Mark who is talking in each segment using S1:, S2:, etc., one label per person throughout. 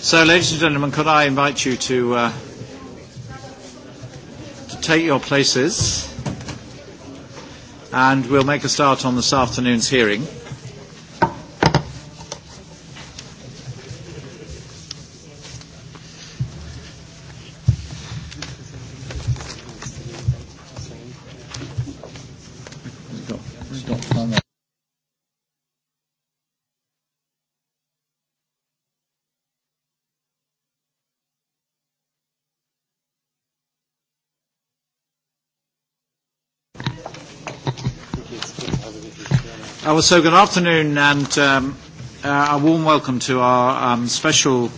S1: So, ladies and gentlemen, could I invite you to, uh, to take your places and we'll make a start on this afternoon's hearing. so good afternoon and a warm welcome to our special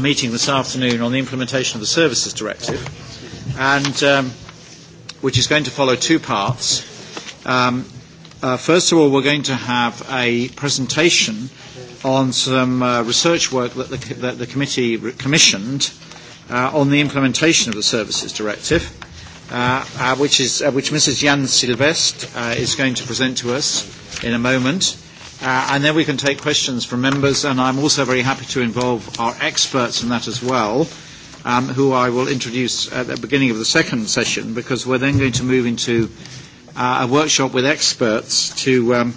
S1: meeting this afternoon on the implementation of the Services Directive, which is going to follow two parts. first of all, we're going to have a presentation on some research work that the, committee commissioned on the implementation of the Services Directive which is which Mrs. Jan Silvest is going to present to us in a moment. And then we can take questions from members, and I'm also very happy to involve our experts in that as well, who I will introduce at the beginning of the second session, because we're then going to move into a workshop with experts to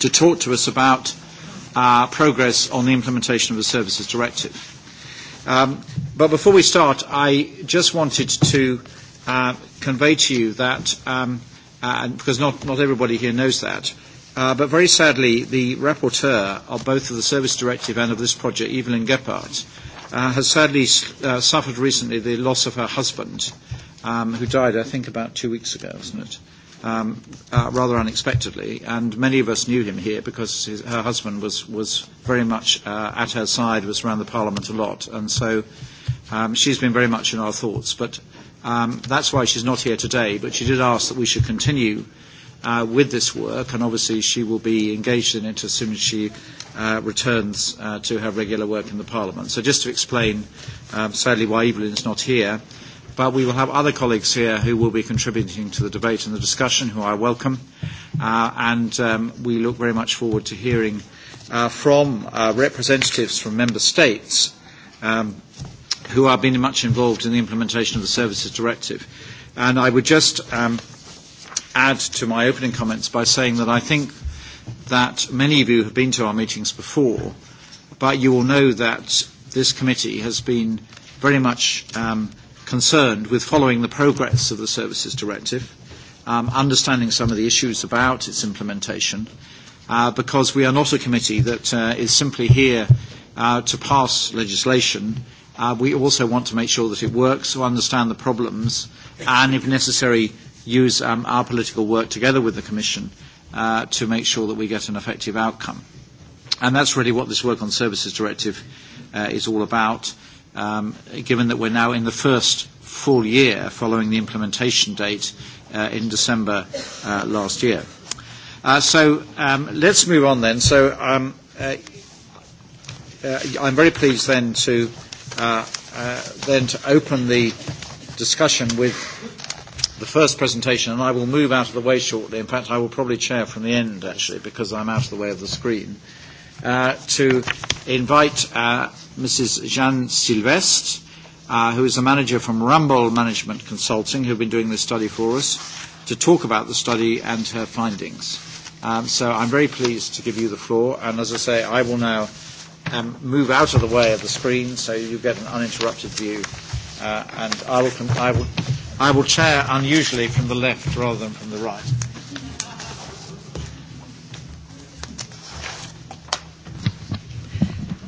S1: to talk to us about progress on the implementation of the Services Directive. But before we start, I just wanted to convey to you that, because not not everybody here knows that, but very sadly the rapporteur of both of the Service Directive and of this project, Evelyn Gephardt, has sadly suffered recently the loss of her husband, who died, I think, about two weeks ago, isn't it? rather unexpectedly, and many of us knew him here because her husband was was very much at her side, was around the Parliament a lot, and so she's been very much in our thoughts. But That's why she's not here today, but she did ask that we should continue with this work, and obviously she will be engaged in it as soon as she returns to her regular work in the Parliament. So just to explain, sadly, why Evelyn is not here, but we will have other colleagues here who will be contributing to the debate and the discussion, who I welcome, and we look very much forward to hearing from representatives from member states who have been much involved in the implementation of the Services Directive. And I would just add to my opening comments by saying that I think that many of you have been to our meetings before, but you will know that this committee has been very much concerned with following the progress of the Services Directive, understanding some of the issues about its implementation, because we are not a committee that is simply here to pass legislation We also want to make sure that it works, to understand the problems, and if necessary, use our political work together with the Commission to make sure that we get an effective outcome. And that's really what this Work on Services Directive is all about, given that we're now in the first full year following the implementation date in December last year. So let's move on then. So I'm very pleased then to then to open the discussion with the first presentation, and I will move out of the way shortly. In fact, I will probably chair from the end, actually, because I'm out of the way of the screen, to invite Mrs. Jeanne Sylvestre, who is a manager from Rumble Management Consulting, who have been doing this study for us, to talk about the study and her findings. So I'm very pleased to give you the floor, and as I say, I will now move out of the way of the screen so you get an uninterrupted view. And I will chair unusually from the left rather than from the right.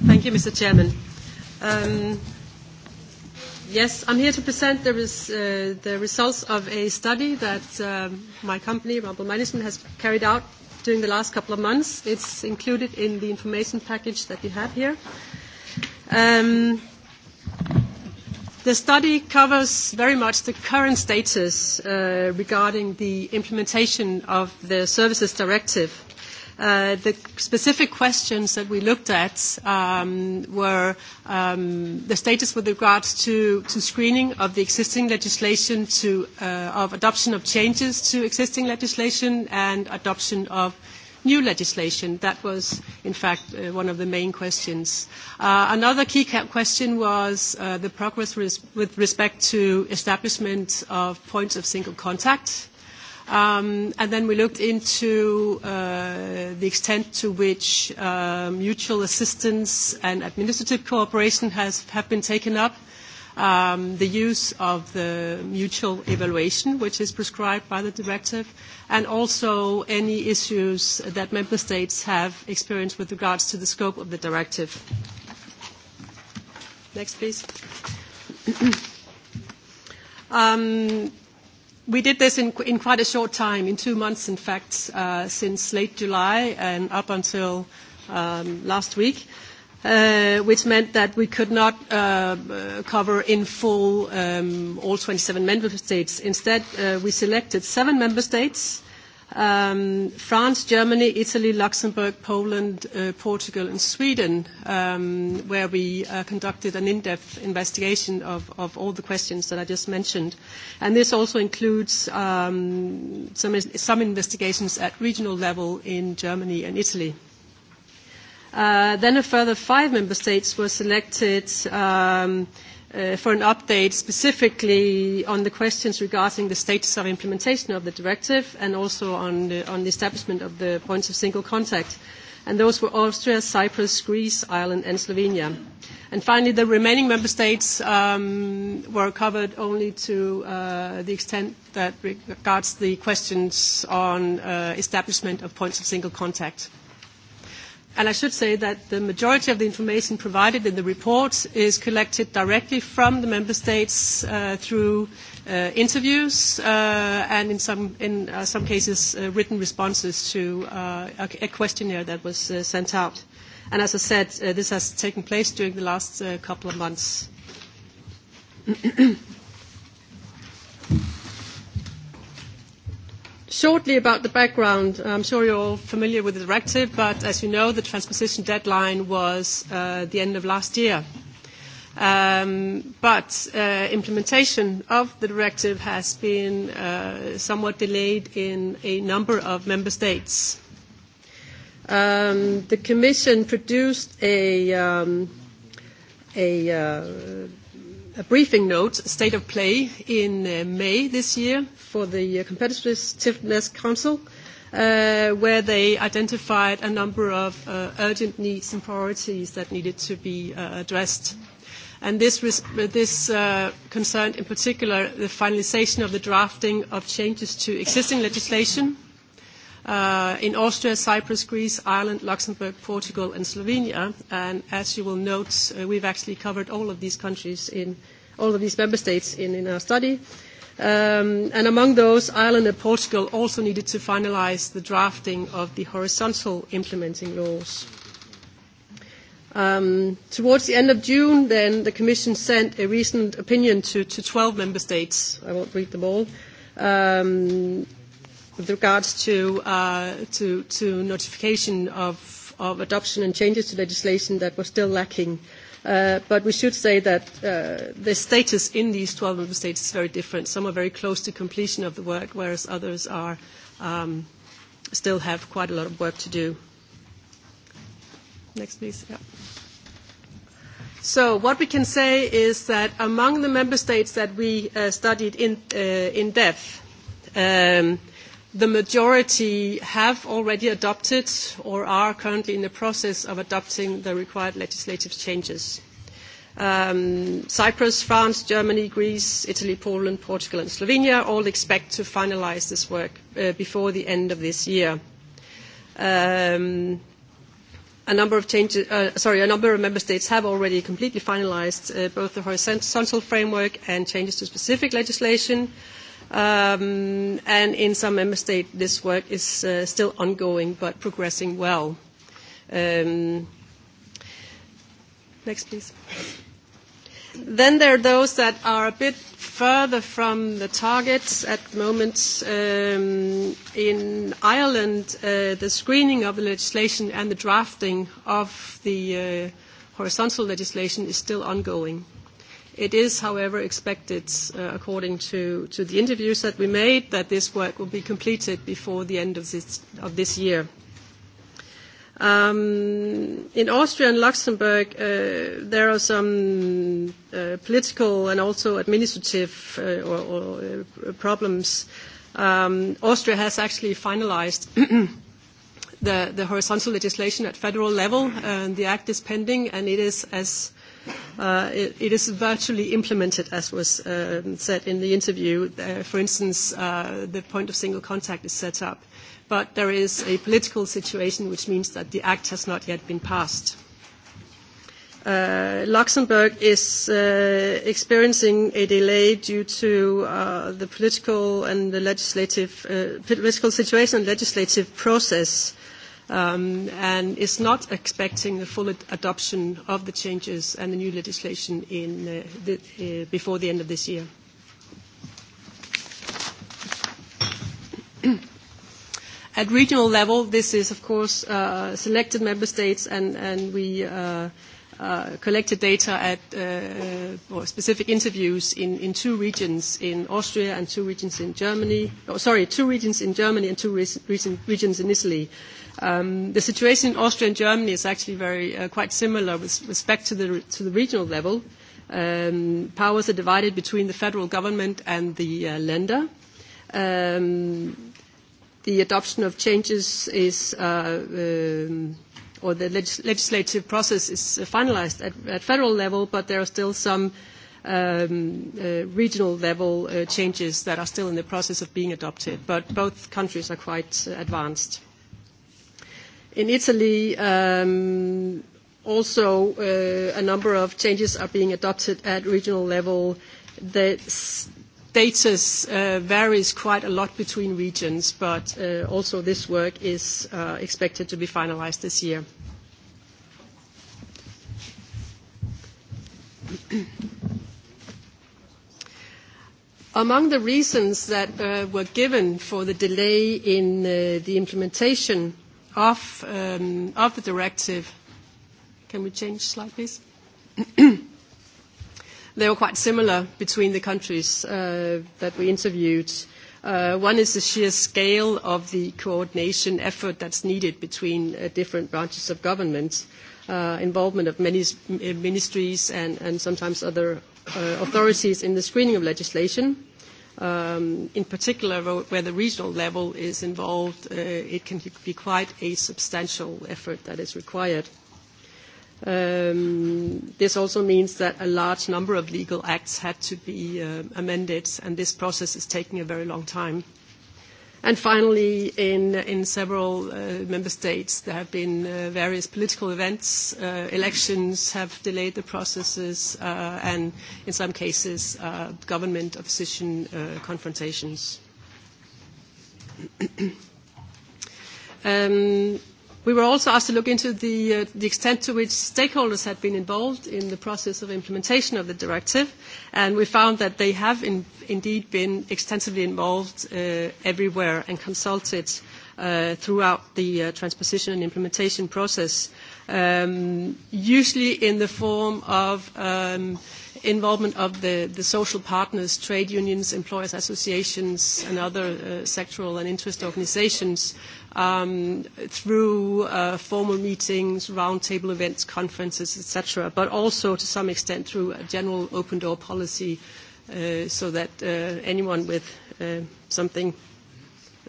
S2: Thank you, Mr. Chairman. Yes, I'm here to present the results of a study that my company, Rumble Management, has carried out during the last couple of months. It's included in the information package that you have here. The study covers very much the current status regarding the implementation of the Services Directive The specific questions that we looked at were the status with regards to screening of the existing legislation, of adoption of changes to existing legislation, and adoption of new legislation. That was, in fact, one of the main questions. Another key question was the progress with respect to establishment of points of single contact And then we looked into the extent to which mutual assistance and administrative cooperation have been taken up, the use of the mutual evaluation, which is prescribed by the directive, and also any issues that member states have experienced with regards to the scope of the directive. Next, please. We did this in quite a short time, in two months, in fact, since late July and up until last week, which meant that we could not cover in full all 27 member states. Instead, we selected seven member states France, Germany, Italy, Luxembourg, Poland, Portugal and Sweden, where we conducted an in-depth investigation of all the questions that I just mentioned. And this also includes some investigations at regional level in Germany and Italy. Then a further five member states were selected for an update specifically on the questions regarding the status of implementation of the directive and also on the establishment of the points of single contact. And those were Austria, Cyprus, Greece, Ireland and Slovenia. And finally, the remaining member states were covered only to the extent that regards the questions on establishment of points of single contact. And I should say that the majority of the information provided in the report is collected directly from the member states through interviews and in some cases written responses to a questionnaire that was sent out. And as I said, this has taken place during the last couple of months. Shortly about the background, I'm sure you're all familiar with the directive, but as you know, the transposition deadline was the end of last year. But implementation of the directive has been somewhat delayed in a number of member states. The Commission produced a a briefing note, State of Play, in May this year for the Competitiveness Council, where they identified a number of urgent needs and priorities that needed to be addressed. And this concerned in particular the finalisation of the drafting of changes to existing legislation in Austria, Cyprus, Greece, Ireland, Luxembourg, Portugal and Slovenia. And as you will note, we've actually covered all of these countries in all of these member states in our study. And among those, Ireland and Portugal also needed to finalize the drafting of the horizontal implementing laws. Towards the end of June, then, the Commission sent a recent opinion to 12 member states. I won't read them all With regards to notification of adoption and changes to legislation, that were still lacking. But we should say that the status in these 12 member states is very different. Some are very close to completion of the work, whereas others are still have quite a lot of work to do. Next, please. So what we can say is that among the member states that we studied in depth, The majority have already adopted or are currently in the process of adopting the required legislative changes. Cyprus, France, Germany, Greece, Italy, Poland, Portugal and Slovenia all expect to finalise this work before the end of this year. A number of member states have already completely finalised both the horizontal framework and changes to specific legislation and in some member states this work is still ongoing but progressing well. Next, please. Then there are those that are a bit further from the targets. At the moment, in Ireland, the screening of the legislation and the drafting of the horizontal legislation is still ongoing. It is, however, expected, according to the interviews that we made, that this work will be completed before the end of this year. In Austria and Luxembourg, there are some political and also administrative problems. Austria has actually finalized the horizontal legislation at federal level. The act is pending, and it is, as It is virtually implemented, as was said in the interview. For instance, the point of single contact is set up. But there is a political situation, which means that the act has not yet been passed. Luxembourg is experiencing a delay due to the political and the legislative political situation and legislative process and is not expecting the full adoption of the changes and the new legislation before the end of this year. At regional level, this is, of course, selected member states, and we collected data at or specific interviews in two regions in Austria and two regions in Germany. Sorry, two regions in Germany and two regions in Italy. The situation in Austria and Germany is actually very quite similar with respect to the regional level. Powers are divided between the federal government and the lender. The adoption of changes is or the legislative process is finalized at federal level, but there are still some regional level changes that are still in the process of being adopted. But both countries are quite advanced. In Italy, also a number of changes are being adopted at regional level. The data varies quite a lot between regions, but also this work is expected to be finalized this year. Among the reasons that were given for the delay in the implementation of the directive, can we change slide, please? They were quite similar between the countries that we interviewed. One is the sheer scale of the coordination effort that's needed between different branches of government, involvement of many ministries and sometimes other authorities in the screening of legislation. In particular, where the regional level is involved, it can be quite a substantial effort that is required. This also means that a large number of legal acts had to be amended, and this process is taking a very long time. And finally, in several member states, there have been various political events. Elections have delayed the processes, and in some cases, government opposition confrontations. We were also asked to look into the extent to which stakeholders had been involved in the process of implementation of the directive, and we found that they have indeed been extensively involved everywhere and consulted throughout the transposition and implementation process, usually in the form of involvement of the social partners, trade unions, employers associations, and other sectoral and interest organizations through formal meetings, roundtable events, conferences, etc., but also to some extent through a general open-door policy so that anyone with something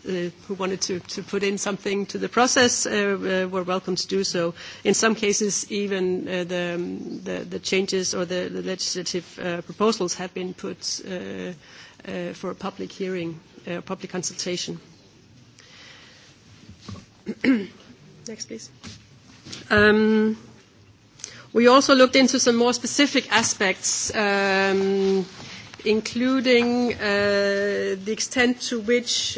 S2: who wanted to put in something to the process were welcome to do so. In some cases, even the changes or the legislative proposals have been put for a public hearing, public consultation. Next, please. We also looked into some more specific aspects including the extent to which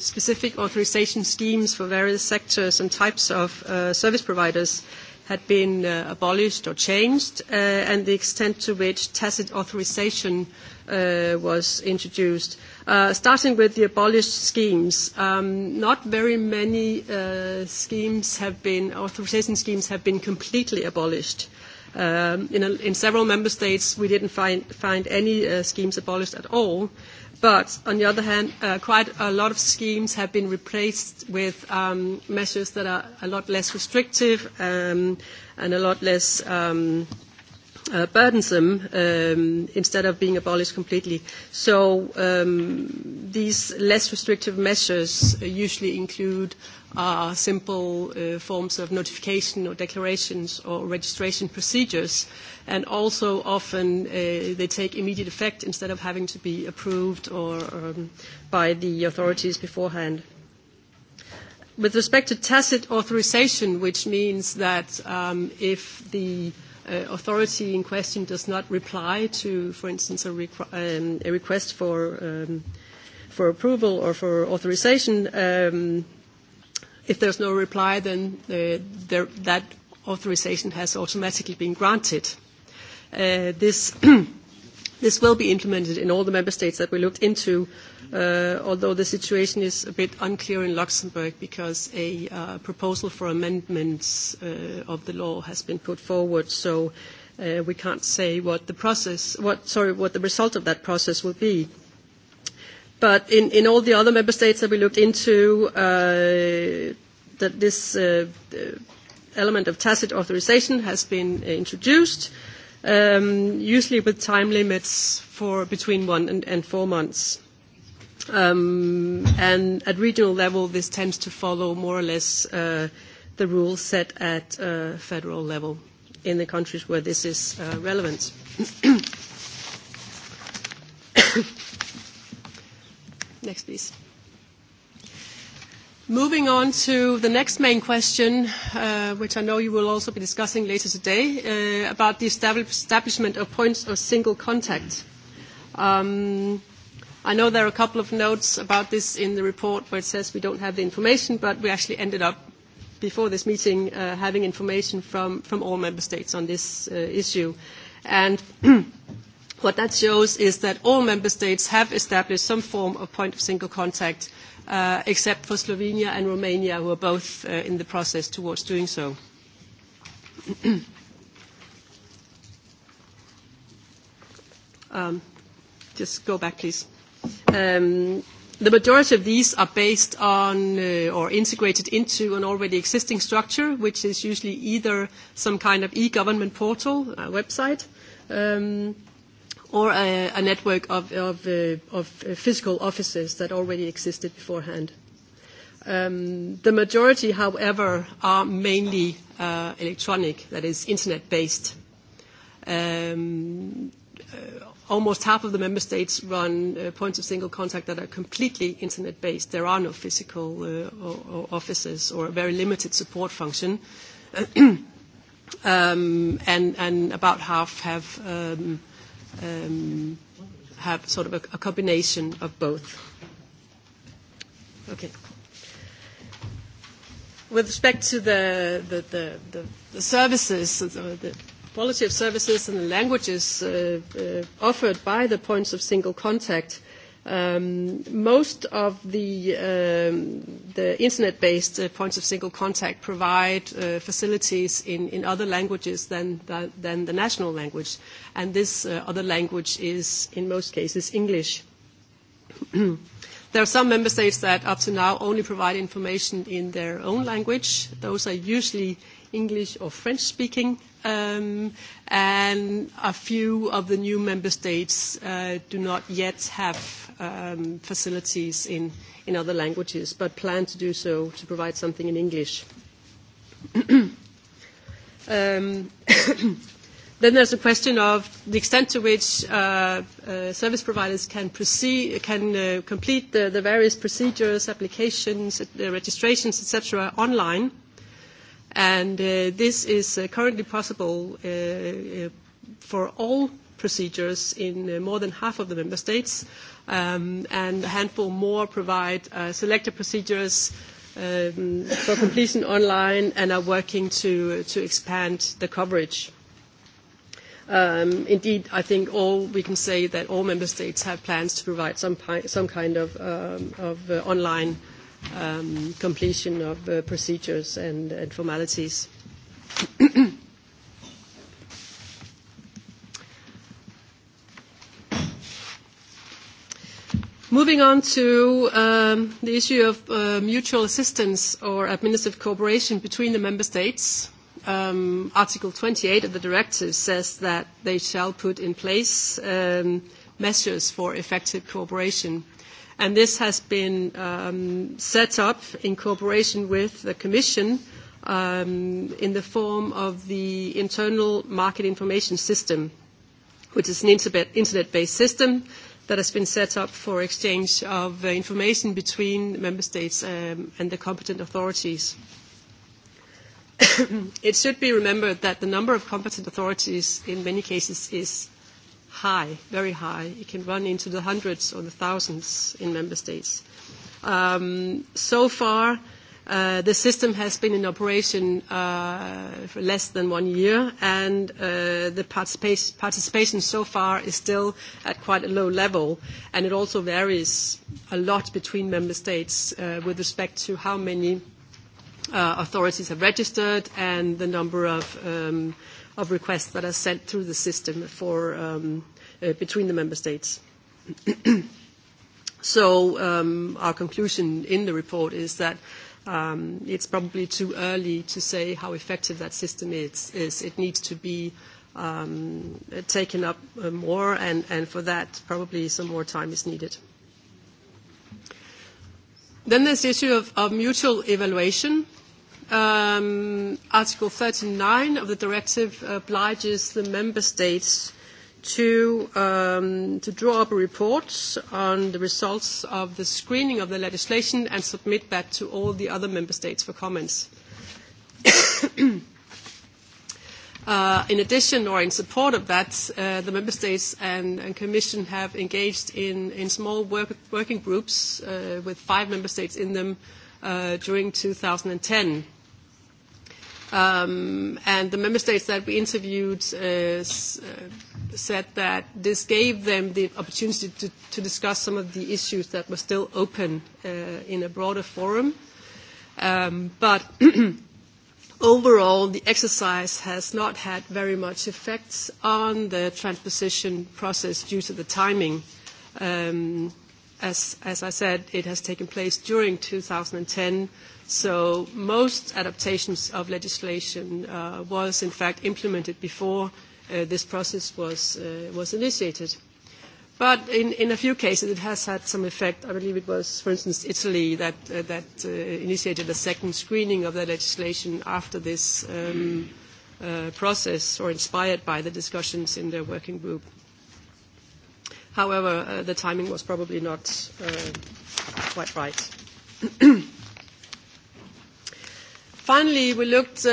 S2: specific authorisation schemes for various sectors and types of service providers had been abolished or changed, and the extent to which tacit authorisation was introduced. Starting with the abolished schemes, not very many schemes have been, authorization schemes have been completely abolished. In several member states, we didn't find any schemes abolished at all. But on the other hand, quite a lot of schemes have been replaced with measures that are a lot less restrictive and a lot less burdensome instead of being abolished completely. So these less restrictive measures usually include are simple forms of notification or declarations or registration procedures, and also often they take immediate effect instead of having to be approved or by the authorities beforehand. With respect to tacit authorization, which means that if the authority in question does not reply to, for instance, a request for approval or for authorization, If there's no reply, then that authorization has automatically been granted. This will be implemented in all the member states that we looked into, although the situation is a bit unclear in Luxembourg because a proposal for amendments of the law has been put forward. So we can't say what the what the result of that process will be. But in all the other member states that we looked into, that this element of tacit authorization has been introduced, usually with time limits for between one and four months. And at regional level, this tends to follow more or less the rules set at federal level in the countries where this is relevant. Next, please. Moving on to the next main question, which I know you will also be discussing later today, about the establishment of points of single contact. I know there are a couple of notes about this in the report where it says we don't have the information, but we actually ended up before this meeting having information from all member states on this issue. And What that shows is that all member states have established some form of point of single contact, except for Slovenia and Romania, who are both in the process towards doing so. Just go back, please. The majority of these are based on or integrated into an already existing structure, which is usually either some kind of e-government portal, a website, or a network of physical offices that already existed beforehand. The majority, however, are mainly electronic, that is, internet-based. Almost half of the member states run points of single contact that are completely internet-based. There are no physical offices or a very limited support function. And about half have have sort of a combination of both. Okay. With respect to the the services, the quality of services and the languages offered by the points of single contact, Most of the internet-based points of single contact provide facilities in other languages than the national language, and this other language is, in most cases, English.
S3: There
S2: are some member states that up to now only provide information in their own language. Those are usually English or French-speaking and a few of the new member states do not yet have facilities in other languages, but plan to do so to provide something in English. Then there's a question of the extent to which service providers can complete the various procedures, applications, registrations, etc. online And this is currently possible for all procedures in more than half of the member states, and a handful more provide selected procedures for completion online and are working to expand the coverage. Indeed, I think all we can say that all member states have plans to provide some kind of online completion of procedures and formalities. Moving on to the issue of mutual assistance or administrative cooperation between the member states. Article 28 of the directive says that they shall put in place measures for effective cooperation and this has been set up in cooperation with the Commission in the form of the Internal Market Information System, which is an internet-based system that has been set up for exchange of information between member states and the competent authorities. It should be remembered that the number of competent authorities in many cases is high, very high. It can run into the hundreds or the thousands in member states. So far, the system has been in operation for less than one year, and the participation so far is still at quite a low level, and it also varies a lot between member states with respect to how many authorities have registered and the number of of requests that are sent through the system for between the member states. So our conclusion in the report is that it's probably too early to say how effective that system is. It needs to be taken up more, and for that, probably some more time is needed. Then there's the issue of mutual evaluation. Article 39 of the directive obliges the member states to draw up a report on the results of the screening of the legislation and submit that to all the other member states for comments. In addition or in support of that, the Member States and Commission have engaged in small working groups with five Member States in them during 2010. And the member states that we interviewed said that this gave them the opportunity to discuss some of the issues that were still open in a broader forum. But overall, the exercise has not had very much effects on the transposition process due to the timing. As I said, it has taken place during 2010, so most adaptations of legislation was in fact implemented before this process was initiated. But in a few cases it has had some effect. I believe it was, for instance, Italy that initiated a second screening of the legislation after this process or inspired by the discussions in their working group. However, the timing was probably not quite right. Finally, we looked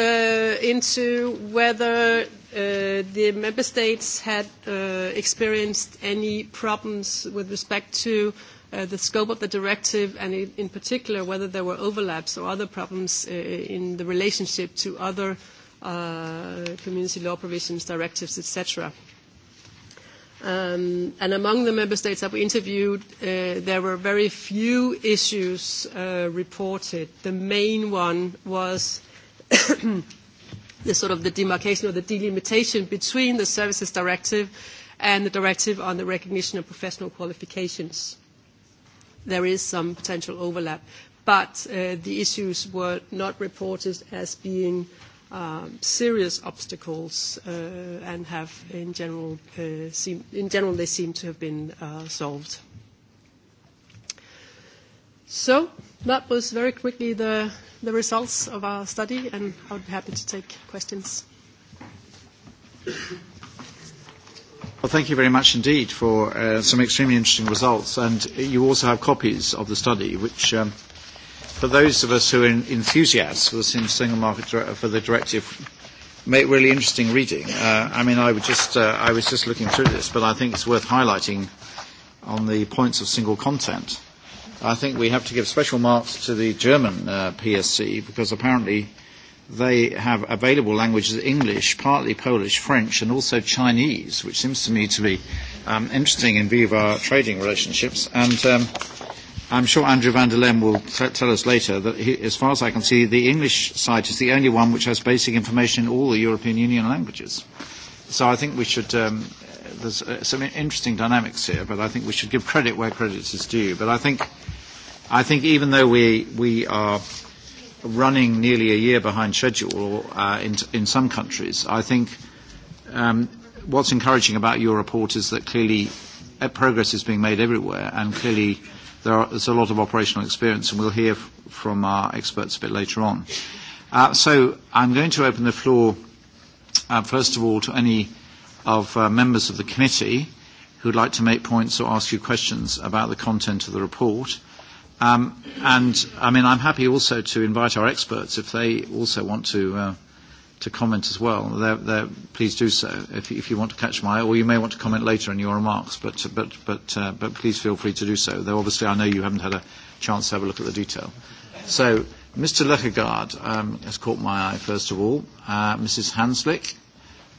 S2: into whether the member states had experienced any problems with respect to the scope of the directive and in particular whether there were overlaps or other problems in the relationship to other community law provisions, directives, etc. And among the member states that we interviewed, there were very few issues reported. The main one was the sort of the demarcation or the delimitation between the Services Directive and the Directive on the Recognition of Professional Qualifications. There is some potential overlap, but the issues were not reported as being serious obstacles and have in general in general they seem to have been solved. So that was very quickly the the results of our study and I would be happy to take questions.
S1: Well, thank you very much indeed for some extremely interesting results and you also have copies of the study which for those of us who are enthusiasts for the single market for the directive make really interesting reading. I mean, I would just I was just looking through this, but I think it's worth highlighting on the points of single content. I think we have to give special marks to the German PSC because apparently they have available languages English, partly Polish, French, and also Chinese, which seems to me to be interesting in view of our trading relationships. And I'm sure Andrew van der Leyen will tell us later that, as far as I can see, the English site is the only one which has basic information in all the European Union languages. So I think we should. There's some interesting dynamics here, but I think we should give credit where credit is due. But I think, I think even though we we are running nearly a year behind schedule in in some countries, I think um what's encouraging about your report is that clearly progress is being made everywhere, and clearly There There's a lot of operational experience, and we'll hear from our experts a bit later on. So I'm going to open the floor, first of all, to any of members of the committee who would like to make points or ask you questions about the content of the report. And, I mean, I'm happy also to invite our experts if they also want to to comment as well, please do so if if you want to catch my eye, or you may want to comment later in your remarks, but but but but please feel free to do so. Though obviously I know you haven't had a chance to have a look at the detail. So Mr. Lechegaard um, has caught my eye first of all. Uh, Mrs. Hanslick,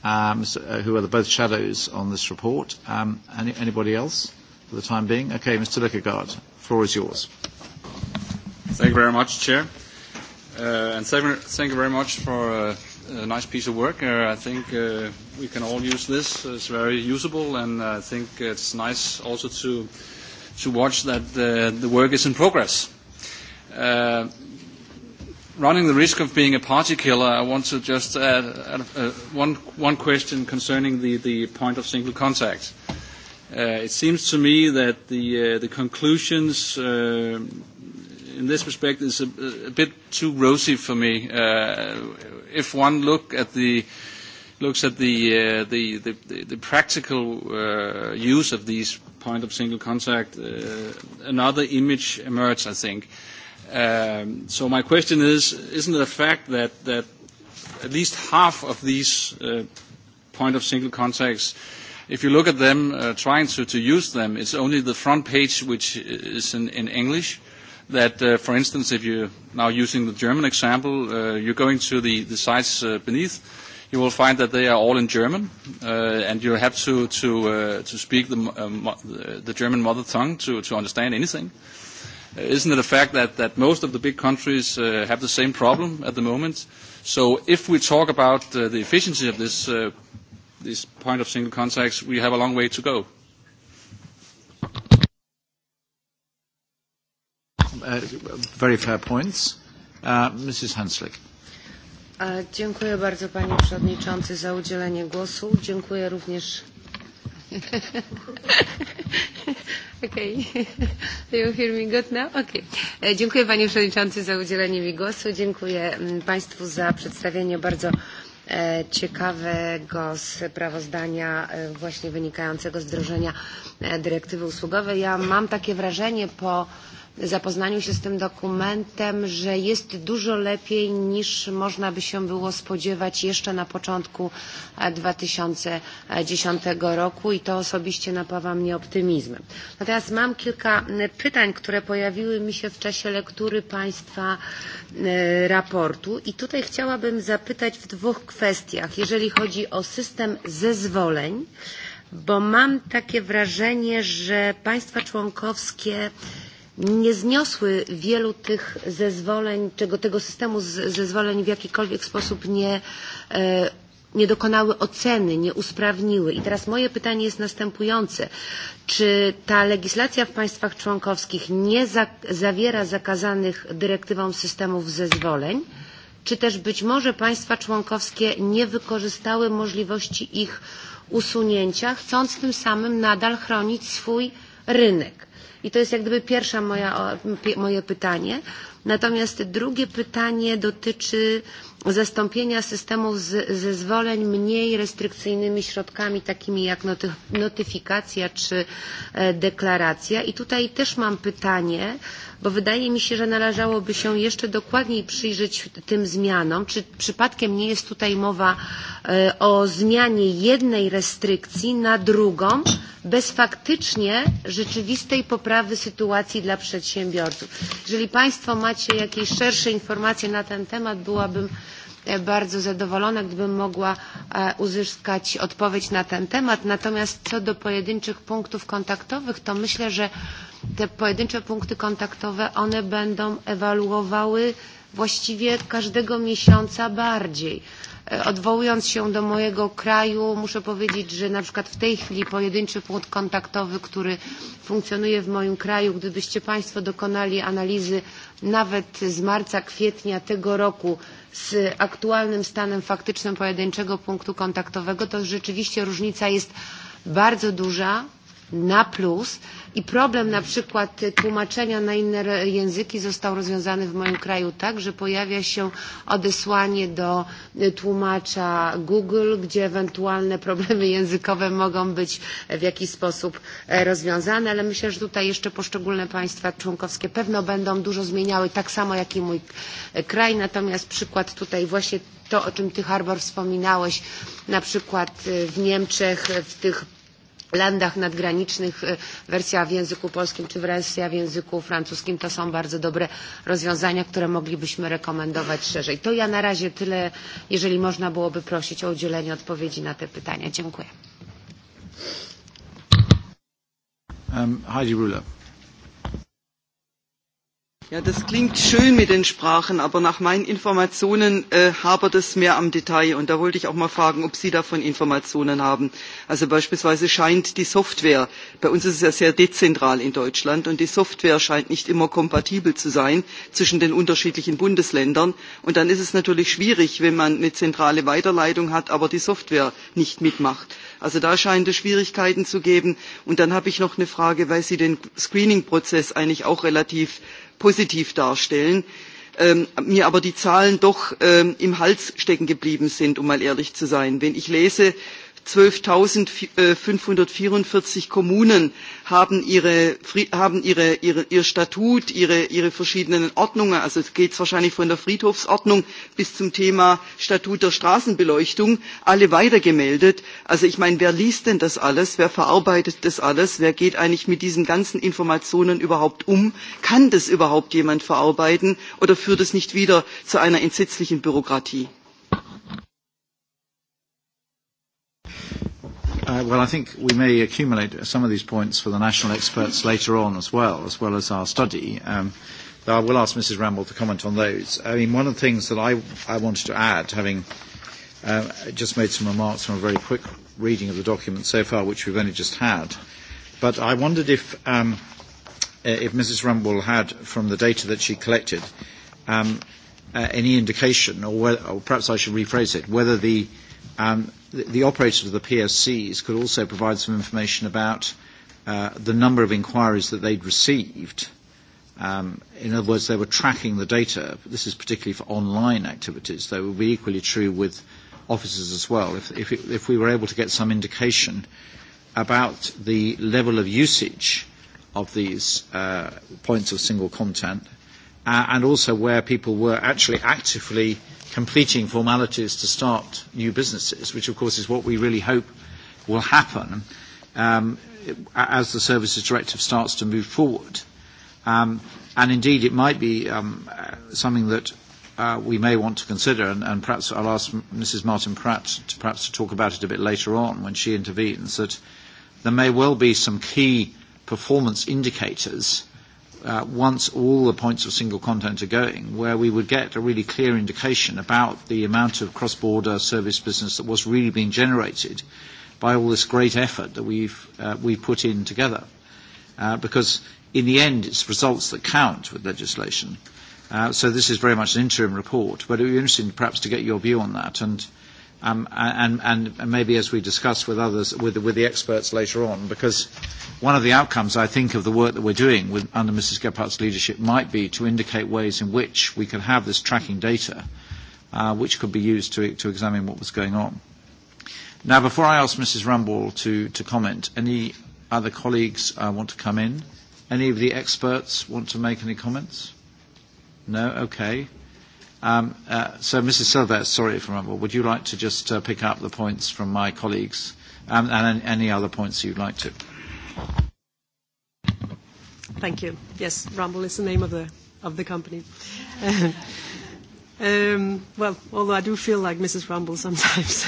S1: um, who are the both shadows on this report. Um, any, anybody else for the time being? Okay, Mr. Lechegaard, floor is yours.
S4: Thank you very much, Chair. Uh, and thank you very much for nice piece of work. I think we can all use this. It's very usable, and I think it's nice also to to watch that the work is in progress. Running the risk of being a party killer, I want to just add one question concerning the point of single contact. It seems to me that the conclusions in this respect is a bit too rosy for me. If one look at the looks at the the the practical use of these point of single contact, another image emerges, I think. So my question is, isn't it a fact that that at least half of these point of single contacts if you look at them, trying to use them, it's only the front page which is in English that, for instance, if you now using the German example, you're going to the sites beneath, you will find that they are all in German, and you have to speak the German mother tongue to understand anything. Isn't it a fact that most of the big countries have the same problem at the moment? So if we talk about the efficiency of this point of single contacts, we have a long way to go.
S1: Very fair points. Mrs.
S5: Dziękuję bardzo Panie Przewodniczący za udzielenie głosu. Dziękuję również. Dziękuję Panie Przewodniczący za udzielenie mi głosu. Dziękuję Państwu za przedstawienie bardzo ciekawego sprawozdania właśnie wynikającego z wdrożenia dyrektywy usługowej. Ja mam takie wrażenie po zapoznaniu się z tym dokumentem, że jest dużo lepiej niż można by się było spodziewać jeszcze na początku 2010 roku i to osobiście napawa mnie optymizmem. Natomiast mam kilka pytań, które pojawiły mi się w czasie lektury Państwa raportu i tutaj chciałabym zapytać w dwóch kwestiach. Jeżeli chodzi o system zezwoleń, bo mam takie wrażenie, że państwa członkowskie nie zniosły wielu tych zezwoleń, czego tego systemu zezwoleń w jakikolwiek sposób nie nie dokonały oceny, nie usprawniły. I teraz moje pytanie jest następujące. Czy ta legislacja w państwach członkowskich nie zawiera zakazanych dyrektywą systemów zezwoleń, czy też być może państwa członkowskie nie wykorzystały możliwości ich usunięcia, chcąc tym samym nadal chronić swój rynek? I to jest jak gdyby pierwsze moje pytanie. Natomiast drugie pytanie dotyczy zastąpienia systemów zezwoleń mniej restrykcyjnymi środkami takimi jak notyfikacja czy deklaracja. I tutaj też mam pytanie bo wydaje mi się, że należałoby się jeszcze dokładniej przyjrzeć tym zmianom. Czy przypadkiem nie jest tutaj mowa o zmianie jednej restrykcji na drugą, bez faktycznie rzeczywistej poprawy sytuacji dla przedsiębiorców? Jeżeli Państwo macie jakieś szersze informacje na ten temat, byłabym bardzo zadowolona, gdybym mogła uzyskać odpowiedź na ten temat. Natomiast co do pojedynczych punktów kontaktowych, to myślę, że te pojedyncze punkty kontaktowe one będą ewaluowały właściwie każdego miesiąca bardziej. Odwołując się do mojego kraju, muszę powiedzieć, że na przykład w tej chwili pojedynczy punkt kontaktowy, który funkcjonuje w moim kraju, gdybyście Państwo dokonali analizy nawet z marca, kwietnia tego roku z aktualnym stanem faktycznym pojedynczego punktu kontaktowego, to rzeczywiście różnica jest bardzo duża, na plus I problem na przykład tłumaczenia na inne języki został rozwiązany w moim kraju tak, że pojawia się odesłanie do tłumacza Google, gdzie ewentualne problemy językowe mogą być w jakiś sposób rozwiązane, ale myślę, że tutaj jeszcze poszczególne państwa członkowskie pewno będą dużo zmieniały, tak samo jak i mój kraj. Natomiast przykład tutaj właśnie to, o czym Ty, Harbor, wspominałeś, na przykład w Niemczech, w tych landach nadgranicznych wersja w języku polskim czy wersja w języku francuskim to są bardzo dobre rozwiązania, które moglibyśmy rekomendować szerzej. To ja na razie tyle, jeżeli można byłoby prosić o udzielenie odpowiedzi na te pytania. Dziękuję.
S6: Ja, das klingt schön mit den Sprachen, aber nach meinen Informationen hapert es mehr am Detail. Und da wollte ich auch mal fragen, ob Sie davon Informationen haben. Also beispielsweise scheint die Software, bei uns ist es ja sehr dezentral in Deutschland, und die Software scheint nicht immer kompatibel zu sein zwischen den unterschiedlichen Bundesländern. Und dann ist es natürlich schwierig, wenn man eine zentrale Weiterleitung hat, aber die Software nicht mitmacht also da scheint es schwierigkeiten zu geben. und dann habe ich noch eine frage weil sie den screening prozess eigentlich auch relativ positiv darstellen mir aber die zahlen doch im hals stecken geblieben sind um mal ehrlich zu sein. wenn ich lese 12.544 Kommunen haben ihr Statut, ihre verschiedenen Ordnungen. Also geht wahrscheinlich von der Friedhofsordnung bis zum Thema Statut der Straßenbeleuchtung, alle weitergemeldet. Also ich meine, wer liest denn das alles? Wer verarbeitet das alles? Wer geht eigentlich mit diesen ganzen Informationen überhaupt um? Kann das überhaupt jemand verarbeiten oder führt es nicht wieder zu einer entsetzlichen Bürokratie?
S1: Well, I think we may accumulate some of these points for the national experts later on as well, as well as our study. I will ask Mrs. Ramble to comment on those. I mean, one of the things that I, I wanted to add, having just made some remarks from a very quick reading of the document so far, which we've only just had, but I wondered if, if Mrs. Ramble had, from the data that she collected, any indication, or, or perhaps I should rephrase it, whether the The operators of the PSCs could also provide some information about the number of inquiries that they'd received. In other words, they were tracking the data. This is particularly for online activities, That would be equally true with offices as well. If we were able to get some indication about the level of usage of these points of single content, and also where people were actually actively completing formalities to start new businesses, which of course is what we really hope will happen as the Services Directive starts to move forward. And indeed, it might be something that we may want to consider, and perhaps I'll ask Mrs. Martin Pratt to perhaps to talk about it a bit later on when she intervenes, that there may well be some key performance indicators once all the points of single content are going, where we would get a really clear indication about the amount of cross-border service business that was really being generated by all this great effort that we've we've put in together. Because in the end, it's results that count with legislation. So this is very much an interim report, but it would be interesting perhaps to get your view on that and and maybe as we discuss with others, with the experts later on, because one of the outcomes, I think, of the work that we're doing under Mrs. Gephardt's leadership might be to indicate ways in which we could have this tracking data, uh which could be used to to examine what was going on. Now, before I ask Mrs. Rumble to comment, any other colleagues want to come in? Any of the experts want to make any comments? No? Okay. So, Mrs. Silvestre, sorry for Rumble. would you like to just pick up the points from my colleagues and any other points you'd like to?
S2: Thank you. Yes, Rumble is the name of the of the company. Well, although I do feel like Mrs. Rumble sometimes.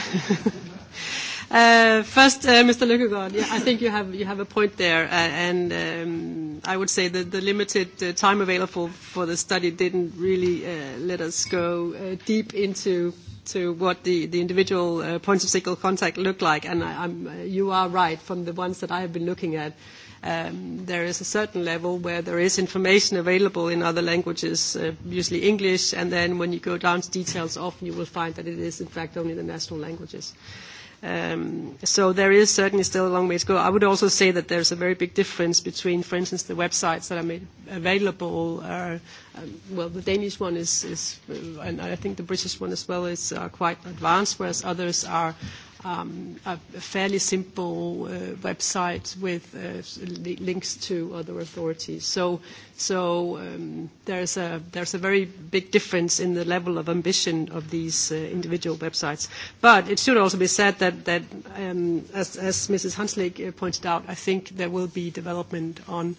S2: First, Mr. Løkkegaard, I think you have a point there, and I would say that the limited time available for the study didn't really let us go deep into what the individual points of single contact look like. And you are right, from the ones that I have been looking at, there is a certain level where there is information available in other languages, usually English, and then when you go down to details, often you will find that it is in fact only the national languages. So there is certainly still a long way to go. I would also say that there's a very big difference between, for instance, the websites that are made available. Well, the Danish one is, and I think the British one as well, is quite advanced, whereas others are a fairly simple website with links to other authorities. So there's a very big difference in the level of ambition of these individual websites. But it should also be said that, as Mrs. Hanslick pointed out, I think there will be development on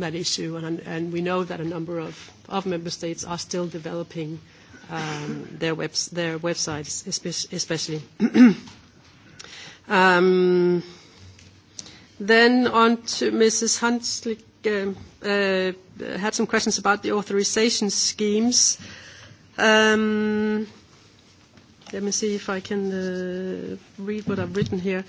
S2: that issue, and we know that a number of member states are still developing their websites, especially. Then on to Mrs. Hanslick. had some questions about the authorization schemes. Um Let me see if I can read what I've written here.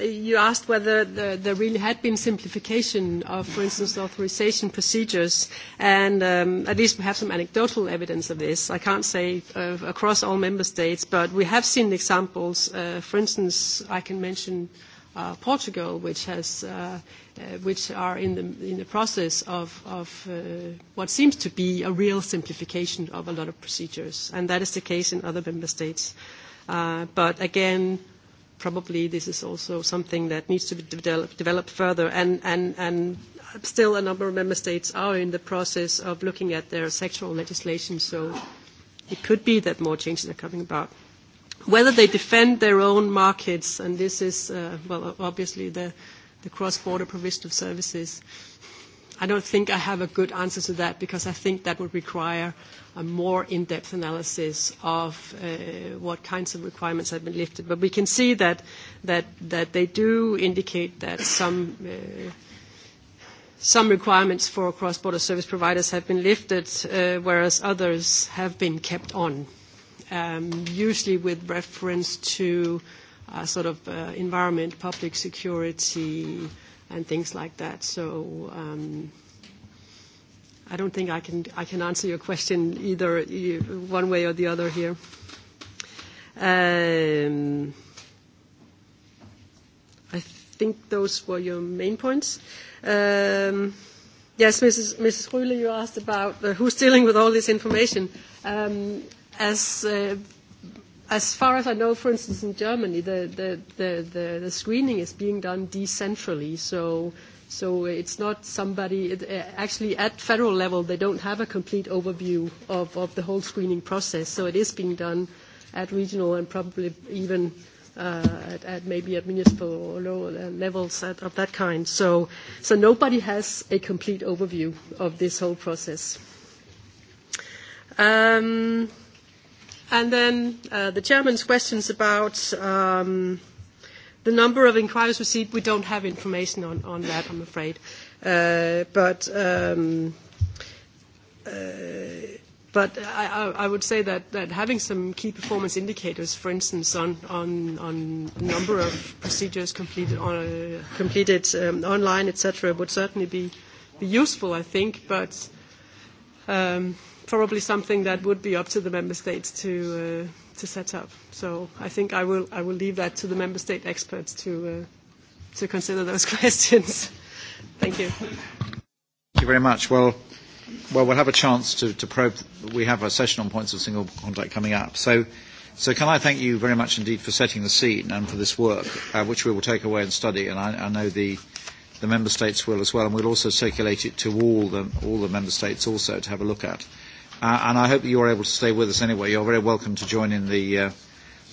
S2: You asked whether there really had been simplification of, for instance, authorization procedures, and at least we have some anecdotal evidence of this. I can't say across all member states, but we have seen examples. For instance, I can mention Portugal, which has which are in the in the process of what seems to be a real simplification of a lot of procedures, and that is the case in other member states. But again, probably this is also something that needs to be developed further, and still a number of member states are in the process of looking at their sexual legislation, so it could be that more changes are coming about whether they defend their own markets, and this is, well, obviously the cross-border provision of services. I don't think I have a good answer to that because I think that would require a more in-depth analysis of what kinds of requirements have been lifted. But we can see that they do indicate that some requirements for cross-border service providers have been lifted, whereas others have been kept on usually with reference to sort of environment, public security, and things like that. So I don't think I can I can answer your question either one way or the other here. I think those were your main points. Yes, Mrs. Rühle, you asked about who's dealing with all this information as as far as I know, for instance, in Germany, the the the the screening is being done decentrally, so so it's not somebody. Actually, at federal level, they don't have a complete overview of of the whole screening process, so it is being done at regional and probably even at maybe at municipal or lower levels of that kind. So so nobody has a complete overview of this whole process. Um And then the chairman's questions about the number of inquiries received. We don't have information on that, I'm afraid. But but I would say that that having some key performance indicators, for instance, on number of procedures completed online, etc., would certainly be useful, I think. But probably something that would be up to the member states to to set up. So I think I will I will leave that to the member state experts to to consider those questions. Thank you. Thank
S1: you very much. Well, well, we'll have a chance to to probe. We have a session on points of single contact coming up. So. So can I thank you very much indeed for setting the scene and for this work, which we will take away and study, and I know the the member states will as well, and we'll also circulate it to all the all the member states also to have a look at and I hope that you are able to stay with us anyway. You're very welcome to join in the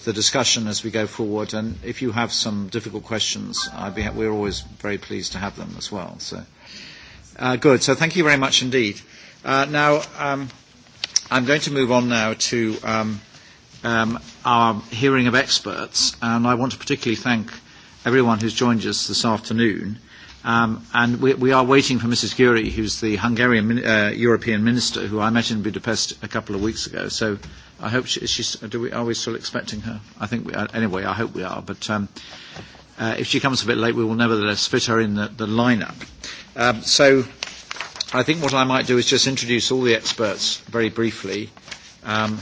S1: the discussion as we go forward, and if you have some difficult questions, we're always very pleased to have them as well. So, good. So thank you very much indeed. Now, I'm going to move on now to our hearing of experts, and I want to particularly thank everyone who's joined us this afternoon. And we are waiting for Mrs. Gyuri, who's the Hungarian European Minister, who I met in Budapest a couple of weeks ago. So I hope she's. Are we still expecting her? I think anyway. I hope we are. But if she comes a bit late, we will nevertheless fit her in the lineup. So I think what I might do is just introduce all the experts very briefly, and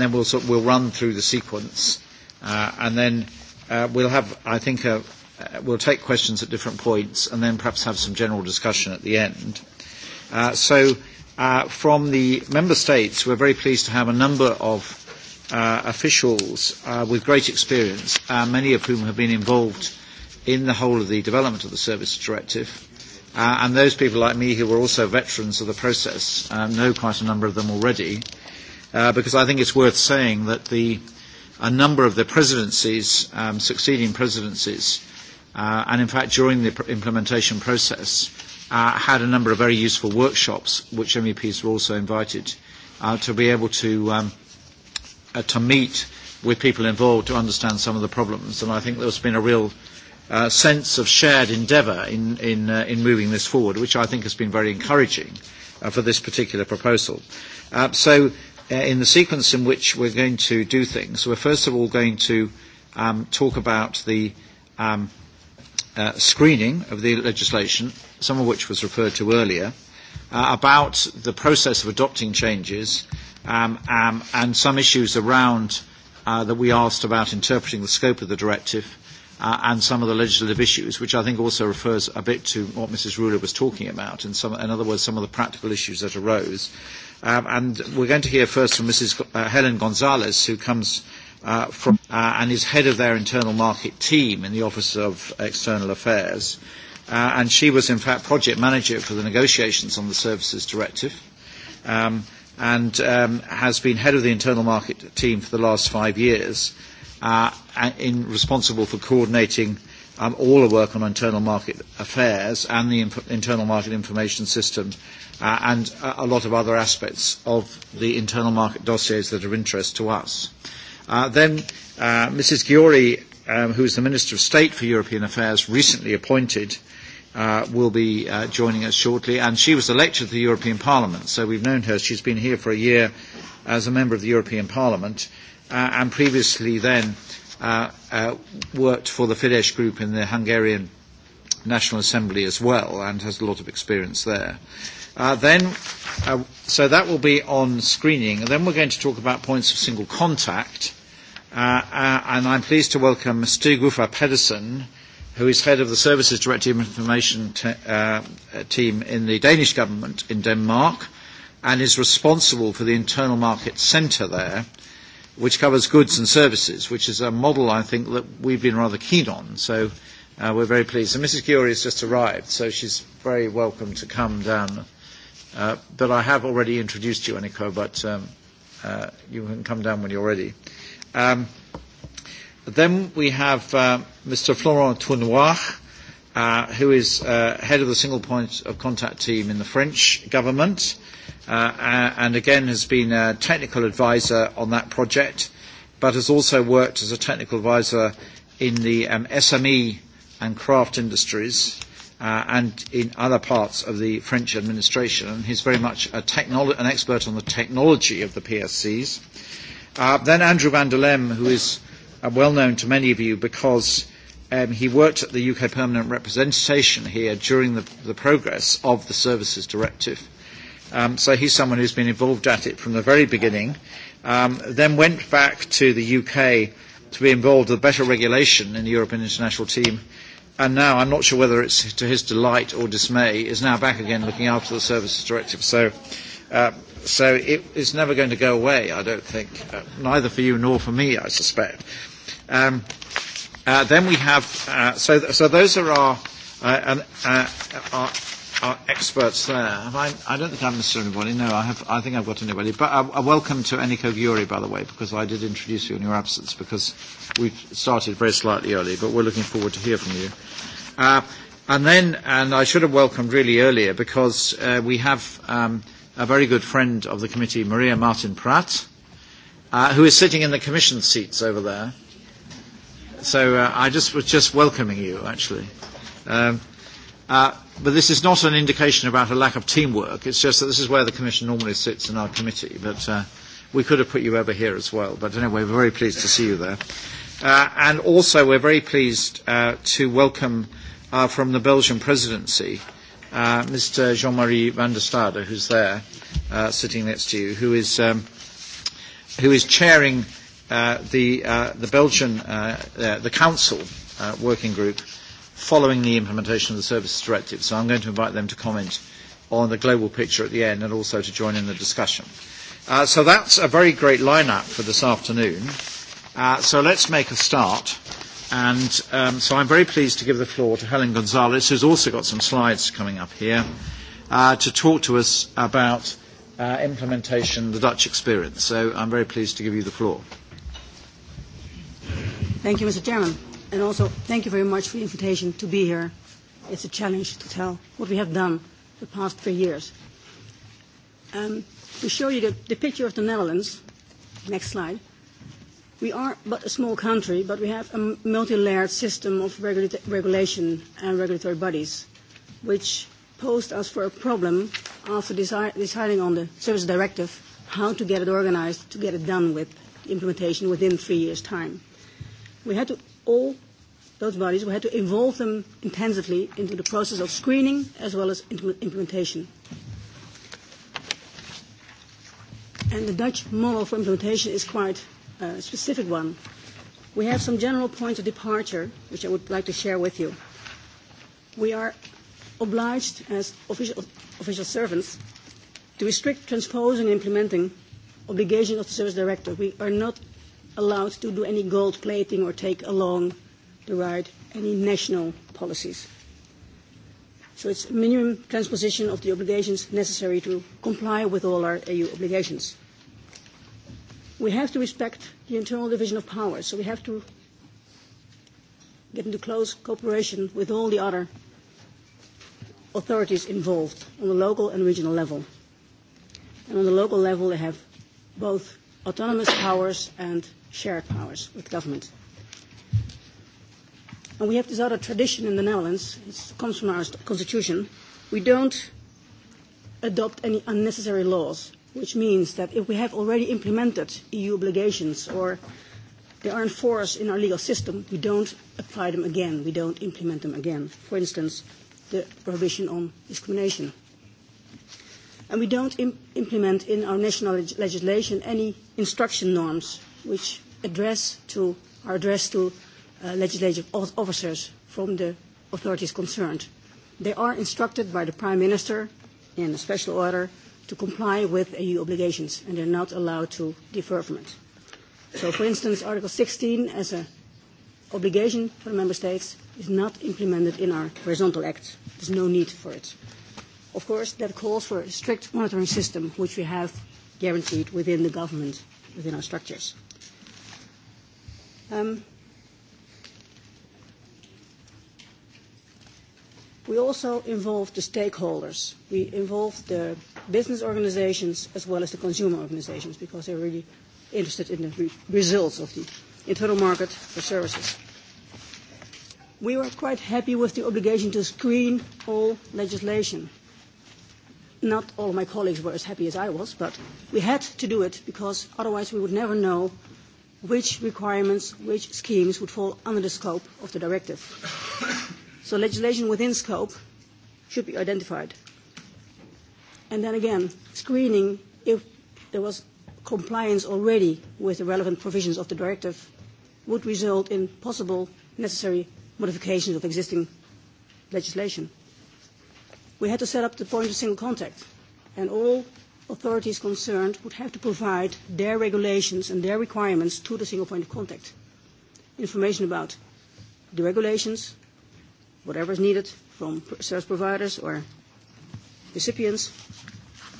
S1: then we'll we'll run through the sequence, and then we'll have, I think, a we'll take questions at different points and then perhaps have some general discussion at the end. So from the member states, we're very pleased to have a number of officials with great experience, many of whom have been involved in the whole of the development of the service directive. And those people like me who were also veterans of the process know quite a number of them already, because I think it's worth saying that a number of the presidencies, succeeding presidencies, and in fact during the implementation process had a number of very useful workshops which MEPs were also invited to be able to to meet with people involved to understand some of the problems and I think there's been a real sense of shared endeavour in in in moving this forward which I think has been very encouraging for this particular proposal. So in the sequence in which we're going to do things we're first of all going to talk about the um screening of the legislation, some of which was referred to earlier, about the process of adopting changes and some issues around that we asked about interpreting the scope of the directive and some of the legislative issues, which I think also refers a bit to what Mrs. Ruler was talking about, and, in other words, some of the practical issues that arose. And we're going to hear first from Mrs. Helen Gonzalez, who comes from and is head of their internal market team in the Office of External Affairs. And she was, in fact, project manager for the negotiations on the Services Directive and has been head of the internal market team for the last five years in responsible for coordinating all the work on internal market affairs and the internal market information system and a lot of other aspects of the internal market dossiers that are of interest to us. Then Mrs. Giori, who is the Minister of State for European Affairs, recently appointed, will be joining us shortly. And she was elected to the European Parliament, so we've known her. She's been here for a year as a member of the European Parliament and previously then worked for the Fidesz group in the Hungarian National Assembly as well and has a lot of experience there. Then, so that will be on screening. And then we're going to talk about points of single contact. Uh And I'm pleased to welcome Stig Gufa Pedersen, who is head of the Services Directive Information Team in the Danish government in Denmark and is responsible for the internal market centre there, which covers goods and services, which is a model, I think, that we've been rather keen on. So we're very pleased. And Mrs. Giori has just arrived, so she's very welcome to come down But I have already introduced you, Aniko, but you can come down when you're ready. Then we have Mr. Florent Tournois, who is head of the single point of contact team in the French government, and again has been a technical advisor on that project, but has also worked as a technical advisor in the SME and craft industries and in other parts of the French administration. And he's very much an expert on the technology of the PSCs. Then Andrew van der Lem, who is well known to many of you because he worked at the UK Permanent Representation here during the progress of the Services Directive. So he's someone who's been involved at it from the very beginning, then went back to the UK to be involved with better regulation in the European International Team and now I'm not sure whether it's to his delight or dismay, is now back again looking after the Services Directive. So, so it, is never going to go away, I don't think, neither for you nor for me, I suspect. Um, then we have, so, so those are our, uh, our, experts there. I, I don't think I'm Mr. Anybody. No, I, have, I think I've got anybody. But a welcome to Eniko Gyuri, by the way, because I did introduce you in your absence, because we started very slightly early, but we're looking forward to hear from you. Uh, and then, and I should have welcomed really earlier, because uh, we have um, a very good friend of the committee, Maria Martin Pratt, uh, who is sitting in the commission seats over there. So uh, I just was just welcoming you, actually. Um, uh, But this is not an indication about a lack of teamwork. It's just that this is where the Commission normally sits in our committee. But we could have put you over here as well. But anyway, we're very pleased to see you there. And also, we're very pleased to welcome from the Belgian presidency Mr. Jean-Marie van der Stade, who's there, sitting next to you, who is who is chairing the Belgian the Council working group following the implementation of the Services Directive. So I'm going to invite them to comment on the global picture at the end and also to join in the discussion. So that's a very great lineup for this afternoon. So let's make a start. And so I'm very pleased to give the floor to Helen Gonzalez, who's also got some slides coming up here, to talk to us about implementation, the Dutch experience. So I'm very pleased to give you the floor.
S7: Thank you, Mr. Chairman. And also, thank you very much for the invitation to be here. It's a challenge to tell what we have done the past three years. To show you the picture of the Netherlands, next slide. We are but a small country, but we have a multi-layered system of regulation and regulatory bodies, which posed us for a problem after deciding on the service directive how to get it organized, to get it done with implementation within three years' time. We had to all those bodies, we had to involve them intensively into the process of screening as well as implementation. And the Dutch model for implementation is quite a specific one. We have some general points of departure, which I would like to share with you. We are obliged as official servants to restrict transposing and implementing obligations of the service director. We are not allowed to do any gold plating or take along the ride any national policies. So it's minimum transposition of the obligations necessary to comply with all our EU obligations. We have to respect the internal division of powers, so we have to get into close cooperation with all the other authorities involved on the local and regional level. And on the local level, they have both autonomous powers and shared powers with government. And we have this other tradition in the Netherlands, it comes from our constitution, we don't adopt any unnecessary laws, which means that if we have already implemented EU obligations or they are enforced in our legal system, we don't apply them again, we don't implement them again. For instance, the prohibition on discrimination and we don't implement in our national legislation any instruction norms which address to are addressed to legislative officers from the authorities concerned. They are instructed by the Prime Minister in a special order to comply with EU obligations and they are not allowed to defer from it. So, for instance, Article 16 as an obligation for the Member States is not implemented in our horizontal act. is no need for it. Of course, that calls for a strict monitoring system, which we have guaranteed within the government, within our structures. We also involve the stakeholders. We involve the business organizations as well as the consumer organizations because they're really interested in the results of the internal market for services. We were quite happy with the obligation to screen all legislation not all my colleagues were as happy as I was, but we had to do it because otherwise we would never know which requirements, which schemes would fall under the scope of the directive. So legislation within scope should be identified. And then again, screening, if there was compliance already with the relevant provisions of the directive, would result in possible necessary modifications of existing legislation we had to set up the point of single contact, and all authorities concerned would have to provide their regulations and their requirements to the single point of contact. Information about the regulations, whatever is needed from service providers or recipients,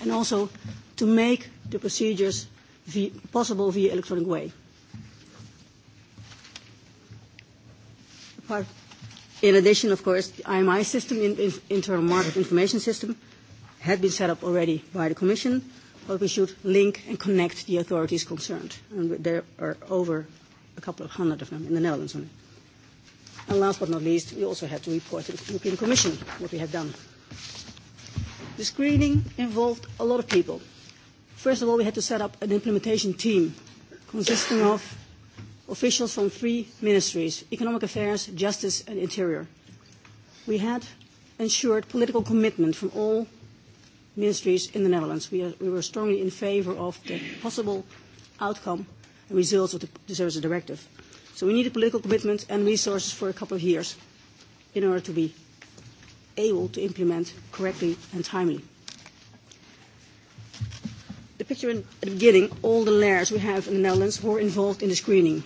S7: and also to make the procedures possible via electronic way. In addition, of course, the IMI system, internal market information system, had been set up already by the Commission, but we should link and connect the authorities concerned. And there are over a couple of hundred of them in the Netherlands only. And last but not least, we also had to report to the European Commission what we had done. The screening involved a lot of people. First of all, we had to set up an implementation team consisting of officials from three ministries, Economic Affairs, Justice and Interior. We had ensured political commitment from all ministries in the Netherlands. We were strongly in favor of the possible outcome and results of the services directive. So we needed political commitment and resources for a couple of years in order to be able to implement correctly and timely. The picture at the beginning, all the layers we have in the Netherlands were involved in the screening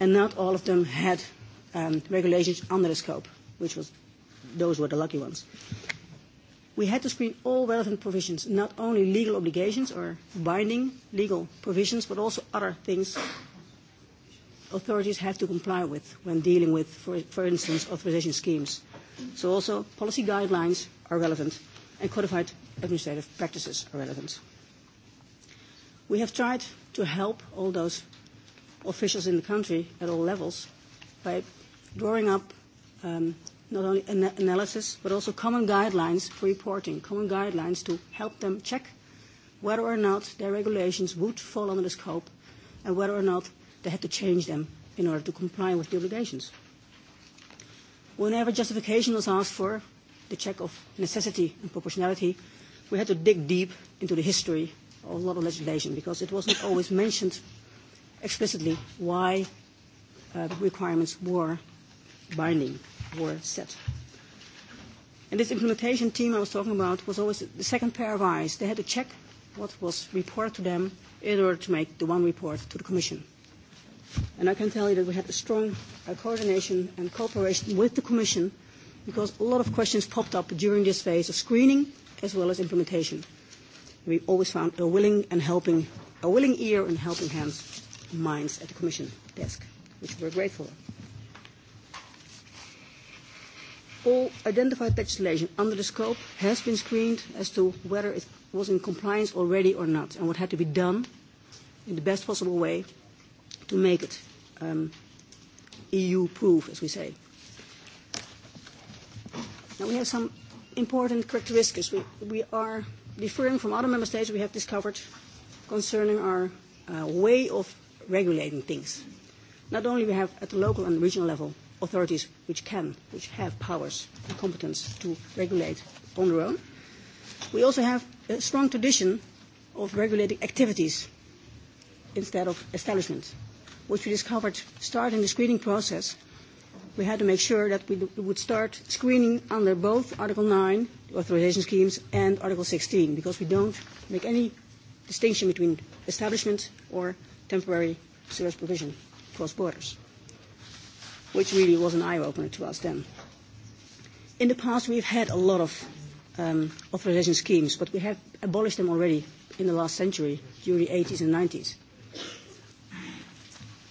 S7: and not all of them had regulations under the scope, which was those were the lucky ones. We had to screen all relevant provisions, not only legal obligations or binding legal provisions, but also other things authorities have to comply with when dealing with, for instance, authorization schemes. So also policy guidelines are relevant and codified administrative practices are relevant. We have tried to help all those officials in the country at all levels by drawing up not only an analysis but also common guidelines for reporting, common guidelines to help them check whether or not their regulations would fall under the scope and whether or not they had to change them in order to comply with the obligations. Whenever justification was asked for, the check of necessity and proportionality, we had to dig deep into the history of a lot of legislation because it wasn't always mentioned explicitly why the requirements were binding, were set. And this implementation team I was talking about was always the second pair of eyes. They had to check what was reported to them in order to make the one report to the Commission. And I can tell you that we had a strong coordination and cooperation with the Commission because a lot of questions popped up during this phase of screening as well as implementation. We always found a willing and helping, a willing ear and helping hands minds at the Commission desk, which we're grateful All identified legislation under the scope has been screened as to whether it was in compliance already or not, and what had to be done in the best possible way to make it EU-proof, as we say. Now, we have some important characteristics we are differing from other member states we have discovered concerning our way of regulating things. Not only we have at the local and regional level authorities which can, which have powers and competence to regulate on their own, we also have a strong tradition of regulating activities instead of establishments, which we discovered starting the screening process. We had to make sure that we would start screening under both Article 9, the authorization schemes, and Article 16, because we don't make any distinction between establishments or temporary service provision across borders, which really was an eye-opener to us then. In the past, we've had a lot of authorization schemes, but we have abolished them already in the last century, during the 80s and 90s.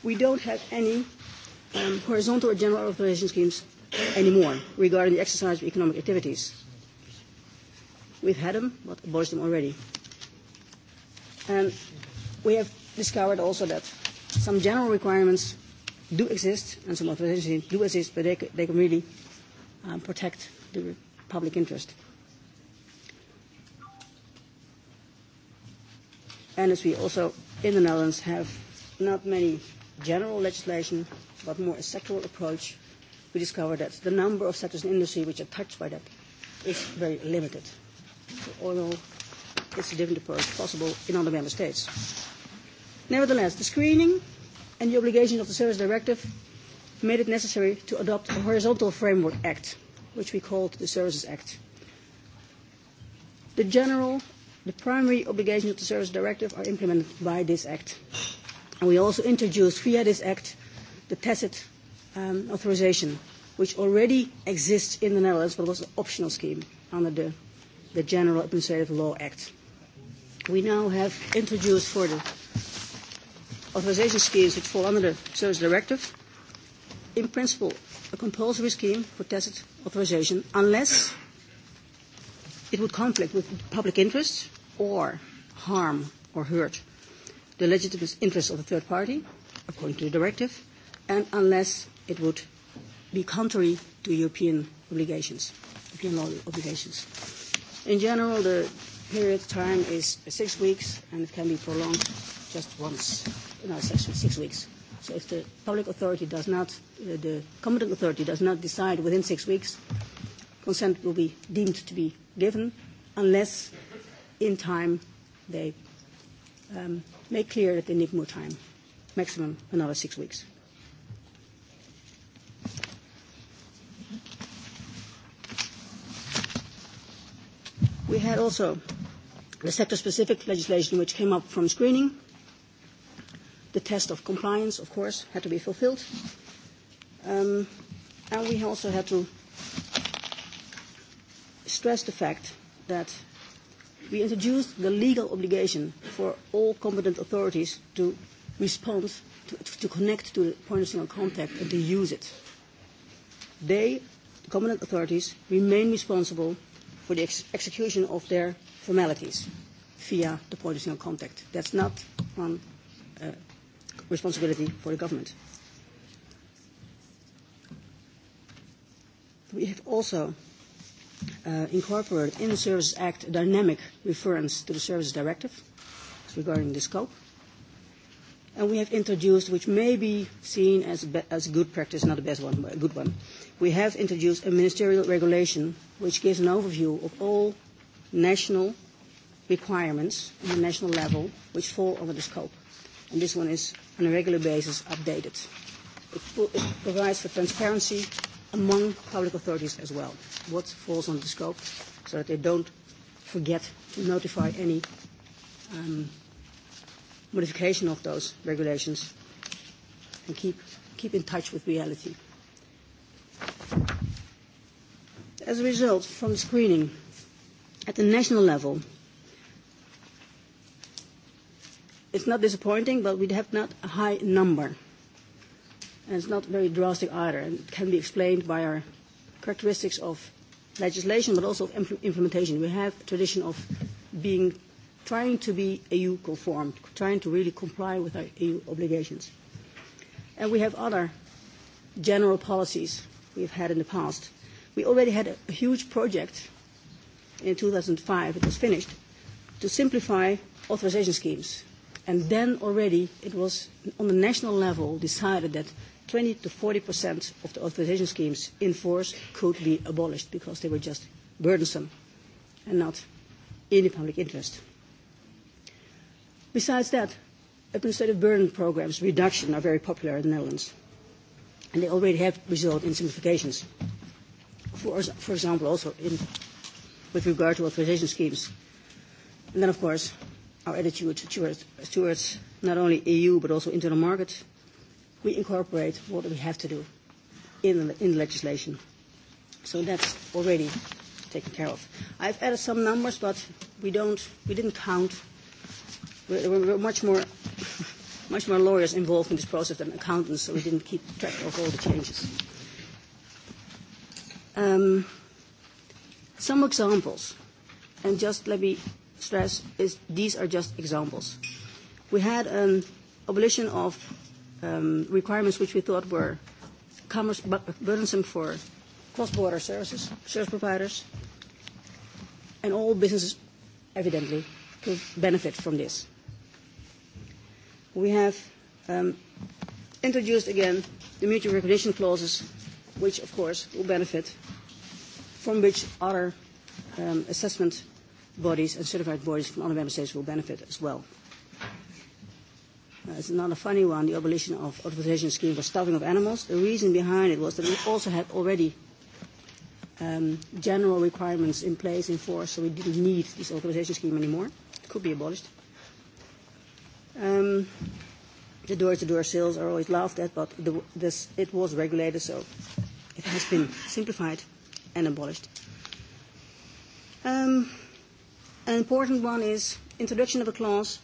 S7: We don't have any horizontal or general authorization schemes anymore regarding the exercise of economic activities. We've had them, but abolished them already. And we have discovered also that some general requirements do exist and some authorizations do exist, but they can really protect the public interest. And as we also in the Netherlands have not many general legislation, but more a sectoral approach, we discover that the number of sectors in industry which are touched by that is very limited. Although it's a different approach possible in other member states. Nevertheless, the screening and the obligation of the Service Directive made it necessary to adopt a horizontal framework act, which we called the Services Act. The general, the primary obligations of the Service Directive are implemented by this act. And we also introduced via this act the tacit authorization, which already exists in the Netherlands, but was an optional scheme under the, the General Administrative Law Act. We now have introduced for the authorization schemes which fall under the Service Directive, in principle, a compulsory scheme for tacit authorization unless it would conflict with public interest or harm or hurt the legitimate interests of a third party, according to the directive, and unless it would be contrary to European obligations, European law obligations. In general, the period of time is six weeks and it can be prolonged just once in our session, six weeks. So if the public authority does not, the competent authority does not decide within six weeks, consent will be deemed to be given unless in time they make clear that they need more time, maximum another six weeks. We had also the sector-specific legislation which came up from screening The test of compliance, of course, had to be fulfilled. And we also had to stress the fact that we introduced the legal obligation for all competent authorities to respond, to connect to the point of single contact and to use it. They, competent authorities, remain responsible for the execution of their formalities via the point of single contact. That's not on responsibility for the government. We have also incorporated in the Services Act a dynamic reference to the Services Directive regarding the scope. And we have introduced, which may be seen as as good practice, not the best one, but a good one, we have introduced a ministerial regulation which gives an overview of all national requirements at the national level which fall under the scope and this one is on a regular basis updated. It provides for transparency among public authorities as well, what falls under the scope, so that they don't forget to notify any modification of those regulations and keep keep in touch with reality. As a result, from the screening at the national level, It's not disappointing, but we have not a high number. And it's not very drastic either, and it can be explained by our characteristics of legislation, but also of implementation. We have a tradition of being, trying to be EU conformed, trying to really comply with our EU obligations. And we have other general policies we've had in the past. We already had a huge project in 2005, it was finished, to simplify authorization schemes. And then already it was on the national level decided that 20 to 40% of the authorization schemes in force could be abolished because they were just burdensome and not in the public interest. Besides that, administrative burden programs reduction are very popular in the Netherlands, and they already have resulted in simplifications. For example, also with regard to authorization schemes. And then, of course, our attitude towards not only EU but also internal markets, we incorporate what we have to do in the legislation. So that's already taken care of. I've added some numbers, but we don't, we didn't count. There were much more, much more lawyers involved in this process than accountants, so we didn't keep track of all the changes. Some examples, and just let me stress is these are just examples. We had an abolition of requirements which we thought were commerce burdensome for cross-border services, service providers, and all businesses, evidently, could benefit from this. We have introduced again the mutual recognition clauses, which, of course, will benefit, from which other assessment bodies and certified bodies from other member states will benefit as well. It's another funny one, the abolition of authorization scheme for stuffing of animals. The reason behind it was that we also had already general requirements in place, in force, so we didn't need this authorization scheme anymore. It could be abolished. The door-to-door sales are always laughed at, but it was regulated, so it has been simplified and abolished. An important one is introduction of a clause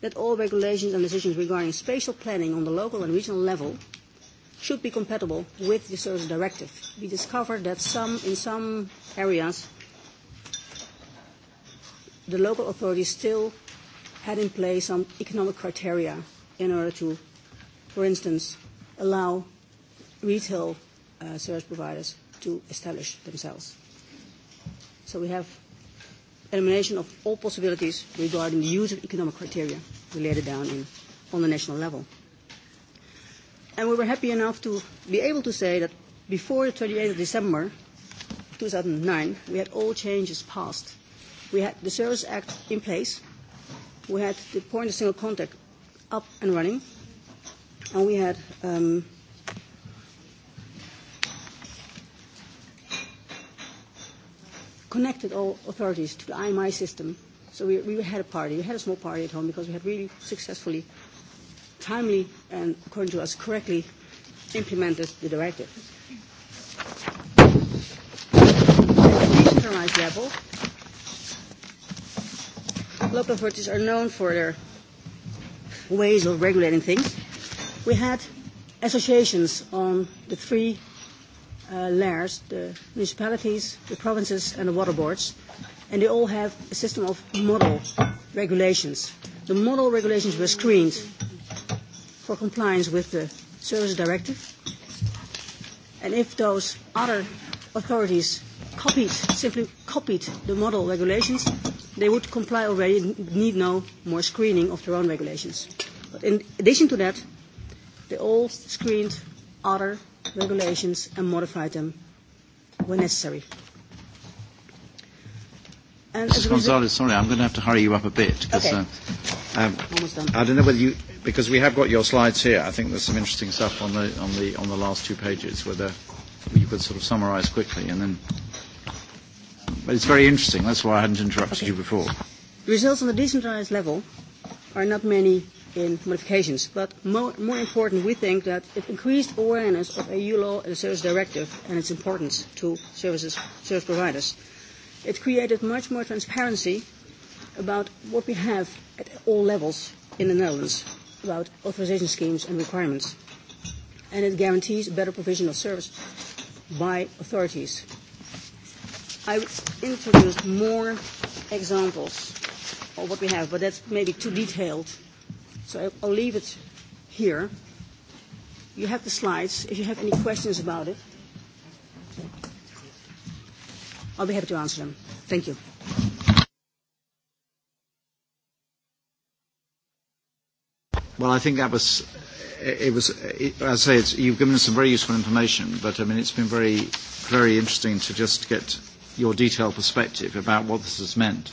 S7: that all regulations and decisions regarding spatial planning on the local and regional level should be compatible with the service directive. We discovered that some, in some areas, the local authorities still had in place some economic criteria in order to, for instance, allow retail service providers to establish themselves. So we have elimination of all possibilities regarding the use of economic criteria we laid it down in on the national level. And we were happy enough to be able to say that before the 28th of December 2009, we had all changes passed. We had the Service Act in place. We had the point of single contact up and running. And we had um, connected all authorities to the IMI system. So we, we had a party. We had a small party at home because we had really successfully, timely, and according to us, correctly implemented the directive. At the decentralized level, local authorities are known for their ways of regulating things. We had associations on the three layers, the municipalities, the provinces and the water boards, and they all have a system of model regulations. The model regulations were screened for compliance with the services Directive, and if those other authorities copied, simply copied the model regulations, they would comply already, need no more screening of their own regulations. But in addition to that, they all screened other regulations and modify them when necessary. Mr. Gonzalez,
S1: sorry, I'm going to have to hurry you up a bit. Almost
S8: done.
S7: I
S1: don't know whether you, because we have got your slides here. I think there's some interesting stuff on the on the on the last two pages. Whether you could sort of summarise quickly and then. But it's very interesting. That's why I hadn't interrupted you before.
S7: The results on the decentralised level are not many in modifications. But more important, we think that it increased awareness of EU law and the Service Directive and its importance to services service providers. It created much more transparency about what we have at all levels in the Netherlands about authorization schemes and requirements. And it guarantees better provision of service by authorities. I introduced more examples of what we have, but that's maybe too detailed So I'll leave it here. You have the slides. If you have any questions about it, I'll be happy to answer them. Thank you.
S1: Well, I think that was, it was, as I say, it's, you've given us some very useful information, but I mean, it's been very, very interesting to just get your detailed perspective about what this has meant.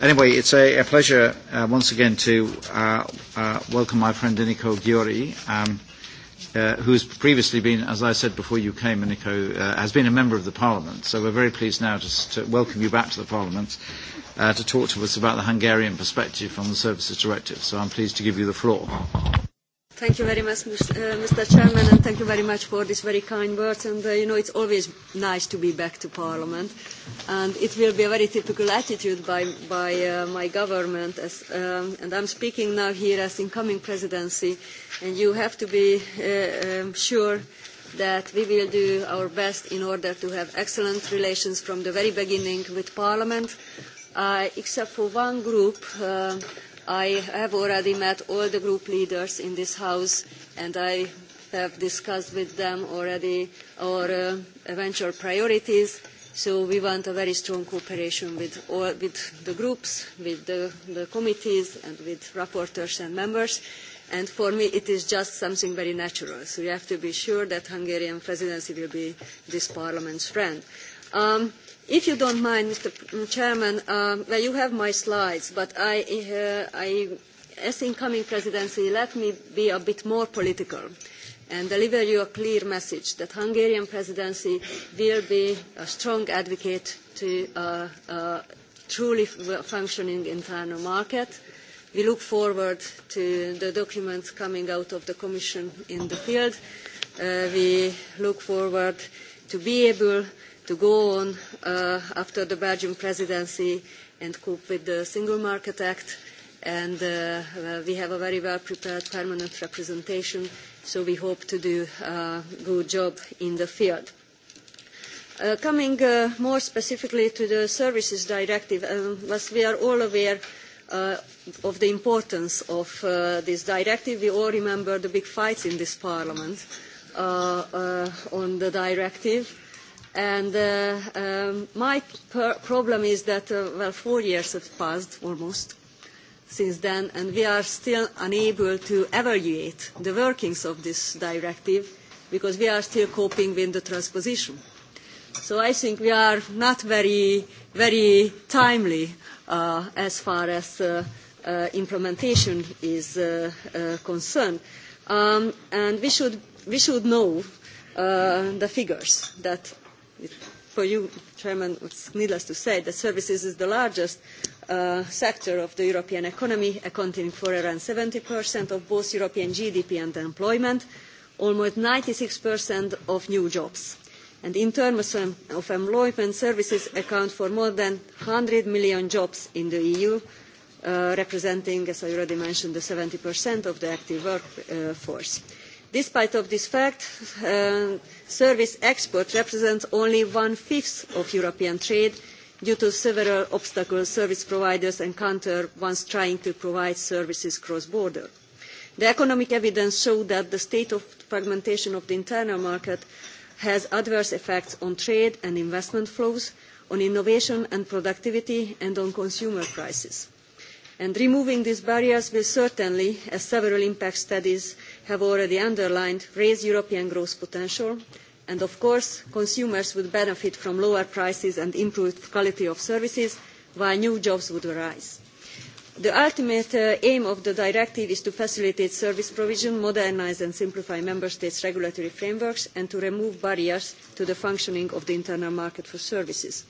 S1: Anyway, it's a pleasure once again to welcome my friend Iniko Giori, who has previously been, as I said before you came, uh has been a member of the Parliament. So we're very pleased now to welcome you back to the Parliament to talk to us about the Hungarian perspective on the Services Directive. So I'm pleased to give you the floor.
S8: Thank you very much, Mr. Chairman, and thank you very much for these very kind words. And, you know, it's always nice to be back to Parliament. And it will be a very typical attitude by my government. And I'm speaking now here as incoming presidency, and you have to be sure that we will do our best in order to have excellent relations from the very beginning with Parliament, except for one group I have already met all the group leaders in this House and I have discussed with them already our eventual priorities. So we want a very strong cooperation with the groups, with the committees and with rapporteurs and members. And for me it is just something very natural. So we have to be sure that the Hungarian presidency will be this parliament's friend. If you don't mind, Mr. Chairman, you have my slides, but I, as incoming presidency, let me be a bit more political and deliver you a clear message that Hungarian presidency will be a strong advocate to a truly functioning internal market. We look forward to the documents coming out of the Commission in the field. We look forward to be able to go on after the Belgian presidency and cope with the Single Market Act. And we have a very well-prepared permanent representation, so we hope to do a good job in the field. Coming more specifically to the Services Directive, as we are all aware of the importance of this directive, we all remember the big fights in this Parliament on the directive And my problem is that, well, four years have passed almost since then, and we are still unable to evaluate the workings of this directive because we are still coping with the transposition. So I think we are not very, very timely as far as implementation is concerned. And we should know the figures that for you, Chairman, it's needless to say that services is the largest sector of the European economy, accounting for around 70% of both European GDP and employment, almost 96% of new jobs. And in terms of employment, services account for more than 100 million jobs in the EU, representing, as I already mentioned, the 70% of the active workforce Despite of this fact, service exports represent only one-fifth of European trade due to several obstacles service providers encounter once trying to provide services cross-border. The economic evidence shows that the state of fragmentation of the internal market has adverse effects on trade and investment flows, on innovation and productivity, and on consumer prices. And removing these barriers will certainly, as several impact studies have already underlined raise European growth potential and of course consumers would benefit from lower prices and improved quality of services while new jobs would arise. The ultimate aim of the directive is to facilitate service provision, modernise and simplify member states' regulatory frameworks and to remove barriers to the functioning of the internal market for services.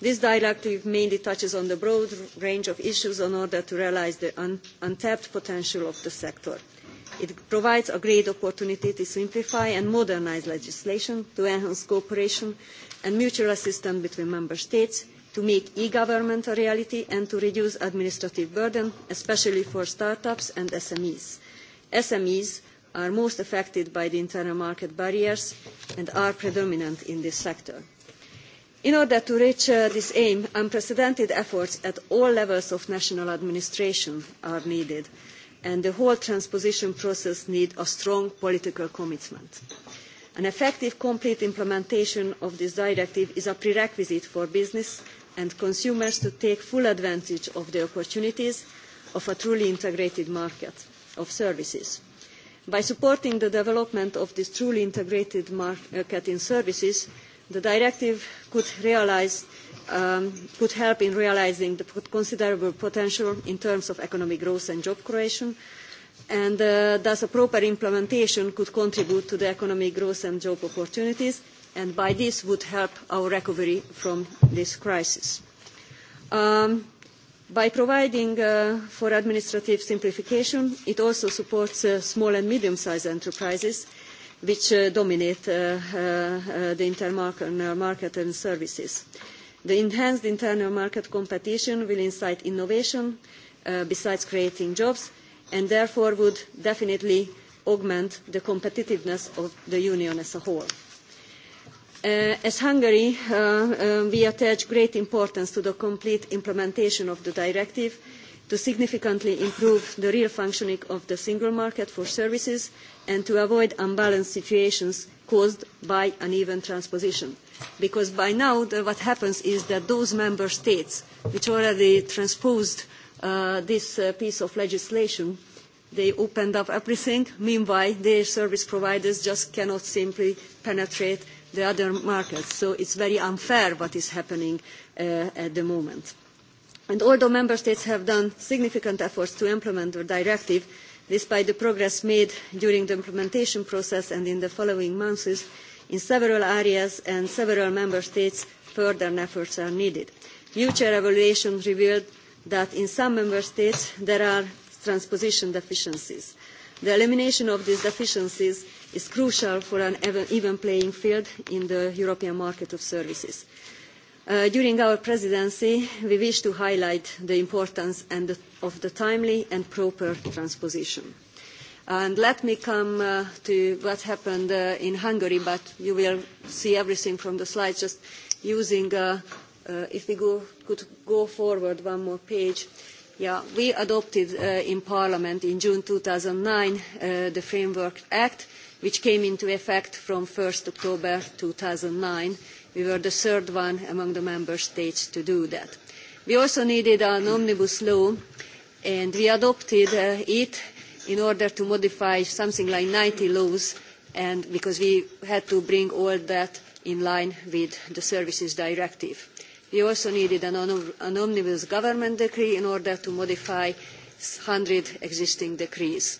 S8: This directive mainly touches on the broad range of issues in order to realise the untapped potential of the sector. It provides a great opportunity to simplify and modernise legislation, to enhance cooperation and mutual assistance between member states, to make e-government a reality and to reduce administrative burden, especially for start-ups and SMEs. SMEs are most affected by the internal market barriers and are predominant in this sector. In order to reach this aim, unprecedented efforts at all levels of national administration are needed and the whole transposition process needs a strong political commitment. An effective, complete implementation of this directive is a prerequisite for business and consumers to take full advantage of the opportunities of a truly integrated market of services. By supporting the development of this truly integrated market in services, the directive could realise could help in realizing the considerable potential in terms of economic growth and job creation, and thus a proper implementation could contribute to the economic growth and job opportunities, and by this would help our recovery from this crisis. By providing for administrative simplification, it also supports small and medium-sized enterprises, which dominate the intermarket market and services. The enhanced internal market competition will incite innovation besides creating jobs and therefore would definitely augment the competitiveness of the Union as a whole. As Hungary, we attach great importance to the complete implementation of the directive to significantly improve the real functioning of the single market for services and to avoid unbalanced situations caused by uneven transposition. Because by now what happens is that those member states which already transposed this piece of legislation, they opened up everything. Meanwhile, their service providers just cannot simply penetrate the other markets. So it's very unfair what is happening at the moment and although member states have done significant efforts to implement the directive despite the progress made during the implementation process and in the following months in several areas and several member states further efforts are needed. Future evaluation revealed that in some member states there are transposition deficiencies. the elimination of these deficiencies is crucial for an even playing field in the european market of services. During our presidency, we wish to highlight the importance of the timely and proper transposition. And let me come to what happened in Hungary, but you will see everything from the slides. Just using, if we could go forward one more page, yeah, we adopted in Parliament in June 2009 the Framework Act, which came into effect from 1 October 2009 We were the third one among the member states to do that. We also needed an omnibus law, and we adopted it in order to modify something like 90 laws, because we had to bring all that in line with the Services Directive. We also needed an omnibus government decree in order to modify 100 existing decrees,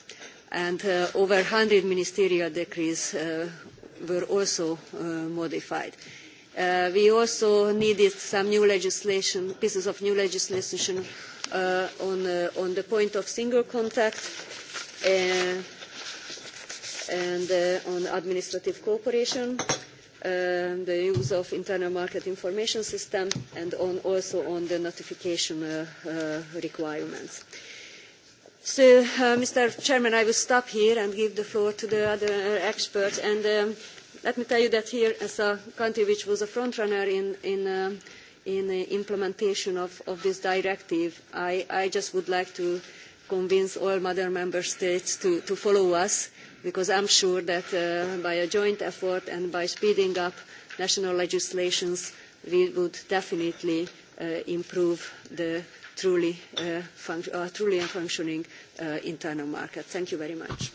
S8: and over 100 ministerial decrees were also modified. We also needed some new legislation, pieces of new legislation on the point of single contact and on administrative cooperation, the use of internal market information system and also on the notification requirements. So, Mr. Chairman, I will stop here and give the floor to the other experts. And Let me tell you that here, as a country which was a frontrunner in the implementation of this directive, I just would like to convince all other member states to follow us, because I'm sure that by a joint effort and by speeding up national legislations, we would definitely improve the truly functioning internal market. Thank you very much.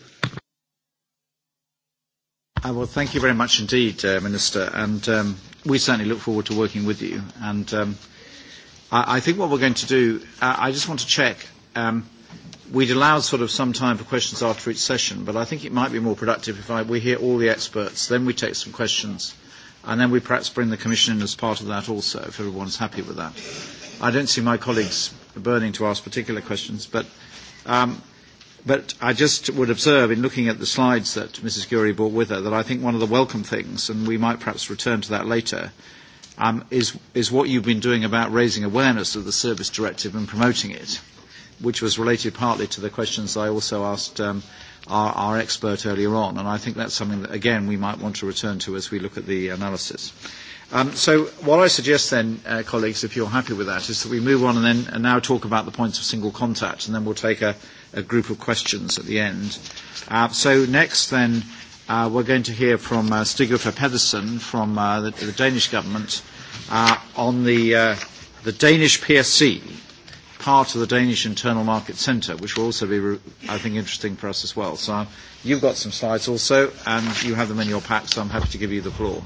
S9: Well,
S1: thank you very much indeed, Minister, and we certainly look forward to working with you. And I I think what we're going to do, I just want to check. Um We'd allow sort of some time for questions after each session, but I think it might be more productive if we hear all the experts, then we take some questions, and then we perhaps bring the Commission in as part of that also, if everyone's happy with that. I don't see my colleagues burning to ask particular questions, but um But I just would observe in looking at the slides that Mrs. Gury brought with her that I think one of the welcome things, and we might perhaps return to that later, is what you've been doing about raising awareness of the Service Directive and promoting it, which was related partly to the questions I also asked our expert earlier on. And I think that's something that, again, we might want to return to as we look at the analysis. So what I suggest then, colleagues, if you're happy with that, is that we move on and then now talk about the points of single contact, and then we'll take a a group of questions at the end. So next then we're going to hear from stig Pedersen from the Danish government on the Danish PSC, part of the Danish Internal Market Centre, which will also be, I think, interesting for us as well. So you've got some slides also, and you have them in your pack, so I'm happy to give you the floor.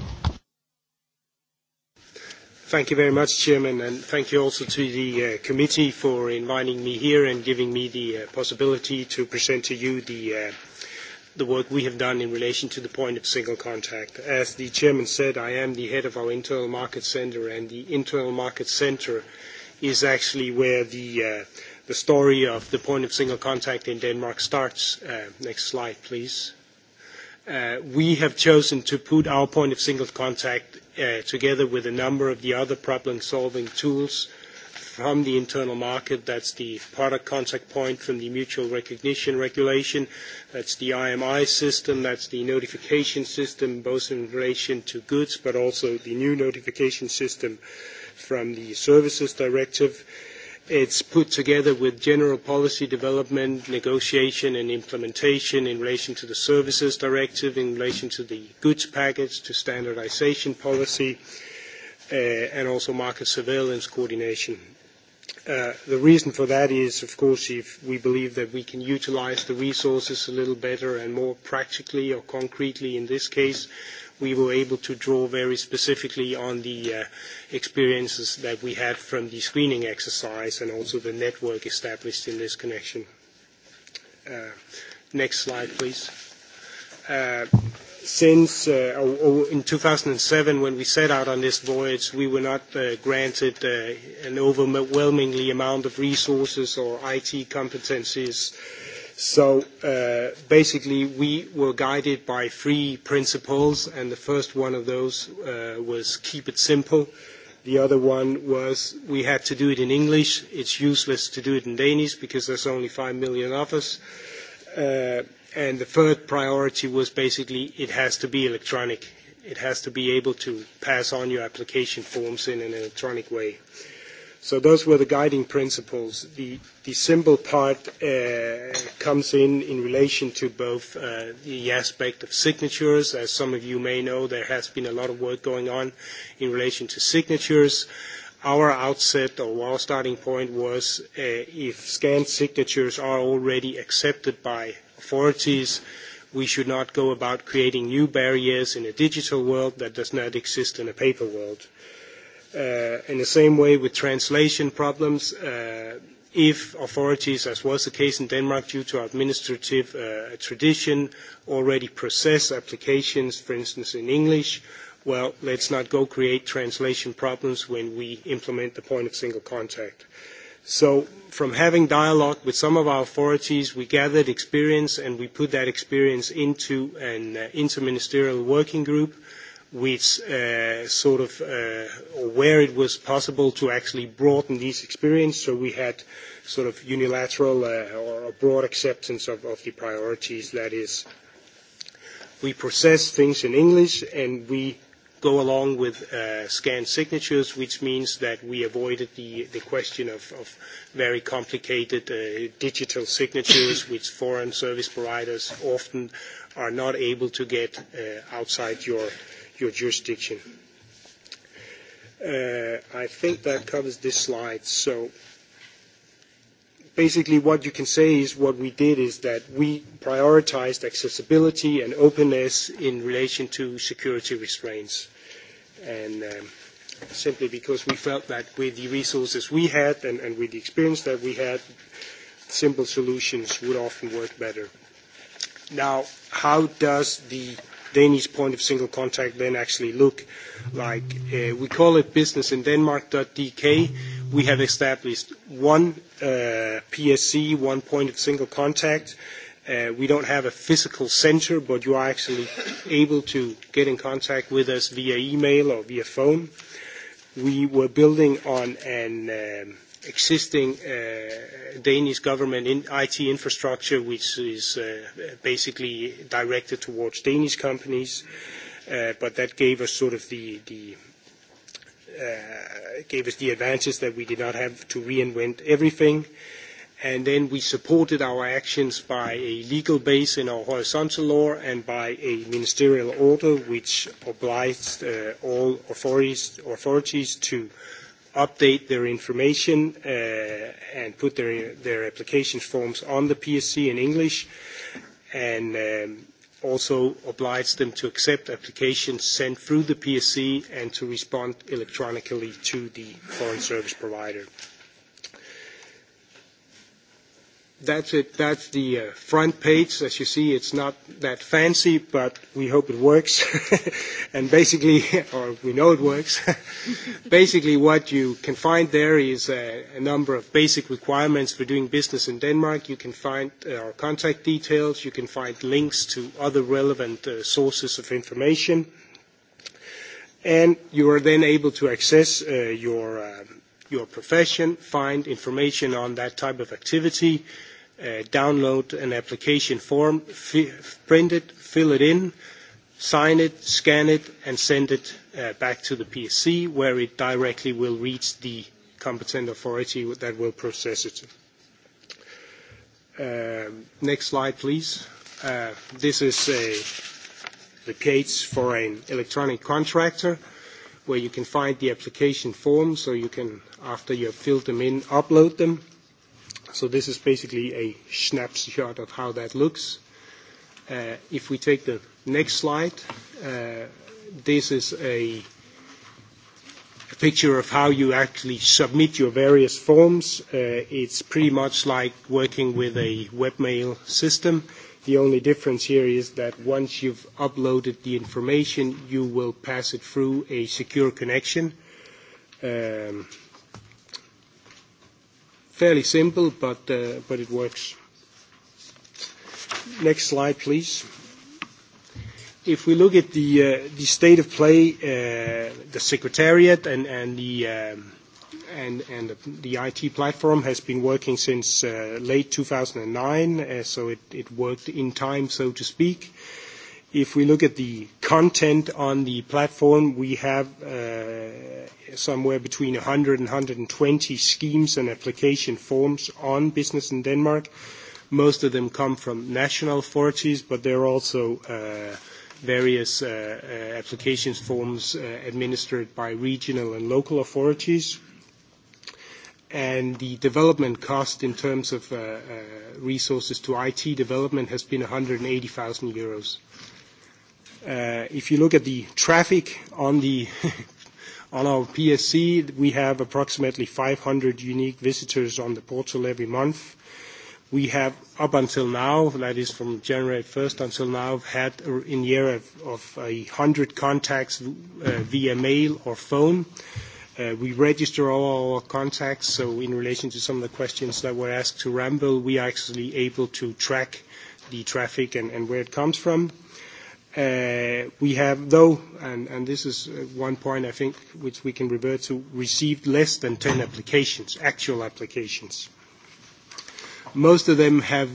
S10: Thank you very much, Chairman, and thank you also to the committee for inviting me here and giving me the possibility to present to you the work we have done in relation to the point of single contact. As the Chairman said, I am the head of our Internal Market Centre, and the Internal Market Centre is actually where the story of the point of single contact in Denmark starts. Next slide, please. We have chosen to put our point of single contact together with a number of the other problem-solving tools from the internal market. That's the product contact point from the mutual recognition regulation. That's the IMI system. That's the notification system, both in relation to goods, but also the new notification system from the services directive. It's put together with general policy development, negotiation and implementation in relation to the Services Directive, in relation to the goods package, to standardization policy, and also market surveillance coordination. The reason for that is, of course, if we believe that we can utilize the resources a little better and more practically or concretely in this case, we were able to draw very specifically on the experiences that we had from the screening exercise and also the network established in this connection. Next slide, please. Since in 2007, when we set out on this voyage, we were not granted an overwhelmingly amount of resources or IT competencies So basically, we were guided by three principles, and the first one of those was keep it simple. The other one was we had to do it in English. It's useless to do it in Danish because there's only five million of us. And the third priority was basically it has to be electronic. It has to be able to pass on your application forms in an electronic way. So those were the guiding principles. The symbol part comes in in relation to both the aspect of signatures. As some of you may know, there has been a lot of work going on in relation to signatures. Our outset or our starting point was if scanned signatures are already accepted by authorities, we should not go about creating new barriers in a digital world that does not exist in a paper world. In the same way with translation problems, if authorities, as was the case in Denmark due to administrative tradition, already process applications, for instance, in English, well, let's not go create translation problems when we implement the point of single contact. So from having dialogue with some of our authorities, we gathered experience and we put that experience into an interministerial working group with sort of where it was possible to actually broaden these experience. So we had sort of unilateral or a broad acceptance of the priorities. That is, we process things in English and we go along with scanned signatures, which means that we avoided the question of very complicated digital signatures, which foreign service providers often are not able to get outside your your jurisdiction. I think that covers this slide. So basically what you can say is what we did is that we prioritized accessibility and openness in relation to security restraints. And simply because we felt that with the resources we had and with the experience that we had, simple solutions would often work better. Now, how does the Danish point of single contact then actually look like. We call it business in We have established one PSC, one point of single contact. We don't have a physical center, but you are actually able to get in contact with us via email or via phone. We were building on an existing Danish government in IT infrastructure, which is basically directed towards Danish companies, but that gave us sort of the gave us the advantage that we did not have to reinvent everything. And then we supported our actions by a legal base in our horizontal law and by a ministerial order which obliged all authorities to update their information and put their application forms on the PSC in English, and also oblige them to accept applications sent through the PSC and to respond electronically to the foreign service provider. that's it. That's the front page. As you see, it's not that fancy, but we hope it works. And basically, or we know it works. Basically, what you can find there is a number of basic requirements for doing business in Denmark. You can find our contact details. You can find links to other relevant sources of information. And you are then able to access your profession, find information on that type of activity download an application form, print it, fill it in, sign it, scan it, and send it back to the PSC, where it directly will reach the competent authority that will process it. Next slide, please. This is the page for an electronic contractor where you can find the application form so you can, after you have filled them in, upload them. So this is basically a snapshot of how that looks. If we take the next slide, this is a picture of how you actually submit your various forms. It's pretty much like working with a webmail system. The only difference here is that once you've uploaded the information, you will pass it through a secure connection. Fairly simple, but it works. Next slide, please. If we look at the state of play, the Secretariat and the IT platform has been working since late 2009, so it worked in time, so to speak. If we look at the content on the platform, we have somewhere between 100 and 120 schemes and application forms on business in Denmark. Most of them come from national authorities, but there are also various application forms administered by regional and local authorities. And the development cost in terms of resources to IT development has been 180,000 euros. If you look at the traffic on the on our PSC, we have approximately 500 unique visitors on the portal every month. We have, up until now, that is from January 1st until now, had in the area of 100 contacts via mail or phone. We register all our contacts, so in relation to some of the questions that were asked to Ramble, we are actually able to track the traffic and where it comes from. We have, though, and this is one point I think which we can revert to, received less than 10 applications, actual applications. Most of them have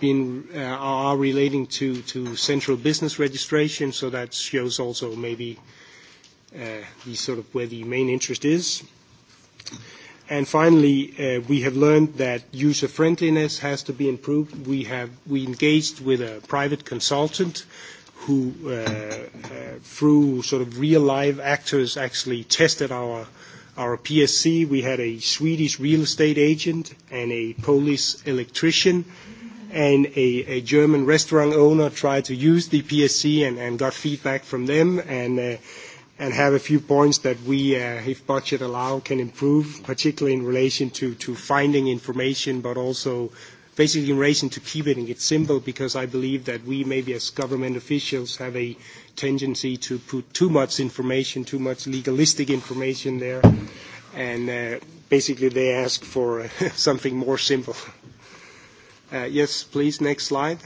S10: been are relating to central business registration, so that shows also maybe the sort of where the main interest is. And finally, we have learned that user friendliness has to be improved. we engaged with a private consultant who, through sort of real live actors, actually tested our our PSC. We had a Swedish real estate agent and a Polish electrician and a German restaurant owner tried to use the PSC and got feedback from them and and have a few points that we, if budget allow, can improve, particularly in relation to finding information, but also basically in relation to keep it simple because I believe that we maybe as government officials have a tendency to put too much information, too much legalistic information there, and basically they ask for something more simple. Yes, please, next slide.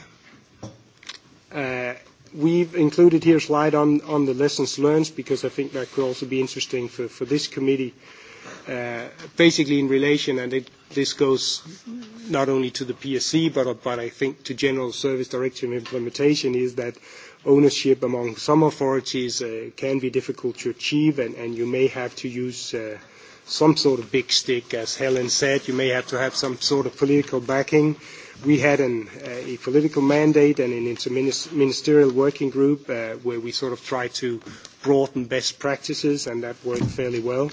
S10: We've included here a slide on on the lessons learned because I think that could also be interesting for for this committee. Basically in relation, and it This goes not only to the PSC, but I think to General Service Directive implementation, is that ownership among some authorities can be difficult to achieve, and you may have to use some sort of big stick, as Helen said. You may have to have some sort of political backing. We had a political mandate and an interministerial working group where we sort of tried to broaden best practices, and that worked fairly well.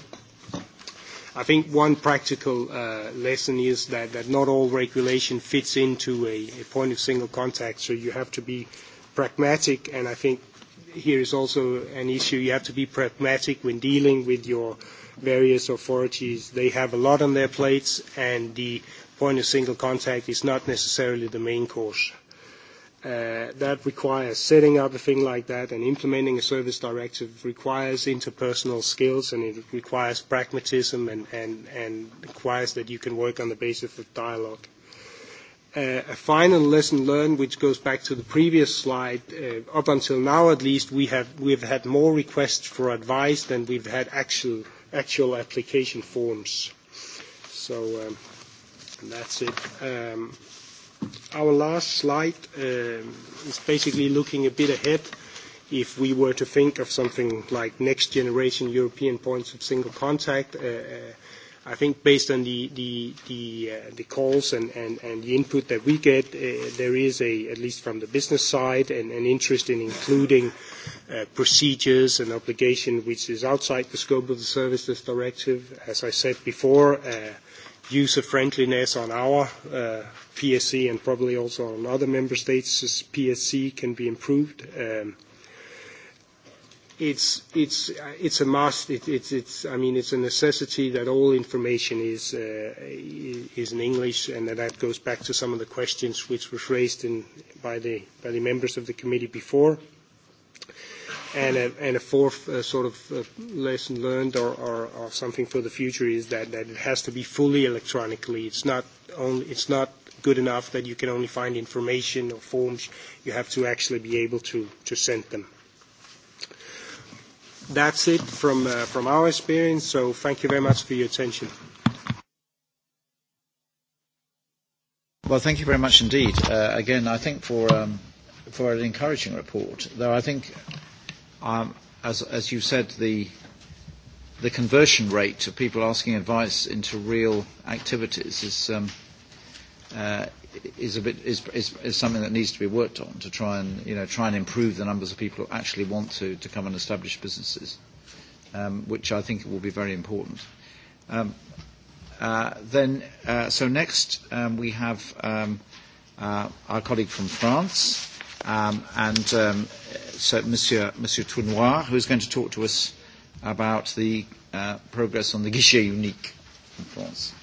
S10: I think one practical lesson is that not all regulation fits into a point of single contact, so you have to be pragmatic, and I think here is also an issue. You have to be pragmatic when dealing with your various authorities. They have a lot on their plates, and the point of single contact is not necessarily the main course. That requires setting up a thing like that and implementing a service directive requires interpersonal skills and it requires pragmatism and and and requires that you can work on the basis of dialogue. A final lesson learned, which goes back to the previous slide, up until now at least, we have had more requests for advice than we've had actual application forms. So that's it. Our last slide is basically looking a bit ahead if we were to think of something like next generation European points of single contact. I think based on the calls and the input that we get, there is, at least from the business side, an interest in including procedures and obligation which is outside the scope of the Services Directive. As I said before, user friendliness on our PSC and probably also on other member states, PSC can be improved. It's it's it's a must. It's it's I mean it's a necessity that all information is is in English, and that goes back to some of the questions which were raised by the by the members of the committee before. And a fourth sort of lesson learned or something for the future is that it has to be fully electronically. It's not only it's not good enough that you can only find information or forms. You have to actually be able to to send them. That's it from from our experience. So thank you very much for your attention.
S1: Well, thank you very much indeed. Again, I think for for an encouraging report, though I think as as you said, the the conversion rate of people asking advice into real activities is is a bit is is something that needs to be worked on to try and you know try and improve the numbers of people who actually want to to come and establish businesses, which I think will be very important. Then, so next we have our colleague from France. And so Monsieur Tournoir, who is going to talk to us about the progress on the guichet unique in France.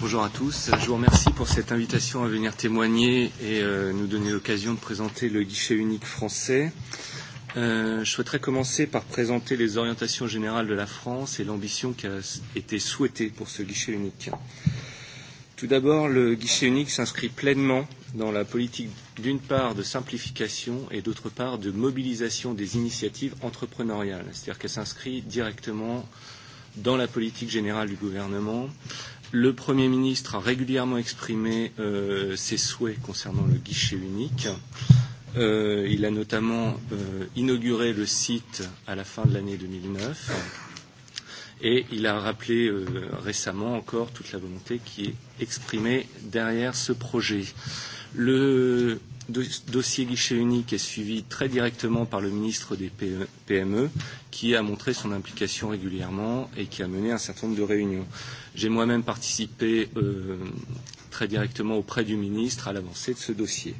S1: Bonjour à tous. Je vous remercie pour cette
S11: invitation à venir témoigner et nous donner l'occasion de présenter le guichet unique français. Je souhaiterais commencer par présenter les orientations générales de la France et l'ambition qui a été souhaitée pour ce guichet unique. Tout d'abord, le guichet unique s'inscrit pleinement dans la politique d'une part de simplification et d'autre part de mobilisation des initiatives entrepreneuriales. C'est-à-dire qu'elle s'inscrit directement dans la politique générale du gouvernement. Le Premier ministre a régulièrement exprimé ses souhaits concernant le guichet unique. Il a notamment inauguré le site à la fin de l'année 2009 et il a rappelé récemment encore toute la volonté qui est exprimée derrière ce projet. Le dossier guichet unique est suivi très directement par le ministre des PME, qui a montré son implication régulièrement et qui a mené un certain nombre de réunions. J'ai moi-même participé très directement auprès du ministre à l'avancée de ce dossier.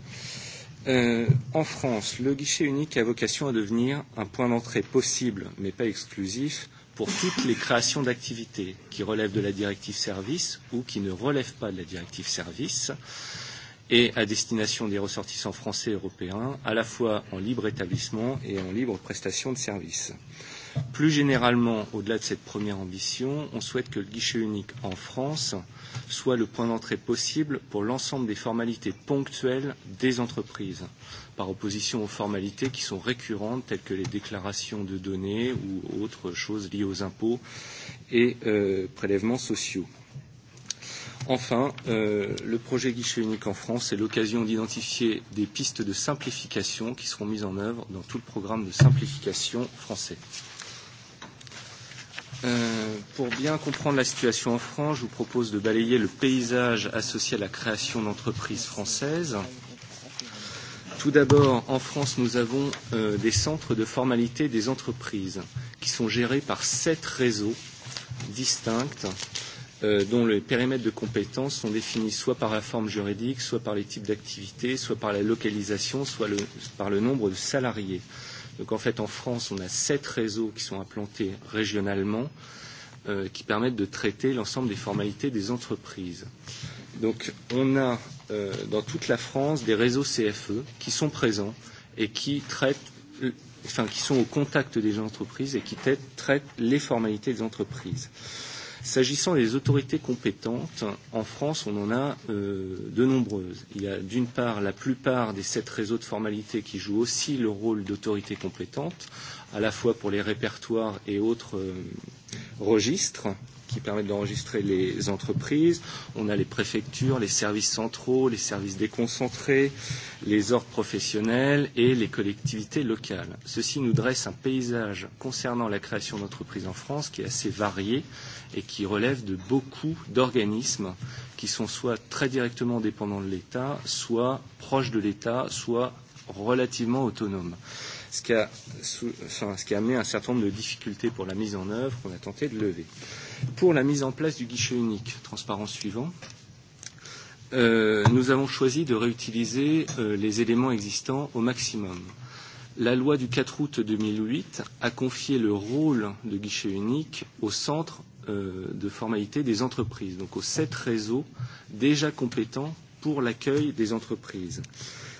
S11: En France, le guichet unique a vocation à devenir un point d'entrée possible, mais pas exclusif, pour toutes les créations d'activités qui relèvent de la directive service ou qui ne relèvent pas de la directive service et à destination des ressortissants français et européens, à la fois en libre établissement et en libre prestation de services. Plus généralement, au-delà de cette première ambition, on souhaite que le guichet unique en France soit le point d'entrée possible pour l'ensemble des formalités ponctuelles des entreprises, par opposition aux formalités qui sont récurrentes, telles que les déclarations de données ou autres choses liées aux impôts et prélèvements sociaux. Enfin, le projet Guichet unique en France est l'occasion d'identifier des pistes de simplification qui seront mises en œuvre dans tout le programme de simplification français. Pour bien comprendre la situation en France, je vous propose de balayer le paysage associé à la création d'entreprises françaises. Tout d'abord, en France, nous avons des centres de formalité des entreprises qui sont gérés par sept réseaux distincts dont les périmètres de compétences sont définis soit par la forme juridique, soit par les types d'activités, soit par la localisation, soit par le nombre de salariés. Donc en fait, en France, on a sept réseaux qui sont implantés régionalement, qui permettent de traiter l'ensemble des formalités des entreprises. Donc on a dans toute la France des réseaux CFE qui sont présents et qui traitent enfin qui sont au contact des entreprises et qui traitent les formalités des entreprises. S'agissant des autorités compétentes, en France, on en a de nombreuses. Il y a d'une part la plupart des sept réseaux de formalités qui jouent aussi le rôle d'autorité compétente, à la fois pour les répertoires et autres registres qui permettent d'enregistrer les entreprises. On a les préfectures, les services centraux, les services déconcentrés, les ordres professionnels et les collectivités locales. Ceci nous dresse un paysage concernant la création d'entreprises en France qui est assez varié et qui relève de beaucoup d'organismes qui sont soit très directement dépendants de l'État, soit proches de l'État, soit relativement autonomes ce qui a amené un certain nombre de difficultés pour la mise en œuvre qu'on a tenté de lever. Pour la mise en place du guichet unique, transparent suivant, nous avons choisi de réutiliser les éléments existants au maximum. La loi du 4 août 2008 a confié le rôle de guichet unique au centre de formalité des entreprises, donc aux sept réseaux déjà compétents pour l'accueil des entreprises.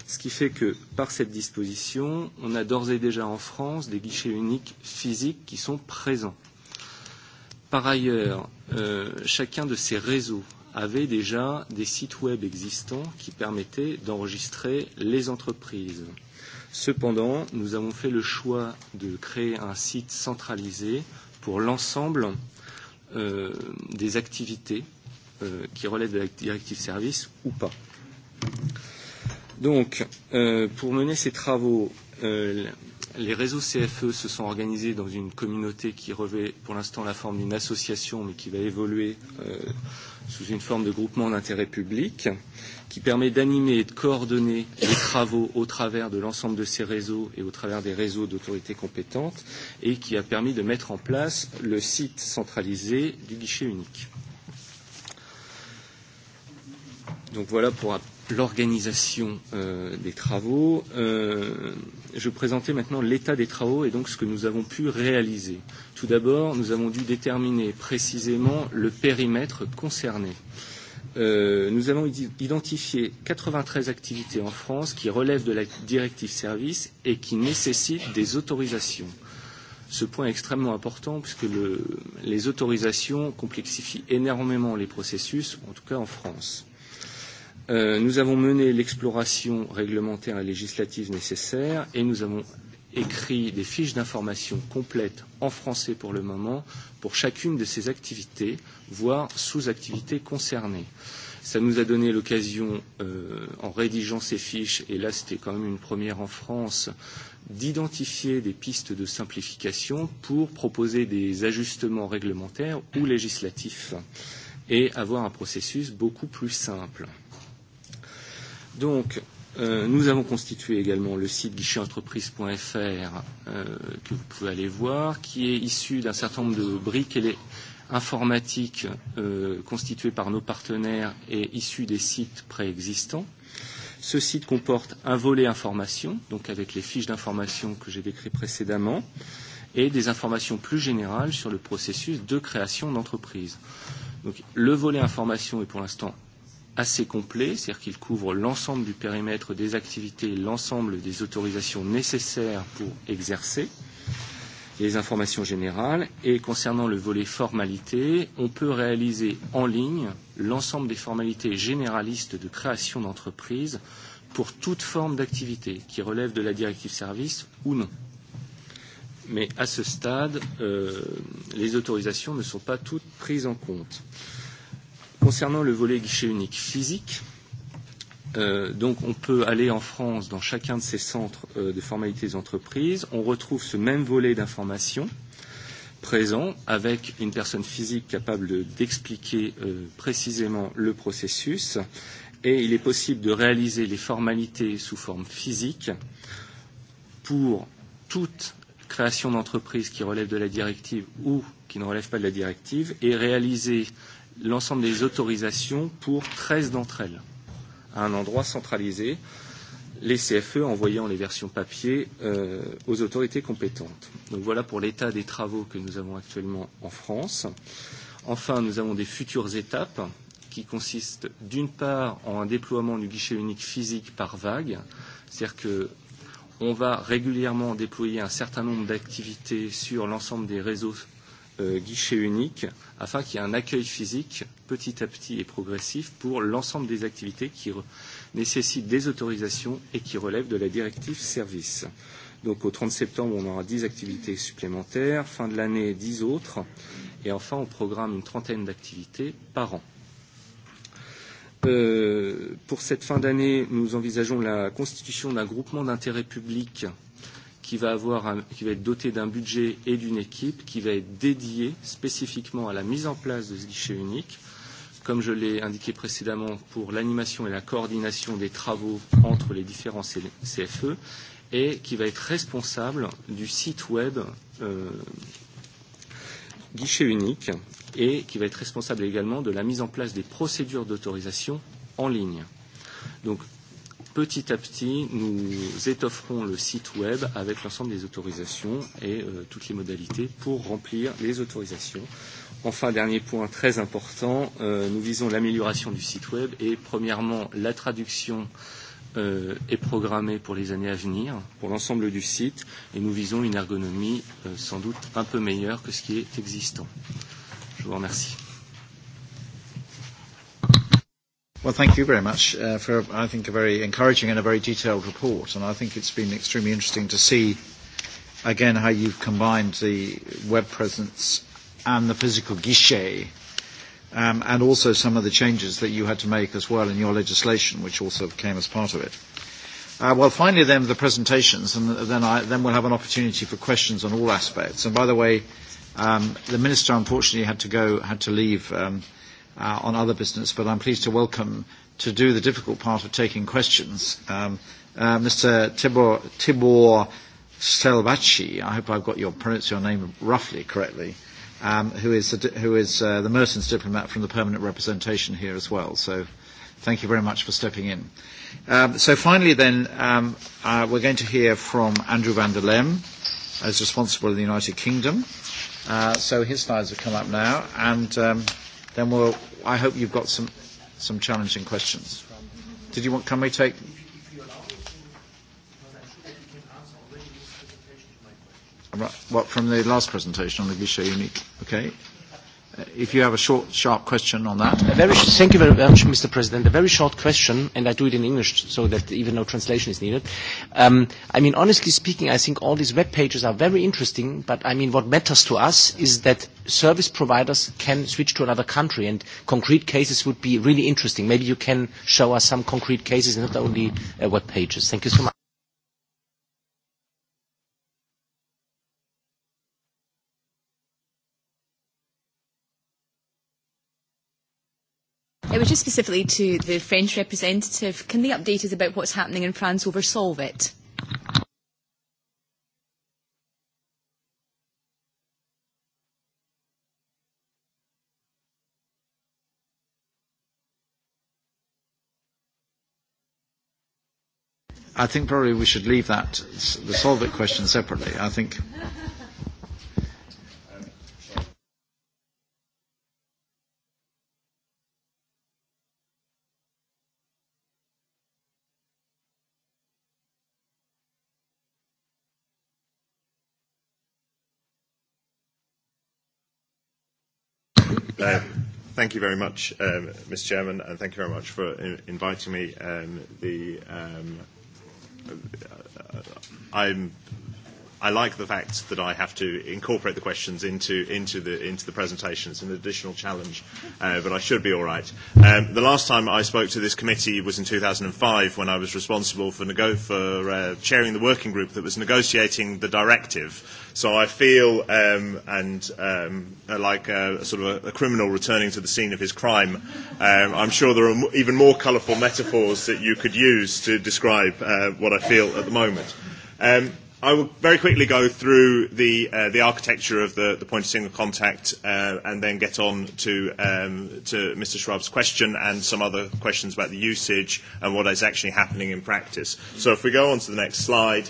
S11: Ce qui fait que, par cette disposition, on a d'ores et déjà en France des guichets uniques physiques qui sont présents Par ailleurs, chacun de ces réseaux avait déjà des sites web existants qui permettaient d'enregistrer les entreprises. Cependant, nous avons fait le choix de créer un site centralisé pour l'ensemble des activités qui relèvent de la directive service ou pas. Donc, pour mener ces travaux, Les réseaux CFE se sont organisés dans une communauté qui revêt pour l'instant la forme d'une association, mais qui va évoluer sous une forme de groupement d'intérêt public, qui permet d'animer et de coordonner les travaux au travers de l'ensemble de ces réseaux et au travers des réseaux d'autorités compétentes, et qui a permis de mettre en place le site centralisé du guichet unique. Donc voilà pour l'organisation des travaux. Je présentais maintenant l'état des travaux et donc ce que nous avons pu réaliser. Tout d'abord, nous avons dû déterminer précisément le périmètre concerné. Nous avons identifié 93 activités en France qui relèvent de la directive service et qui nécessitent des autorisations. Ce point est extrêmement important puisque les autorisations complexifient énormément les processus, en tout cas en France. Nous avons mené l'exploration réglementaire et législative nécessaire et nous avons écrit des fiches d'information complètes en français pour le moment pour chacune de ces activités, voire sous-activités concernées. Ça nous a donné l'occasion, en rédigeant ces fiches, et là c'était quand même une première en France, d'identifier des pistes de simplification pour proposer des ajustements réglementaires ou législatifs et avoir un processus beaucoup plus simple. Donc, nous avons constitué également le site guichetentreprise.fr que vous pouvez aller voir, qui est issu d'un certain nombre de briques et informatiques constituées par nos partenaires et issues des sites préexistants. Ce site comporte un volet information, donc avec les fiches d'information que j'ai décrites précédemment, et des informations plus générales sur le processus de création d'entreprise. Donc, le volet information est pour l'instant assez complet, c'est-à-dire qu'il couvre l'ensemble du périmètre des activités et l'ensemble des autorisations nécessaires pour exercer les informations générales. Et concernant le volet formalité, on peut réaliser en ligne l'ensemble des formalités généralistes de création d'entreprise pour toute forme d'activité qui relève de la directive service ou non. Mais à ce stade, les autorisations ne sont pas toutes prises en compte. Concernant le volet guichet unique physique, donc on peut aller en France dans chacun de ces centres de formalités des entreprises. On retrouve ce même volet d'information présent avec une personne physique capable d'expliquer précisément le processus et il est possible de réaliser les formalités sous forme physique pour toute création d'entreprise qui relève de la directive ou qui ne relève pas de la directive et réaliser l'ensemble des autorisations pour 13 d'entre elles, à un endroit centralisé, les CFE envoyant les versions papier aux autorités compétentes. Donc voilà pour l'état des travaux que nous avons actuellement en France. Enfin, nous avons des futures étapes qui consistent d'une part en un déploiement du guichet unique physique par vague, c'est-à-dire que on va régulièrement déployer un certain nombre d'activités sur l'ensemble des réseaux guichet unique afin qu'il y ait un accueil physique petit à petit et progressif pour l'ensemble des activités qui nécessitent des autorisations et qui relèvent de la directive service. Donc au 30 septembre, on aura 10 activités supplémentaires, fin de l'année 10 autres, et enfin on programme une trentaine d'activités par an. Pour cette fin d'année, nous envisageons la constitution d'un groupement d'intérêt public qui va être doté d'un budget et d'une équipe qui va être dédiée spécifiquement à la mise en place de ce guichet unique, comme je l'ai indiqué précédemment, pour l'animation et la coordination des travaux entre les différents CFE, et qui va être responsable du site web guichet unique, et qui va être responsable également de la mise en place des procédures d'autorisation en ligne. Donc petit à petit, nous étofferons le site web avec l'ensemble des autorisations et toutes les modalités pour remplir les autorisations. Enfin, dernier point très important, nous visons l'amélioration du site web et premièrement, la traduction est programmée pour les années à venir, pour l'ensemble du site, et nous visons une ergonomie sans doute un peu meilleure que ce qui est existant.
S1: Je vous remercie. Well, thank you very much for, I think, a very encouraging and a very detailed report. And I think it's been extremely interesting to see, again, how you've combined the web presence and the physical guichet, and also some of the changes that you had to make as well in your legislation, which also came as part of it. Well, finally, then, the presentations, and then I then we'll have an opportunity for questions on all aspects. And by the way, the Minister, unfortunately, had to go, had to leave on other business, but I'm pleased to welcome to do the difficult part of taking questions, Mr. Tibor Tibor Selvaci. I hope I've got your pronounced your name roughly correctly. Who is who is the Mertens diplomat from the permanent representation here as well? So, thank you very much for stepping in. So finally, then we're going to hear from Andrew van der Lem, as responsible in the United Kingdom. So his slides have come up now, and then we'll, I hope you've got some, some challenging questions. Did you want, can we take? What, from the last presentation on the Vichy unique? Okay
S9: if you have a short, sharp question on that. Thank you very much, Mr. President. A very short question, and I do it in English so that even no translation is needed. I mean, honestly speaking, I think all these web pages are very interesting, but I mean, what matters to us is that service providers can switch to another country, and concrete cases would be really interesting. Maybe you can show us some concrete cases, not only web pages. Thank you so much.
S6: It was just specifically to the French
S8: representative. Can they update us about what's happening in France over Solvit?
S1: I think probably we should leave that, the Solvit question separately. I think
S12: Thank you very much, Mr. Chairman, and thank you very much for inviting me. Um The um I'm I like the fact that I have to incorporate the questions into into the into the presentation. It's an additional challenge, but I should be all right. The last time I spoke to this committee was in 2005 when I was responsible for for chairing the working group that was negotiating the directive. So I feel and like sort of a criminal returning to the scene of his crime. I'm sure there are even more colourful metaphors that you could use to describe what I feel at the moment. I will very quickly go through the the architecture of the the point of single contact and then get on to to Mr. Schwab's question and some other questions about the usage and what is actually happening in practice. So if we go on to the next slide,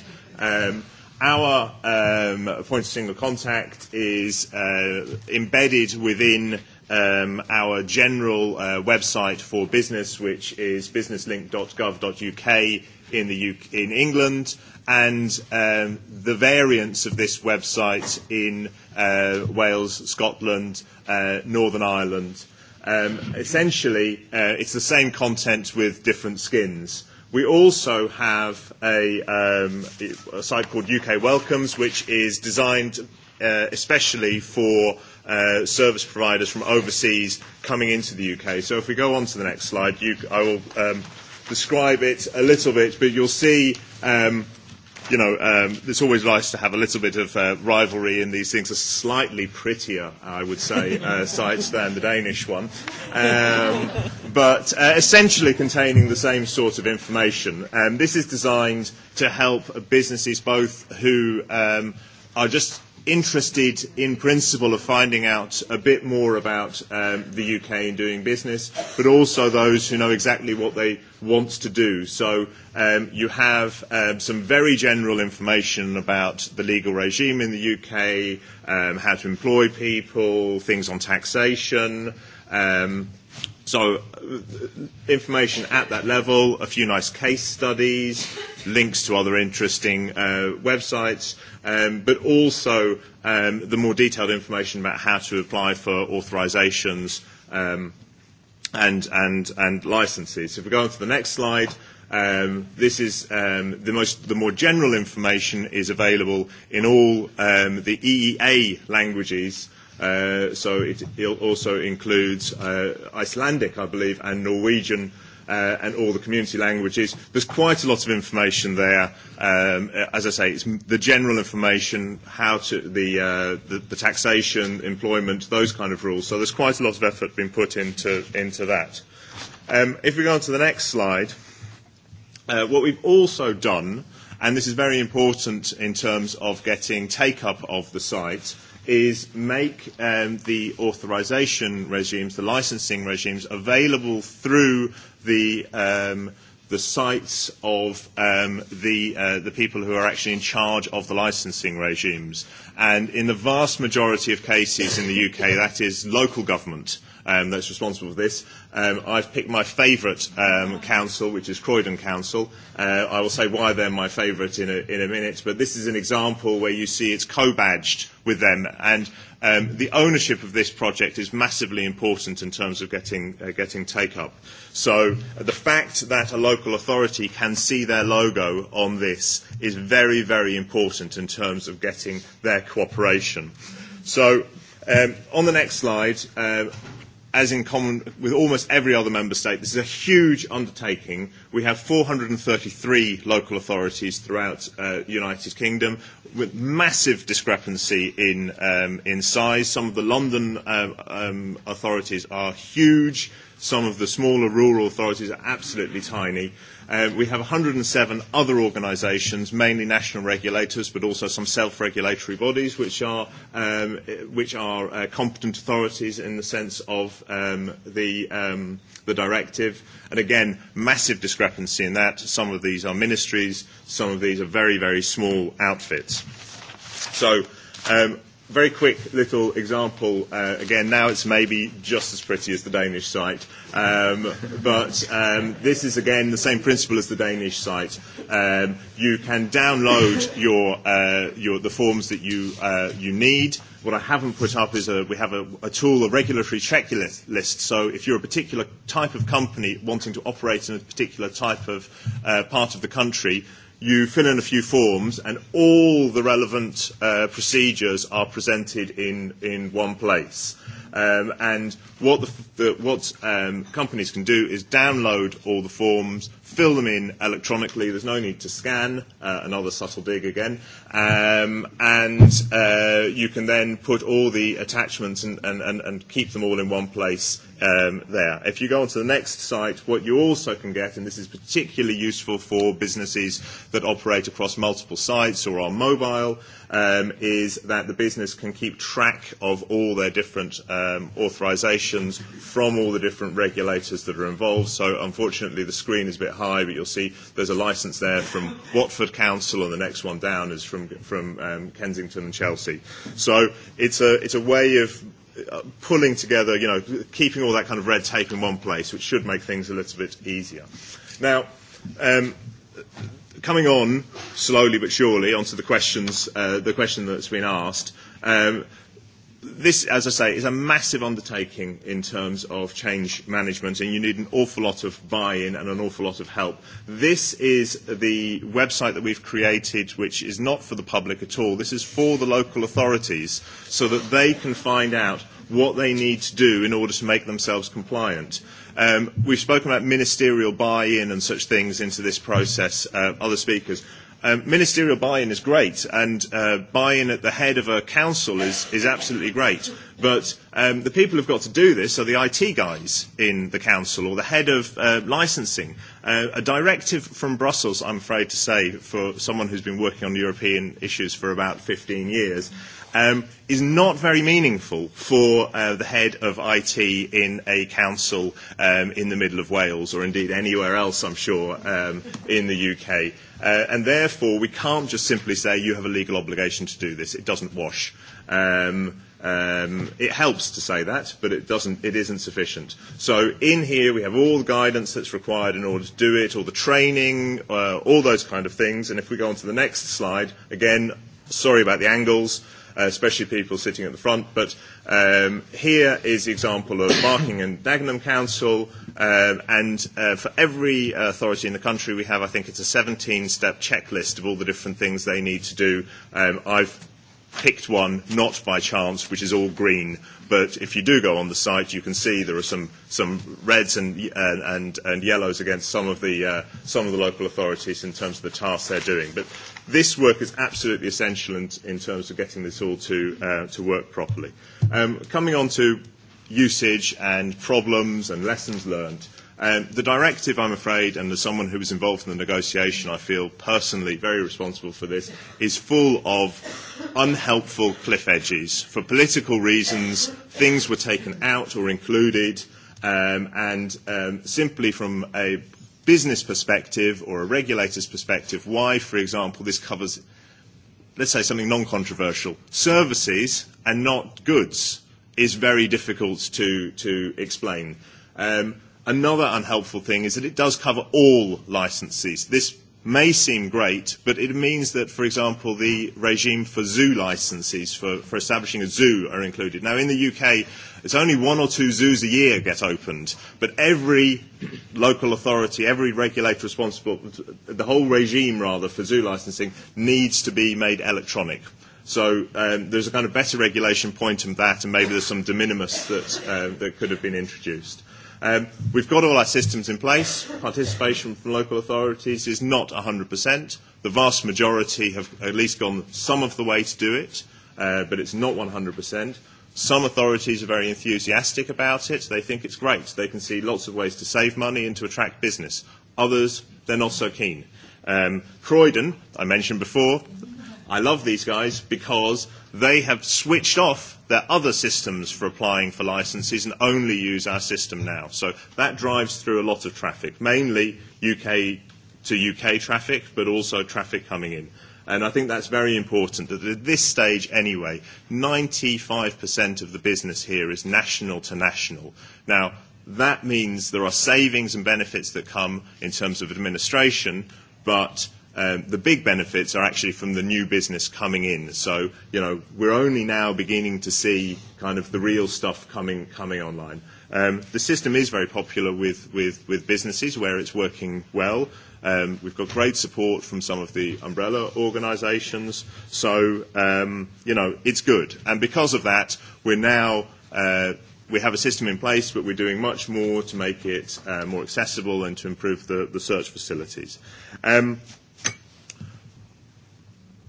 S12: our point of single contact is embedded within our general website for business, which is businesslink.gov.uk in the in England, and the variants of this website in Wales, Scotland, Northern Ireland. Essentially, it's the same content with different skins. We also have a site called UK Welcomes, which is designed especially for service providers from overseas coming into the UK. So if we go on to the next slide, I will describe it a little bit, but you'll see, um, you know, um, it's always nice to have a little bit of uh, rivalry in these things. A slightly prettier, I would say, uh, sites than the Danish one, um, but uh, essentially containing the same sort of information. Um, this is designed to help businesses both who um, are just interested in principle of finding out a bit more about the UK in doing business, but also those who know exactly what they want to do. So you have some very general information about the legal regime in the UK, how to employ people, things on taxation So information at that level, a few nice case studies, links to other interesting websites, but also the more detailed information about how to apply for authorizations and licenses. If we go on to the next slide, this is the most the more general information is available in all the EEA languages So it also includes Icelandic, I believe, and Norwegian and all the community languages. There's quite a lot of information there. As I say, it's the general information, how to the the taxation, employment, those kind of rules. So there's quite a lot of effort being put into into that. If we go on to the next slide, what we've also done, and this is very important in terms of getting take up of the site is make the authorization regimes, the licensing regimes, available through the the sites of the the people who are actually in charge of the licensing regimes. And in the vast majority of cases in the UK, that is local government that's responsible for this. I've picked my favourite council, which is Croydon Council. I will say why they're my favourite in a minute, but this is an example where you see it's co-badged with them. And the ownership of this project is massively important in terms of getting take-up. So the fact that a local authority can see their logo on this is very, very important in terms of getting their cooperation. So on the next slide, as in common with almost every other member state, this is a huge undertaking. We have 433 local authorities throughout the United Kingdom with massive discrepancy in, in size. Some of the London authorities are huge. Some of the smaller rural authorities are absolutely tiny. We have 107 other organisations, mainly national regulators, but also some self-regulatory bodies, which are which are competent authorities in the sense of the the directive. And again, massive discrepancy in that. Some of these are ministries, some of these are very very small outfits. So very quick little example. again, now it's maybe just as pretty as the Danish site, but this is again the same principle as the Danish site. you can download your, your the forms that you you need. What I haven't put up is a, we have a, a tool, a regulatory checklist. So if you're a particular type of company wanting to operate in a particular type of part of the country, you fill in a few forms and all the relevant procedures are presented in in one place and what the what companies can do is download all the forms fill them in electronically there's no need to scan another subtle dig again and you can then put all the attachments and keep them all in one place there. If you go on to the next site, what you also can get, and this is particularly useful for businesses that operate across multiple sites or are mobile, is that the business can keep track of all their different authorizations from all the different regulators that are involved. So unfortunately the screen is a bit high, but you'll see there's a license there from Watford Council and the next one down is from from um Kensington and Chelsea. So it's a it's a way of pulling together, you know, keeping all that kind of red tape in one place, which should make things a little bit easier. Now, um, coming on slowly but surely onto the questions, uh, the question that's been asked. Um, This, as I say, is a massive undertaking in terms of change management, and you need an awful lot of buy-in and an awful lot of help. This is the website that we've created, which is not for the public at all. This is for the local authorities, so that they can find out what they need to do in order to make themselves compliant. We've spoken about ministerial buy-in and such things into this process, other speakers. Ministerial buy-in is great, and buy-in at the head of a council is is absolutely great. But the people who have got to do this are the IT guys in the council or the head of licensing. A directive from Brussels, I'm afraid to say, for someone who's been working on European issues for about 15 years, um is not very meaningful for the head of IT in a council um in the middle of Wales or indeed anywhere else, I'm sure, um in the UK. And therefore, we can't just simply say you have a legal obligation to do this. It doesn't wash. It helps to say that, but it doesn't. It isn't sufficient. So in here we have all the guidance that's required in order to do it, all the training, all those kind of things. And if we go on to the next slide, again, sorry about the angles especially people sitting at the front. But here is the example of Barking and Dagenham Council, and for every authority in the country we have, I think it's a 17-step checklist of all the different things they need to do. I've picked one not by chance, which is all green. But if you do go on the site, you can see there are some some reds and and and yellows against some of the some of the local authorities in terms of the tasks they're doing. But this work is absolutely essential in terms of getting this all to to work properly. Coming on to usage and problems and lessons learned. The directive, I'm afraid, and as someone who was involved in the negotiation, I feel personally very responsible for this, is full of unhelpful cliff edges. For political reasons, things were taken out or included, and simply from a business perspective or a regulator's perspective, why, for example, this covers, let's say, something non-controversial, services and not goods, is very difficult to explain. Another unhelpful thing is that it does cover all licensees. This may seem great, but it means that, for example, the regime for zoo licenses for, establishing a zoo are included. Now, in the UK, it's only one or two zoos a year get opened, but every local authority, every regulator responsible, the whole regime, rather, for zoo licensing needs to be made electronic. So there there's a kind of better regulation point in that, and maybe there's some de minimis that could have been introduced. We've got all our systems in place. Participation from local authorities is not 100%. The vast majority have at least gone some of the way to do it, but it's not 100%. Some authorities are very enthusiastic about it. They think it's great. They can see lots of ways to save money and to attract business. Others, they're not so keen. Croydon, I mentioned before, I love these guys because they have switched off their other systems for applying for licenses and only use our system now. So that drives through a lot of traffic, mainly UK to UK traffic, but also traffic coming in. And I think that's very important that at this stage anyway, 95% of the business here is national to national. Now, that means there are savings and benefits that come in terms of administration, but the big benefits are actually from the new business coming in. So, you know, we're only now beginning to see kind of the real stuff coming coming online. The system is very popular with with with businesses where it's working well. We've got great support from some of the umbrella organisations. So, you know, it's good. And because of that, we're now we have a system in place, but we're doing much more to make it more accessible and to improve the the search facilities.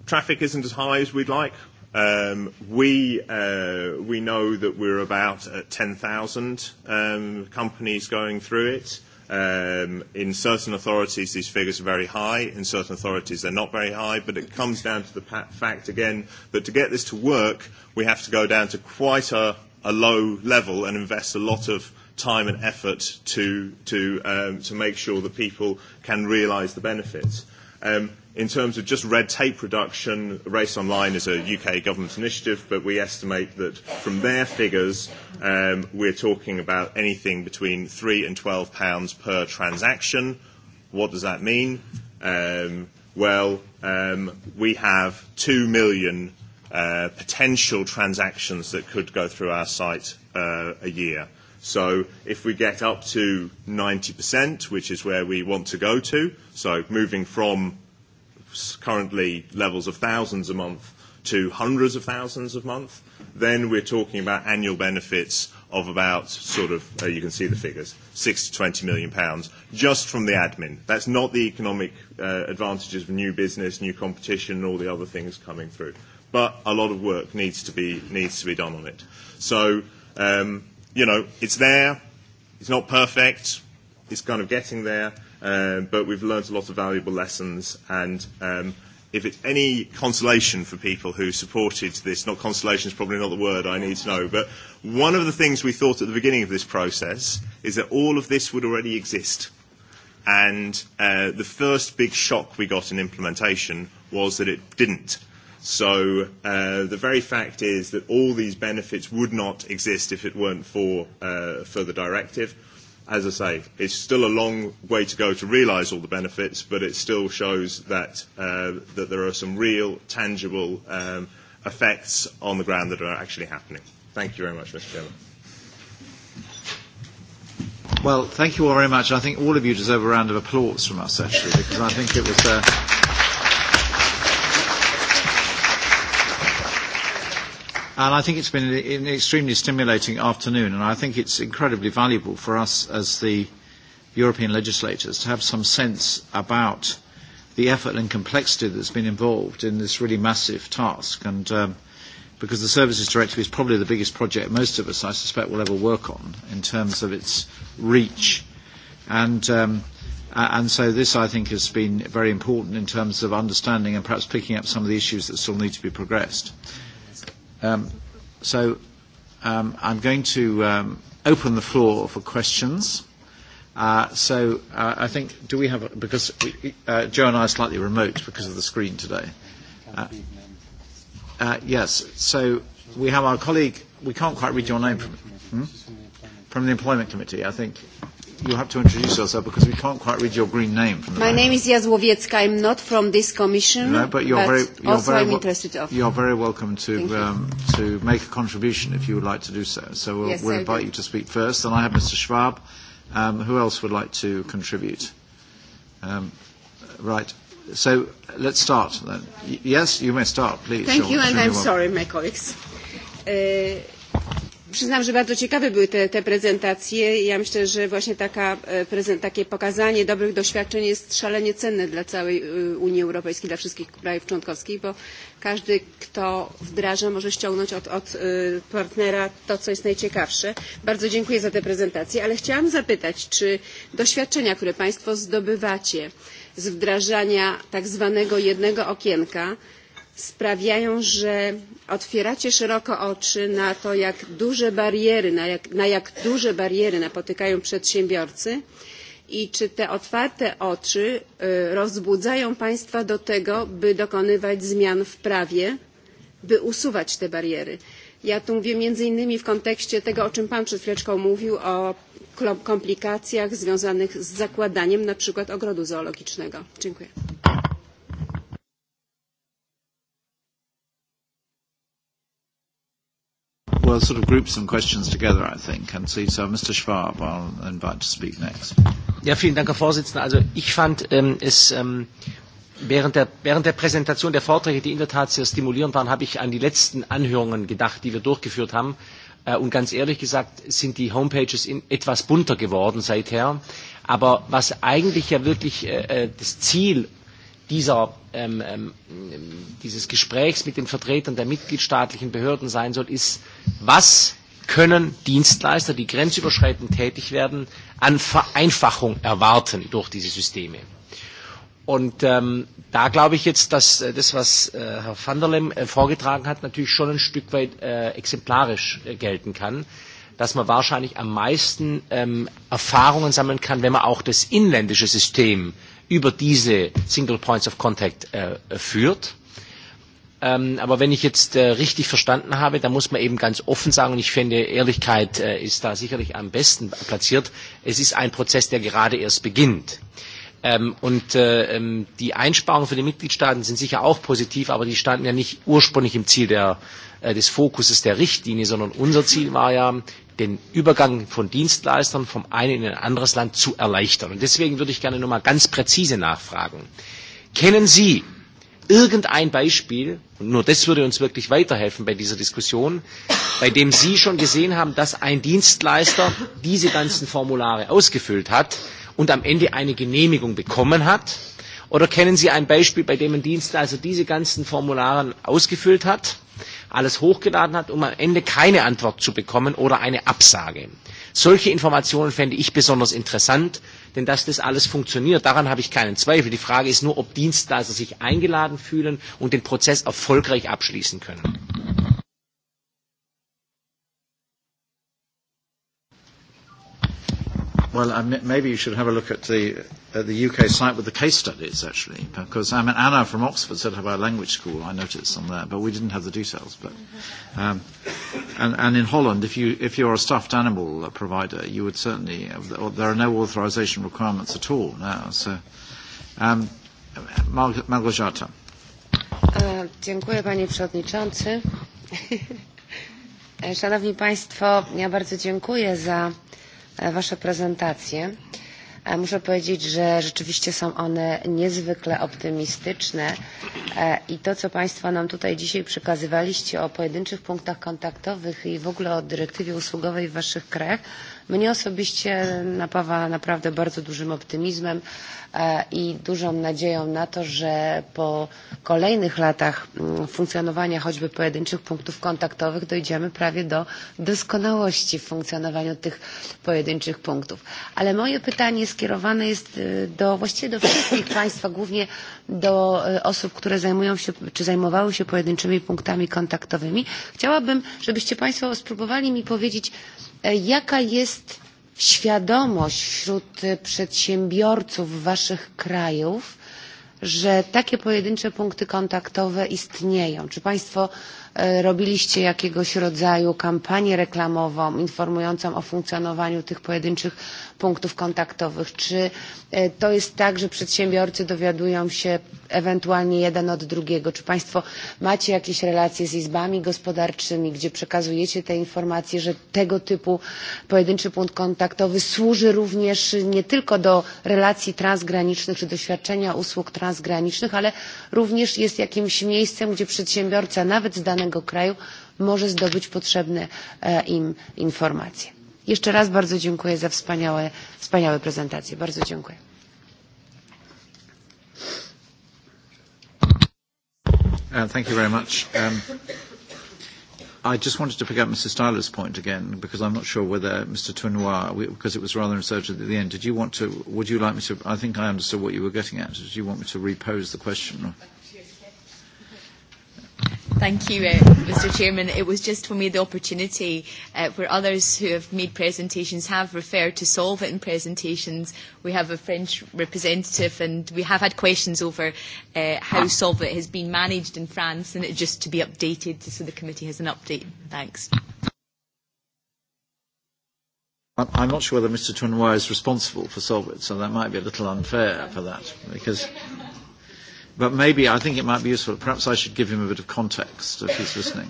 S12: Traffic isn't as high as we'd like. Um, we, uh, we know that we're about 10,000 um, companies going through it. Um, in certain authorities, these figures are very high. In certain authorities, they're not very high. But it comes down to the fact, again, that to get this to work, we have to go down to quite a, low level and invest a lot of time and effort to, to, um, to make sure that people can realize the benefits. Um, In terms of just red tape reduction, Race Online is a UK government initiative, but we estimate that from their figures, we're talking about anything between three and twelve pounds per transaction. What does that mean? Well, we have two million potential transactions that could go through our site a year. So if we get up to 90%, which is where we want to go to, so moving from currently levels of thousands a month to hundreds of thousands a month, then we're talking about annual benefits of about sort of, you can see the figures, six to 20 million pounds just from the admin. That's not the economic advantages of new business, new competition, and all the other things coming through. But a lot of work needs to be needs to be done on it. So, you know, it's there. It's not perfect. It's kind of getting there but we've learned a lot of valuable lessons and if it's any consolation for people who supported this, not consolation is probably not the word I need to know, but one of the things we thought at the beginning of this process is that all of this would already exist. And the first big shock we got in implementation was that it didn't. So the very fact is that all these benefits would not exist if it weren't for the directive as I say, it's still a long way to go to realise all the benefits, but it still shows that that there are some real, tangible effects on the ground that are actually happening. Thank you very much, Mr. Chairman.
S1: Well, thank you all very much. I think all of you deserve a round of applause from us, actually, because I think it was. And I think it's been an extremely stimulating afternoon, and I think it's incredibly valuable for us as the European legislators to have some sense about the effort and complexity that's been involved in this really massive task. And because the Services Directive is probably the biggest project most of us, I suspect, will ever work on in terms of its reach. And and so this, I think, has been very important in terms of understanding and perhaps picking up some of the issues that still need to be progressed. So I'm going to open the floor for questions. So I think, do we have, because Joe and I are slightly remote because of the screen today. Yes, so we have our colleague, we can't quite read your name from the Employment Committee, I think you have to introduce yourself because we can't quite read your green name. from My name
S13: is Jazłowiecka. I'm not from this commission. No, but you're very, you're very,
S1: welcome to to make a contribution if you would like to do so. So we'll, we'll invite you to speak first. And I have Mr. Schwab. Um, who else would like to contribute? Um, right. So let's start then. Yes, you may start, please. Thank you, and I'm sorry,
S13: my colleagues. Przyznam, że bardzo ciekawe były te prezentacje ja myślę, że właśnie taka takie pokazanie dobrych doświadczeń jest szalenie cenne dla całej Unii Europejskiej, dla wszystkich krajów członkowskich, bo każdy, kto wdraża, może ściągnąć od partnera to, co jest najciekawsze. Bardzo dziękuję za te prezentacje, ale chciałam zapytać, czy doświadczenia, które Państwo zdobywacie z wdrażania tak zwanego jednego okienka, sprawiają, że otwieracie szeroko oczy na to, jak duże bariery, na jak duże bariery napotykają przedsiębiorcy i czy te otwarte oczy rozbudzają Państwa do tego, by dokonywać zmian w prawie, by usuwać te bariery. Ja tu mówię między innymi w kontekście tego, o czym Pan przed chwileczką mówił, o komplikacjach związanych z zakładaniem na przykład ogrodu zoologicznego. Dziękuję.
S1: we'll sort of group some questions together, I think, and see. So Mr. Schwab, I'll invite to speak next.
S9: Ja, vielen Dank, Herr Vorsitzender. Also ich fand es Während der Präsentation der Vorträge, die in der Tat sehr stimulierend waren, habe ich an die letzten Anhörungen gedacht, die wir durchgeführt haben. Und ganz ehrlich gesagt sind die Homepages etwas bunter geworden seither. Aber was eigentlich ja wirklich das Ziel Dieser dieses Gesprächs mit den Vertretern der mitgliedstaatlichen Behörden sein soll, ist, was können Dienstleister, die grenzüberschreitend tätig werden, an Vereinfachung erwarten durch diese Systeme. Und da glaube ich jetzt, dass das, was Herr van der Lem vorgetragen hat, natürlich schon ein Stück weit exemplarisch gelten kann, dass man wahrscheinlich am meisten Erfahrungen sammeln kann, wenn man auch das inländische System über diese Single Points of Contact führt. Aber wenn ich jetzt richtig verstanden habe, dann muss man eben ganz offen sagen, und ich finde, Ehrlichkeit ist da sicherlich am besten platziert, es ist ein Prozess, der gerade erst beginnt. Und die Einsparungen für die Mitgliedstaaten sind sicher auch positiv, aber die standen ja nicht ursprünglich im Ziel der des Fokuses der Richtlinie, sondern unser Ziel war ja, den Übergang von Dienstleistern vom einen in ein anderes Land zu erleichtern. Und deswegen würde ich gerne noch mal ganz präzise nachfragen. Kennen Sie irgendein Beispiel, und nur das würde uns wirklich weiterhelfen bei dieser Diskussion, bei dem Sie schon gesehen haben, dass ein Dienstleister diese ganzen Formulare ausgefüllt hat und am Ende eine Genehmigung bekommen hat? Oder kennen Sie ein Beispiel, bei dem ein Dienstleister diese ganzen Formulare ausgefüllt hat alles hochgeladen hat, um am Ende keine Antwort zu bekommen oder eine Absage. Solche Informationen fände ich besonders interessant, denn dass das alles funktioniert, daran habe ich keinen Zweifel. Die Frage ist nur, ob Dienstleister sich eingeladen fühlen und den Prozess erfolgreich abschließen können.
S1: Well, maybe you should have a look at the at the UK site with the case studies, actually, because I mean Anna from Oxford said about language school. I noticed on there, but we didn't have the details. But um, and and in Holland, if you if you're a stuffed animal provider, you would certainly there are no authorization requirements at all now. So, um,
S5: Dziękuję, panie przewodniczący. Szanowni państwo, ja bardzo dziękuję za Wasze prezentacje. Muszę powiedzieć, że rzeczywiście są one niezwykle optymistyczne i to, co Państwo nam tutaj dzisiaj przekazywaliście o pojedynczych punktach kontaktowych i w ogóle o dyrektywie usługowej w Waszych krajach, Mnie osobiście napawa naprawdę bardzo dużym optymizmem i dużą nadzieją na to, że po kolejnych latach funkcjonowania choćby pojedynczych punktów kontaktowych dojdziemy prawie do doskonałości w funkcjonowaniu tych pojedynczych punktów. Ale moje pytanie skierowane jest do właściwie do wszystkich Państwa, głównie do osób, które zajmują się czy zajmowały się pojedynczymi punktami kontaktowymi. Chciałabym, żebyście Państwo spróbowali mi powiedzieć, jaka jest świadomość wśród przedsiębiorców waszych krajów że takie pojedyncze punkty kontaktowe istnieją czy państwo robiliście jakiegoś rodzaju kampanię reklamową informującą o funkcjonowaniu tych pojedynczych punktów kontaktowych? Czy to jest tak, że przedsiębiorcy dowiadują się ewentualnie jeden od drugiego? Czy Państwo macie jakieś relacje z izbami gospodarczymi, gdzie przekazujecie te informacje, że tego typu pojedynczy punkt kontaktowy służy również nie tylko do relacji transgranicznych czy doświadczenia usług transgranicznych, ale również jest jakimś miejscem, gdzie przedsiębiorca nawet z danego danego kraju może zdobyć potrzebne im informacje. Jeszcze raz bardzo dziękuję za wspaniałe, wspaniałe prezentacje. Bardzo dziękuję.
S1: thank you very much. Um, I just wanted to pick up Mr. Styler's point again, because I'm not sure whether Mr. Tournois, because it was rather insurgent at the end, did you want to, would you like me to, I think I understood what you were getting at. Did you want me to repose the question? Or?
S8: Thank you, Mr. Chairman. It was just for me the opportunity where others who have made presentations have referred to SOLVIT in presentations. We have a French representative and
S3: we have had questions over how SOLVIT has been managed in France and it just to be updated so the committee has an update. Thanks.
S1: I'm not sure whether Mr. Tournois is responsible for SOLVIT, so that might be a little unfair for that because But maybe I think it might be useful. Perhaps I should give him a bit of context if he's listening.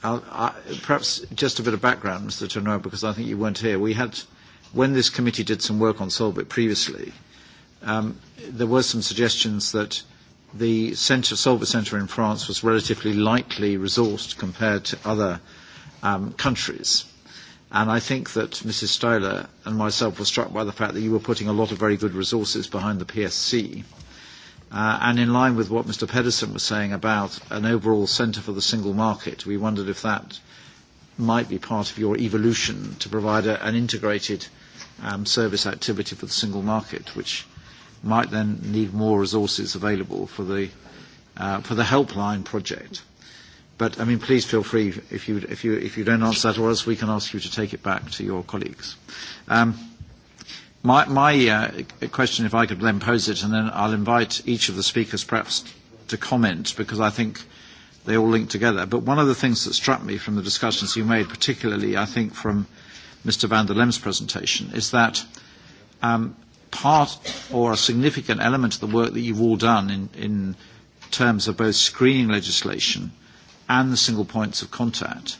S1: Perhaps just a bit of background, Mr. Turner, because I think you weren't here. We had, when this committee did some work on Solvit previously, there were some suggestions that the Solvit Centre in France was relatively lightly resourced compared to other countries And I think that Mrs. Styler and myself were struck by the fact that you were putting a lot of very good resources behind the PSC. And in line with what Mr. Pedersen was saying about an overall centre for the single market, we wondered if that might be part of your evolution to provide an integrated service activity for the single market, which might then need more resources available for the helpline project. But, I mean, please feel free, if you, if you, if you don't answer that or else we can ask you to take it back to your colleagues. Um, my my question, if I could then pose it, and then I'll invite each of the speakers perhaps to comment, because I think they all link together. But one of the things that struck me from the discussions you made, particularly, I think, from Mr. van der Lem's presentation, is that part or a significant element of the work that you've all done in terms of both screening legislation and the single points of contact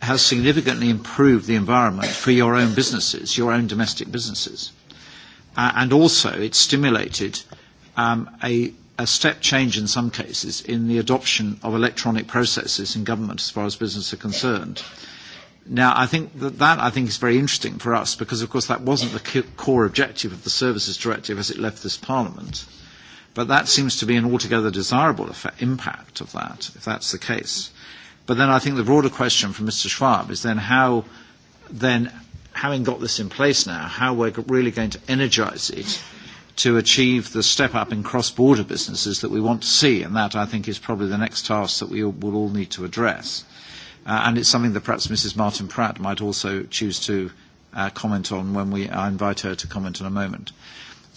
S1: has significantly improved the environment for your own businesses, your own domestic businesses. And also it stimulated a step change in some cases in the adoption of electronic processes in government as far as business are concerned. Now, I think that that, I think, is very interesting for us because, of course, that wasn't the core objective of the Services Directive as it left this Parliament. But that seems to be an altogether desirable impact of that, if that's the case. But then I think the broader question from Mr. Schwab is then how, then having got this in place now, how we're really going to energize it to achieve the step up in cross-border businesses that we want to see. And that, I think, is probably the next task that we will all need to address. And it's something that perhaps Mrs. Martin Pratt might also choose to comment on when we, I invite her to comment in a moment.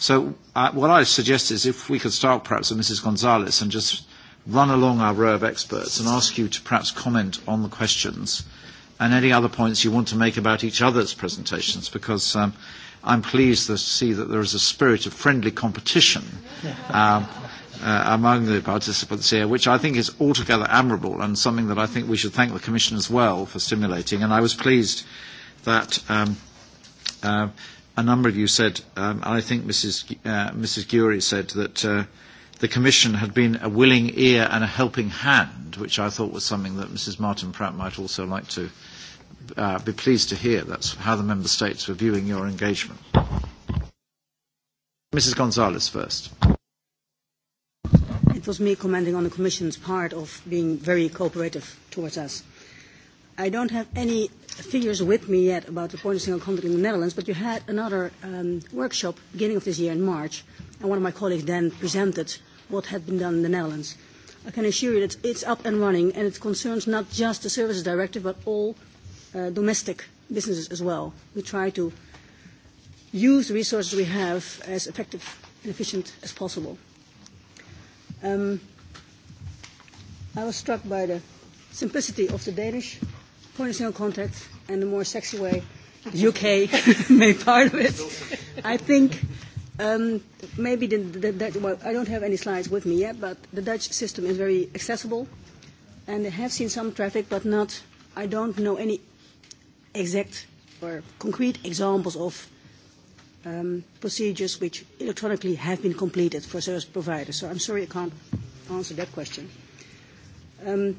S1: So what I suggest is if we could start perhaps with Mrs. Gonzalez and just run along our row of experts and ask you to perhaps comment on the questions and any other points you want to make about each other's presentations because I'm pleased to see that there is a spirit of friendly competition among the participants here, which I think is altogether admirable and something that I think we should thank the Commission as well for stimulating. And I was pleased that a number of you said, and I think Mrs. Guri said, that the Commission had been a willing ear and a helping hand, which I thought was something that Mrs. Martin Pratt might also like to be pleased to hear. That's how the Member States were viewing your engagement. Mrs. Gonzalez first.
S7: It was me commenting on the Commission's part of being very cooperative towards us. I don't have any figures with me yet about the point of single conduct in the Netherlands, but you had another workshop beginning of this year in March, and one of my colleagues then presented what had been done in the Netherlands. I can assure you that it's up and running, and it concerns not just the Services Directive, but all domestic businesses as well. We try to use the resources we have as effective and efficient as possible. I was struck by the simplicity of the Danish point contact and the more sexy way, UK made part of it. I think um, maybe the, the Dutch, well, I don't have any slides with me yet, but the Dutch system is very accessible and they have seen some traffic, but not, I don't know any exact or concrete examples of um, procedures which electronically have been completed for service providers. So I'm sorry I can't answer that question. Um,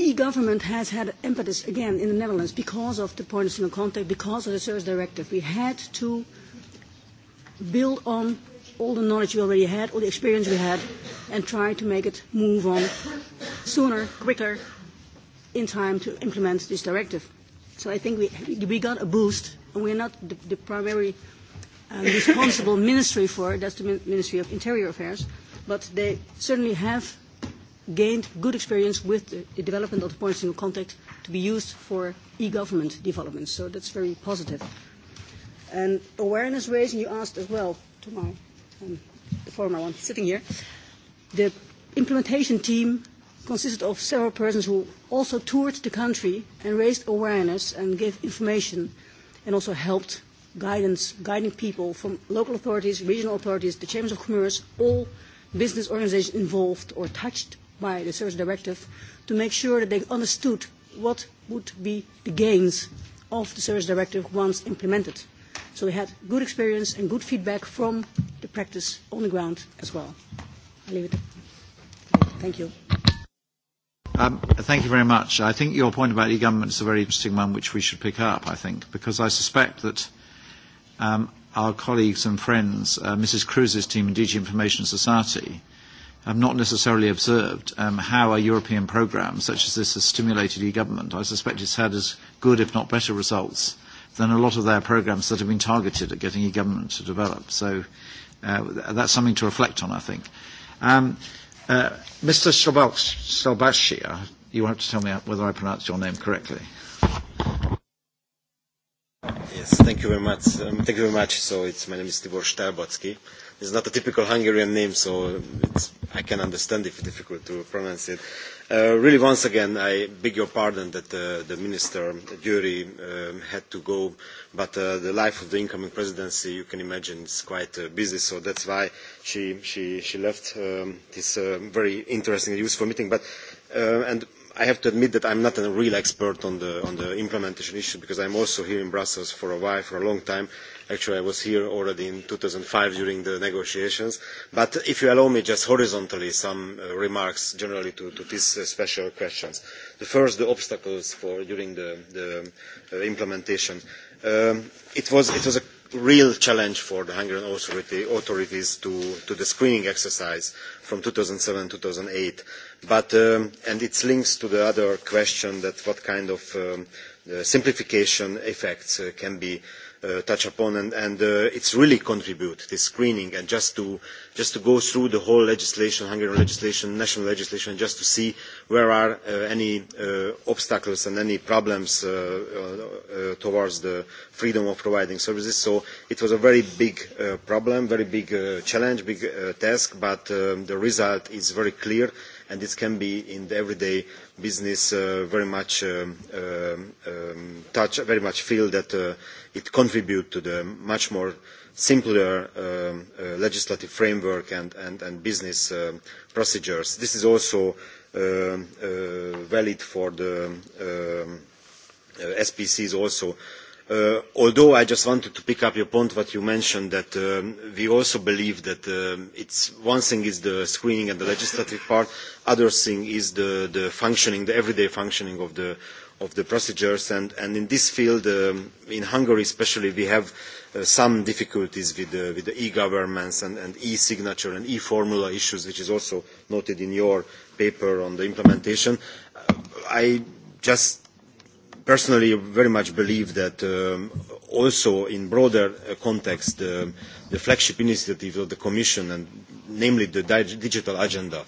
S7: E-government has had impetus again in the Netherlands because of the point of single contact, because of the service directive. We had to build on all the knowledge we already had, all the experience we had, and try to make it move on sooner, quicker, in time to implement this directive. So I think we we got a boost, and we're not the primary responsible ministry for it, that's the Ministry of Interior Affairs, but they certainly have gained good experience with the development of the points of contact to be used for e-government development. So that's very positive. And awareness raising, you asked as well to my former one sitting here. The implementation team consisted of several persons who also toured the country and raised awareness and gave information and also helped guidance, guiding people from local authorities, regional authorities, the chambers of commerce, all business organizations involved or touched by the Service directive to make sure that they understood what would be the gains of the Service directive once implemented. So we had good experience and good feedback from the practice on the ground as well. I leave it. Thank you.
S1: Thank you very much. I think your point about e-government is a very interesting one, which we should pick up, I think, because I suspect that our colleagues and friends, Mrs. Cruz's team in DG Information Society, have not necessarily observed um how a European programme such as this has stimulated e-government. I suspect it's had as good, if not better, results than a lot of their programs that have been targeted at getting e-government to develop. So that's something to reflect on, I think. Um Mr. Salbashia, you have to tell me whether I pronounced your name correctly. Yes, thank you very much. Thank you very much. So it's my name is Tibor
S14: is not a typical Hungarian name, so I can understand if it's difficult to pronounce it. Really, once again, I beg your pardon that the Minister Jury had to go, but the life of the incoming presidency, you can imagine, is quite busy, so that's why she she left this very interesting and useful meeting. But and I have to admit that I'm not a real expert on the on the implementation issue because I'm also here in Brussels for a while, for a long time Actually, I was here already in 2005 during the negotiations. But if you allow me, just horizontally, some remarks generally to these special questions. The first, the obstacles for during the implementation. It was a real challenge for the Hungarian authorities to the screening exercise from 2007-2008. But and it links to the other question that what kind of simplification effects can be touch upon and it's really contribute this screening and just to just to go through the whole legislation hungarian legislation national legislation just to see where are any obstacles and any problems towards the freedom of providing services so it was a very big problem very big challenge big task but the result is very clear and this can be in the everyday business very much touch, very much feel that it contributes to the much more simpler legislative framework and business procedures. This is also valid for the SPCs also although I just wanted to pick up your point what you mentioned that we also believe that one thing is the screening and the legislative part, other thing is the functioning, the everyday functioning of the of the procedures and in this field in Hungary especially we have some difficulties with the e-governments and e-signature and e-formula issues which is also noted in your paper on the implementation. I just personally very much believe that also in broader context the flagship initiative of the commission and namely the digital agenda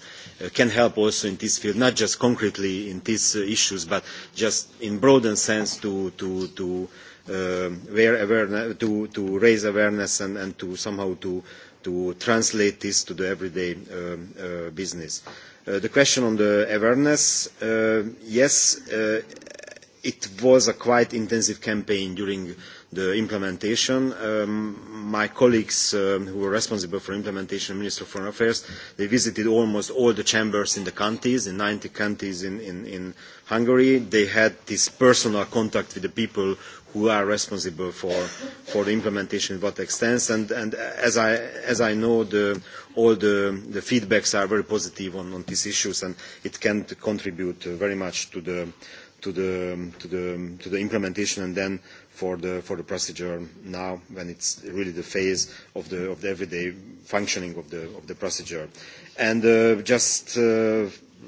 S14: can help also in this field not just concretely in these issues but just in broader sense to to to to raise awareness and to somehow to to translate this to the everyday business the question on the awareness yes It was a quite intensive campaign during the implementation. My colleagues who were responsible for implementation, Minister of Foreign Affairs, they visited almost all the chambers in the counties, in 90 counties in Hungary. They had this personal contact with the people who are responsible for the implementation in what extent. And as I know, all the feedbacks are very positive on these issues, and it can contribute very much to the to the to the to the implementation and then for the for the procedure now when it's really the phase of the of the everyday functioning of the of the procedure and just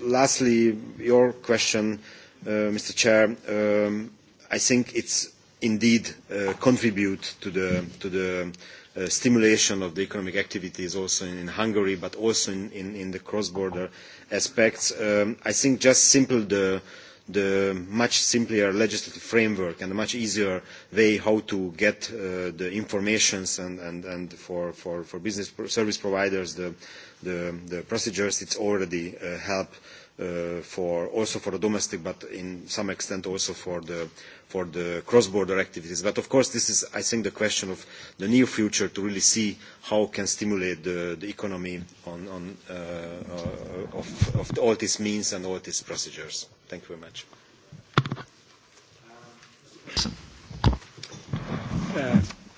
S14: lastly your question mr chair i think it's indeed contribute to the to the stimulation of the economic activities also in Hungary, but also in the cross-border aspects. I think just simple the the much simpler legislative framework and a much easier way how to get the information and for business service providers the procedures, it's already help for also for the domestic but in some extent also for the for the cross border activities but of course this is i think the question of the near future to really see how can stimulate the economy on of all these means and all these procedures Thank you very much.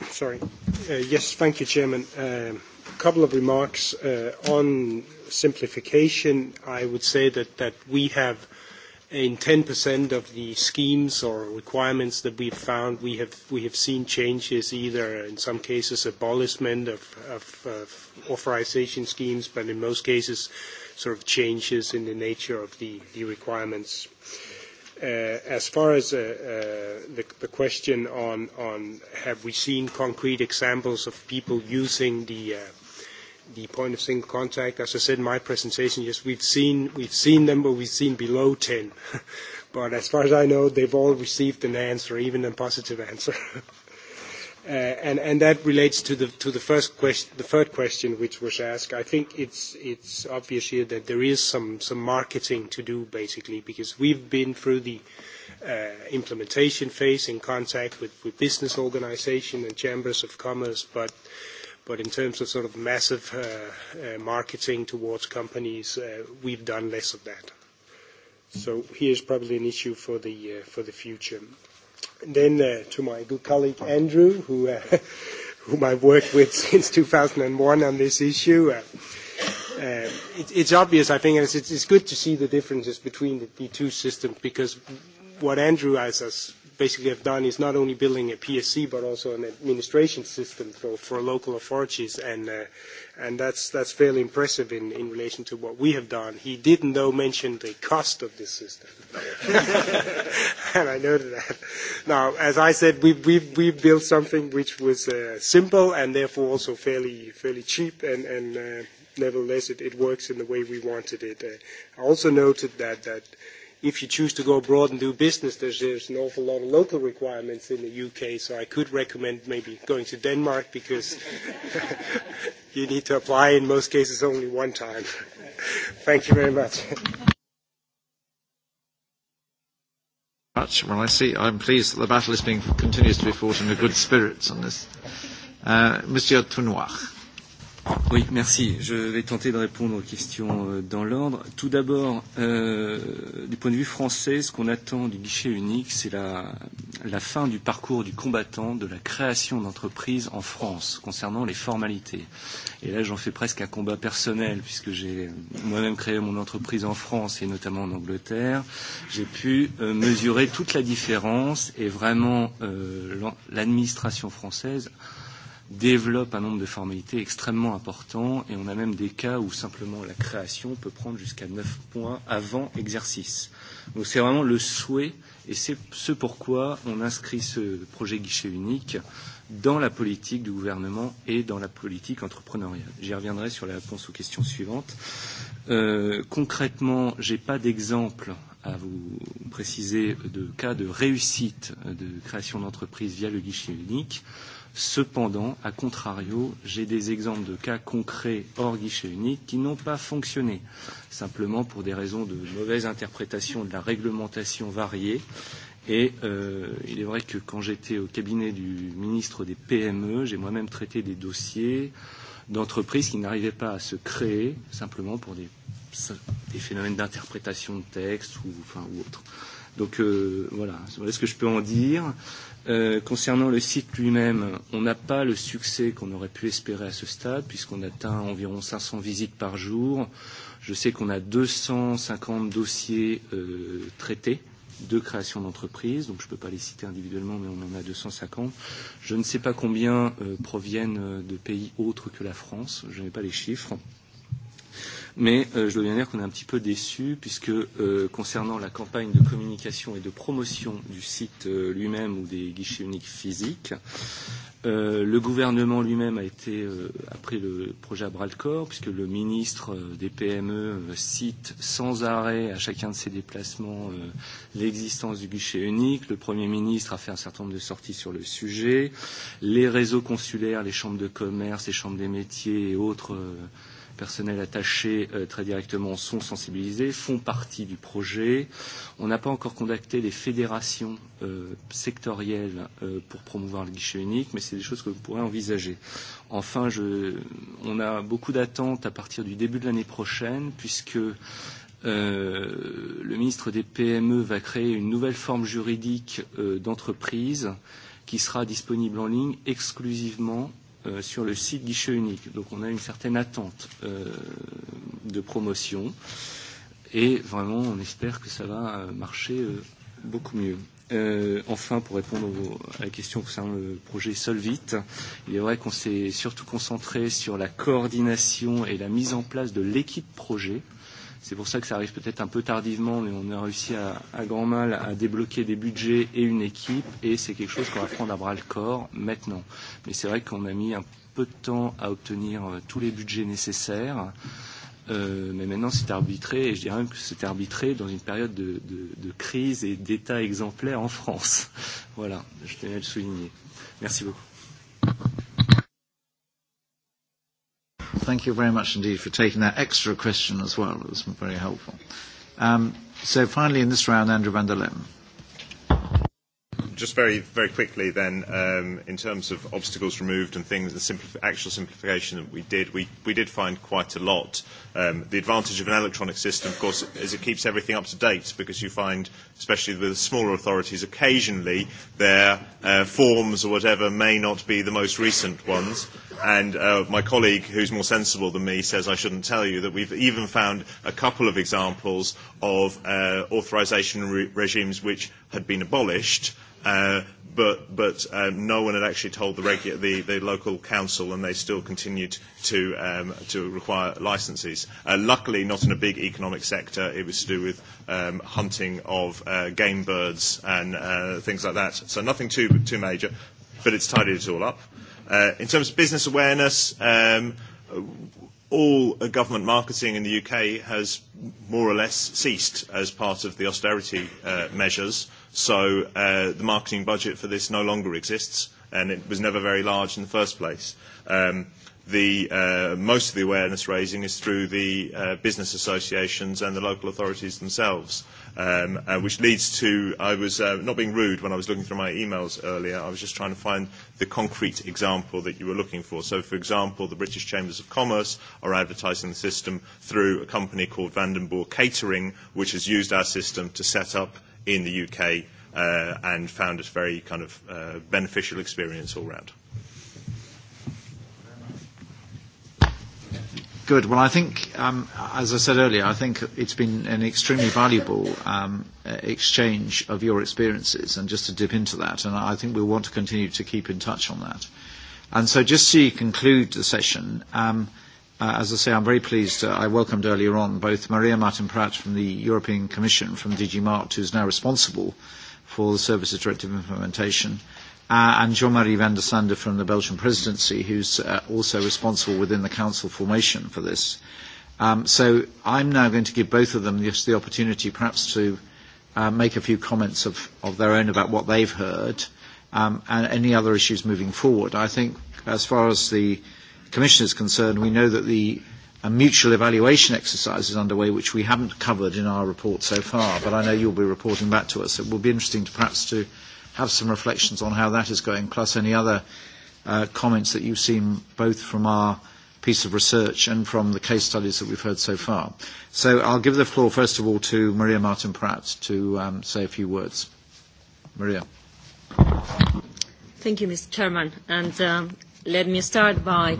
S10: Sorry. Yes, thank you, Chairman. A couple of remarks on simplification. I would say that that we have in 10% of the schemes or requirements that we've found, we have seen changes either in some cases abolishment of authorization schemes, but in most cases sort of changes in the nature of the requirements. As far as the the question on have we seen concrete examples of people using the the point of single contact, as I said in my presentation, yes, we've seen we've seen them, but we've seen below 10. But as far as I know, they've all received an answer, even a positive answer. And that relates to the first question, third question which was asked. I think it's obvious here that there is some marketing to do, basically, because we've been through the implementation phase in contact with business organisations and chambers of commerce, but in terms of sort of massive marketing towards companies, we've done less of that. So here's probably an issue for the future. Then to my good colleague Andrew, who whom I've worked with since 2001 on this issue. it It's obvious, I think, and it's good to see the differences between the two systems because what Andrew has basically have done is not only building a PSC but also an administration system for for local authorities, and and that's that's fairly impressive in in relation to what we have done. He didn't, though, mention the cost of this system, and I noted that. Now, as I said, we've built something which was simple and therefore also fairly fairly cheap, and and nevertheless it it works in the way we wanted it. I also noted that if you choose to go abroad and do business, there's, there's an awful lot of local requirements in the UK, so I could recommend maybe going to Denmark because you need to apply in most cases only one time. Thank you very much.
S1: Well, I see. I'm pleased that the battle is being continues to be fought in a good spirits on this. Uh, Monsieur Tounoir. Oui,
S11: merci. Je vais tenter de répondre aux questions dans l'ordre. Tout d'abord, du point de vue français, ce qu'on attend du guichet unique, c'est la fin du parcours du combattant de la création d'entreprises en France concernant les formalités. Et là, j'en fais presque un combat personnel, puisque j'ai moi-même créé mon entreprise en France et notamment en Angleterre. J'ai pu mesurer toute la différence et vraiment l'administration française développe un nombre de formalités extrêmement important et on a même des cas où simplement la création peut prendre jusqu'à 9 points avant exercice. Donc c'est vraiment le souhait et c'est ce pourquoi on inscrit ce projet guichet unique dans la politique du gouvernement et dans la politique entrepreneuriale. J'y reviendrai sur la réponse aux questions suivantes. Euh, concrètement, je n'ai pas d'exemple à vous préciser de cas de réussite de création d'entreprise via le guichet unique. Cependant, à contrario, j'ai des exemples de cas concrets hors guichet unique qui n'ont pas fonctionné, simplement pour des raisons de mauvaise interprétation de la réglementation variée. Et il est vrai que quand j'étais au cabinet du ministre des PME, j'ai moi-même traité des dossiers d'entreprises qui n'arrivaient pas à se créer, simplement pour des des phénomènes d'interprétation de texte ou enfin ou autre. Donc voilà, voilà ce que je peux en dire. Concernant le site lui-même, on n'a pas le succès qu'on aurait pu espérer à ce stade, puisqu'on atteint environ 500 visites par jour. Je sais qu'on a 250 dossiers traités de création d'entreprise, donc je ne peux pas les citer individuellement, mais on en a 250. Je ne sais pas combien proviennent de pays autres que la France, je n'ai pas les chiffres. Mais je dois bien dire qu'on est un petit peu déçu puisque concernant la campagne de communication et de promotion du site lui-même ou des guichets uniques physiques, le gouvernement lui-même a été après pris le projet à bras le corps puisque le ministre des PME cite sans arrêt à chacun de ses déplacements l'existence du guichet unique. Le Premier ministre a fait un certain nombre de sorties sur le sujet. Les réseaux consulaires, les chambres de commerce, les chambres des métiers et autres personnels attachés très directement sont sensibilisés, font partie du projet. On n'a pas encore contacté les fédérations sectorielles pour promouvoir le guichet unique, mais c'est des choses que vous pourrez envisager. Enfin, on a beaucoup d'attentes à partir du début de l'année prochaine, puisque le ministre des PME va créer une nouvelle forme juridique d'entreprise qui sera disponible en ligne exclusivement sur le site guichet unique. Donc on a une certaine attente de promotion et vraiment on espère que ça va marcher beaucoup mieux. Enfin, pour répondre à la question concernant le projet Solvit, il est vrai qu'on s'est surtout concentré sur la coordination et la mise en place de l'équipe projet C'est pour ça que ça arrive peut-être un peu tardivement, mais on a réussi à grand mal à débloquer des budgets et une équipe, et c'est quelque chose qu'on va prendre à bras le corps maintenant. Mais c'est vrai qu'on a mis un peu de temps à obtenir tous les budgets nécessaires. Mais maintenant, c'est arbitré, et je dirais même que c'est arbitré dans une période de crise et d'état exemplaire en France. Voilà, je tenais à le souligner.
S1: Merci beaucoup thank you very much indeed for taking that extra question as well. It was very helpful. So finally in this round, Andrew van der Leyen
S12: just very, very quickly then, in terms of obstacles removed and things, the actual simplification that we did, we did find quite a lot. The advantage of an electronic system, of course, is it keeps everything up to date because you find, especially with smaller authorities, occasionally their forms or whatever may not be the most recent ones. And my colleague, who's more sensible than me, says I shouldn't tell you that we've even found a couple of examples of authorisation regimes which had been abolished but but no one had actually told the the local council and they still continued to to require licenses. Luckily, not in a big economic sector. It was to do with hunting of game birds and things like that. So nothing too too major, but it's tidied it all up. In terms of business awareness. All government marketing in the UK has more or less ceased as part of the austerity measures. So the marketing budget for this no longer exists, and it was never very large in the first place. The most of the awareness raising is through the business associations and the local authorities themselves, which leads to I was not being rude when I was looking through my emails earlier. I was just trying to find the concrete example that you were looking for. So, for example, the British Chambers of Commerce are advertising the system through a company called Vandenborg Catering, which has used our system to set up in the UK and found a very kind of beneficial
S1: experience all round. Good. Well, I think, as I said earlier, I think it's been an extremely valuable exchange of your experiences, and just to dip into that, and I think we want to continue to keep in touch on that. And so, just to conclude the session, As I say, I'm very pleased. I welcomed earlier on both Maria Martin-Pratt from the European Commission, from DG who is now responsible for the Services Directive implementation, and Jean-Marie van der Sander from the Belgian Presidency, who is also responsible within the Council formation for this. So I'm now going to give both of them the opportunity perhaps to make a few comments of their own about what they've heard and any other issues moving forward. I think as far as the Commission is concerned, we know that the mutual evaluation exercise is underway, which we haven't covered in our report so far, but I know you'll be reporting back to us. It will be interesting to perhaps to have some reflections on how that is going, plus any other uh comments that you've seen both from our piece of research and from the case studies that we've heard so far. So I'll give the floor, first of all, to Maria Martin-Pratt to um say a few words. Maria.
S3: Thank you, Mr. Chairman, and um Let me start by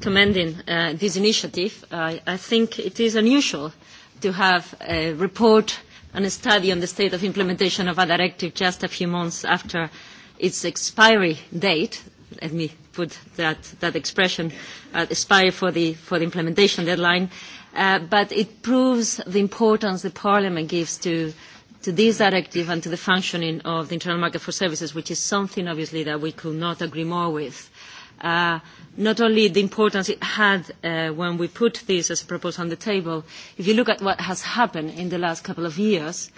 S3: commending this initiative. I think it is unusual to have a report and a study on the state of implementation of a directive just a few months after its expiry date. Let me put that expression, expire for the implementation deadline. But it proves the importance the Parliament gives to this directive and to the functioning of the internal market for services, which is something, obviously, that we could not agree more with not only the importance it had when we put this as a proposal on the table, if you look at what has happened in the last couple of years,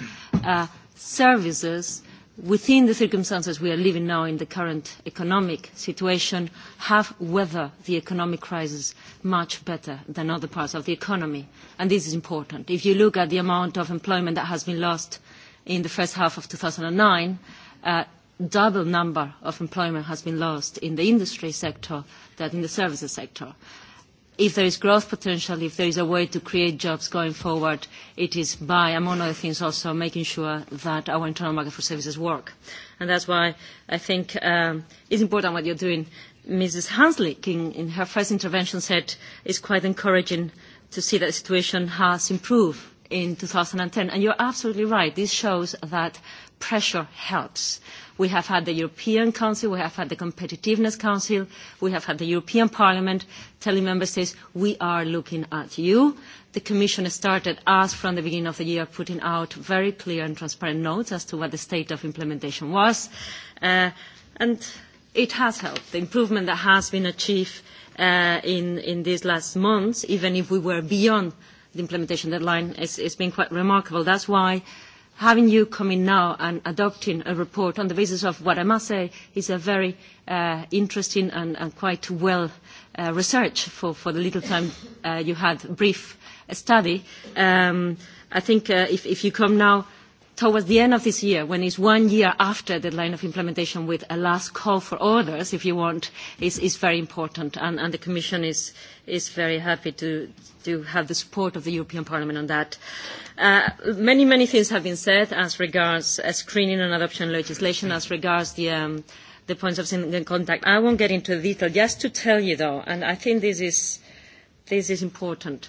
S3: services within the circumstances we are living now in the current economic situation have weathered the economic crisis much better than other parts of the economy. And this is important. If you look at the amount of employment that has been lost in the first half of 2009, double number of employment has been lost in the industry sector than in the services sector. If there is growth potential, if there is a way to create jobs going forward, it is by, among other things, also making sure that our internal market for services work. And that's why I think it's important what you're doing. Mrs. Hanslick, in her first intervention, said it's quite encouraging to see that the situation has improved in 2010. And you're absolutely right. This shows that pressure helps. We have had the European Council, we have had the Competitiveness Council, we have had the European Parliament telling Member States we are looking at you. The Commission started us from the beginning of the year putting out very clear and transparent notes as to what the state of implementation was. And it has helped. The improvement that has been achieved in these last months, even if we were beyond the implementation deadline, has been quite remarkable. That's why having you come in now and adopting a report on the basis of what I must say is a very interesting and quite well researched for the little time you had brief study. I think if you come now towards the end of this year, when it's one year after the line of implementation with a last call for orders, if you want, is very important. And the Commission is is very happy to to have the support of the European Parliament on that. Many, many things have been said as regards screening and adoption legislation, as regards the the points of contact. I won't get into detail. Just to tell you, though, and I think this is important,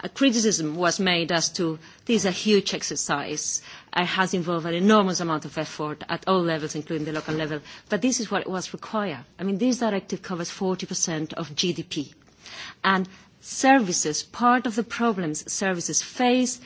S3: a criticism was made as to this is a huge exercise has involved an enormous amount of effort at all levels, including the local level. But this is what was required. I mean, this directive covers 40% of GDP. And services, part of the problems services face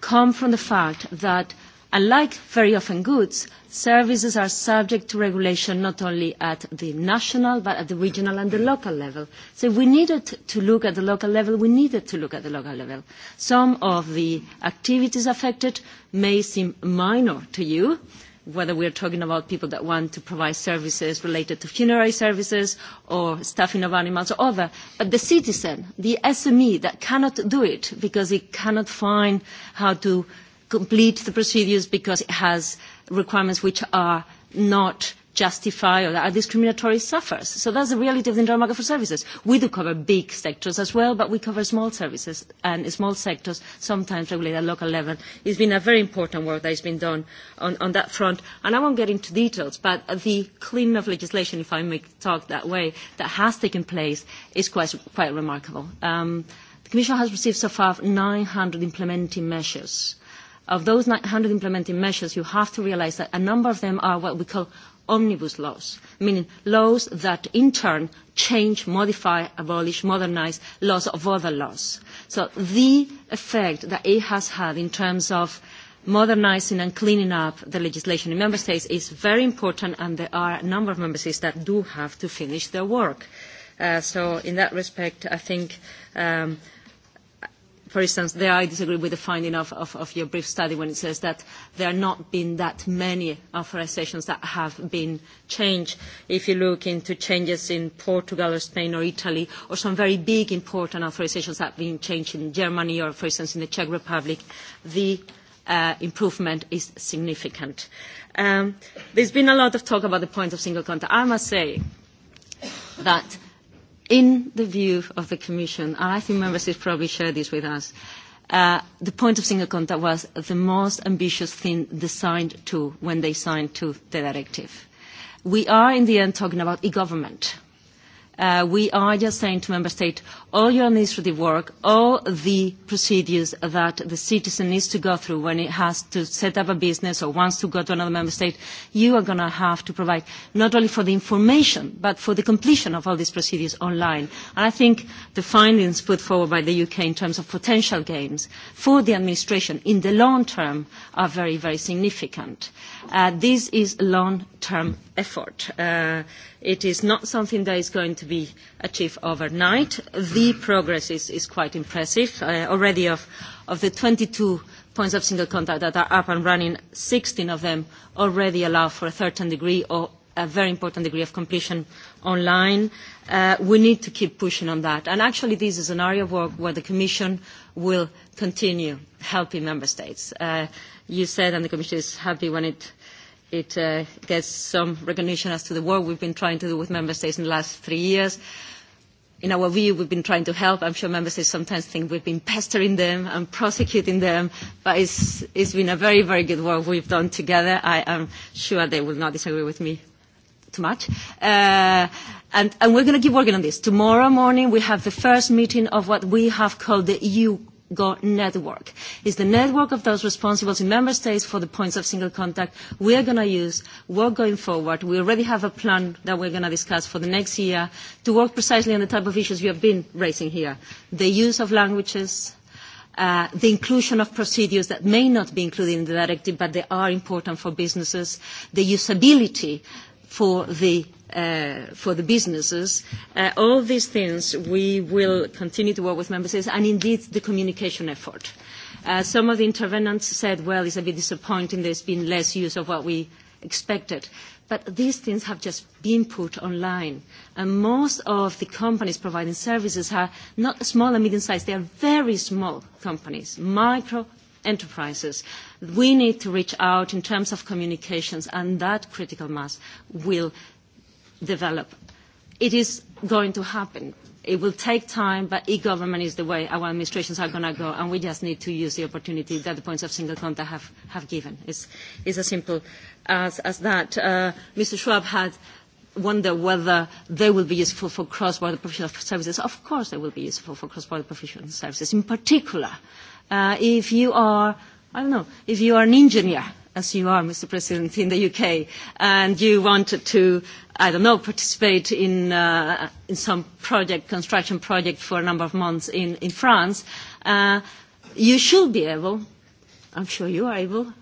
S3: come from the fact that Unlike very often goods, services are subject to regulation not only at the national but at the regional and the local level. So if we needed to look at the local level, we needed to look at the local level. Some of the activities affected may seem minor to you, whether we are talking about people that want to provide services related to funerary services or staffing of animals or other, but the citizen, the SME that cannot do it because it cannot find how to complete the procedures because it has requirements which are not justified or are discriminatory suffers. So that's the reality of the internal market for services. We do cover big sectors as well, but we cover small services and small sectors, sometimes regulated at local level. It's been a very important work that has been done on that front. And I won't get into details, but the cleaning of legislation, if I may talk that way, that has taken place is quite remarkable. The Commission has received so far 900 implementing measures Of those 900 implementing measures, you have to realise that a number of them are what we call omnibus laws, meaning laws that in turn change, modify, abolish, modernise laws of other laws. So the effect that it has had in terms of modernising and cleaning up the legislation in member states is very important, and there are a number of member states that do have to finish their work. So in that respect, I think For instance, there I disagree with the finding of your brief study when it says that there have not been that many authorizations that have been changed. If you look into changes in Portugal or Spain or Italy, or some very big important authorizations that have been changed in Germany or, for instance, in the Czech Republic, the improvement is significant. There's been a lot of talk about the point of single contact. I must say that in the view of the Commission, and I think Members States probably share this with us, the point of single contact was the most ambitious thing designed to when they signed to the directive. We are, in the end, talking about e-government we are just saying to member states, all your administrative work, all the procedures that the citizen needs to go through when he has to set up a business or wants to go to another member state, you are going to have to provide not only for the information, but for the completion of all these procedures online. I think the findings put forward by the UK in terms of potential gains for the administration in the long term are very, very significant. This is a long-term effort. It is not something that is going to be achieved overnight. The progress is quite impressive. Already of the 22 points of single contact that are up and running, 16 of them already allow for a certain degree or a very important degree of completion online, we need to keep pushing on that. And actually, this is an area of work where the Commission will continue helping member states. You said, and the Commission is happy when it it gets some recognition as to the work we've been trying to do with member states in the last three years. In our view, we've been trying to help. I'm sure member states sometimes think we've been pestering them and prosecuting them, but it's been a very, very good work we've done together. I am sure they will not disagree with me too much. And we're going to keep working on this. Tomorrow morning we have the first meeting of what we have called the EU GO network. It's the network of those responsible in member states for the points of single contact we are going to use, work going forward. We already have a plan that we're going to discuss for the next year to work precisely on the type of issues you have been raising here. The use of languages, the inclusion of procedures that may not be included in the directive but they are important for businesses, the usability for the for the businesses. All these things we will continue to work with Member States and indeed the communication effort. Some of the intervenants said, well, it's a bit disappointing there's been less use of what we expected. But these things have just been put online. And most of the companies providing services are not small and medium-sized. They are very small companies, micro enterprises we need to reach out in terms of communications, and that critical mass will develop. It is going to happen. It will take time, but e-government is the way our administrations are going to go, and we just need to use the opportunity that the points of single contact have given. It's as simple as that. Mr. Schwab had wondered whether they will be useful for cross-border professional services. Of course they will be useful for cross-border professional services. In particular, if you are I don't know, if you are an engineer, as you are, Mr. President, in the UK, and you wanted to, I don't know, participate in some project, construction project for a number of months in France, you should be able, I'm sure you are able,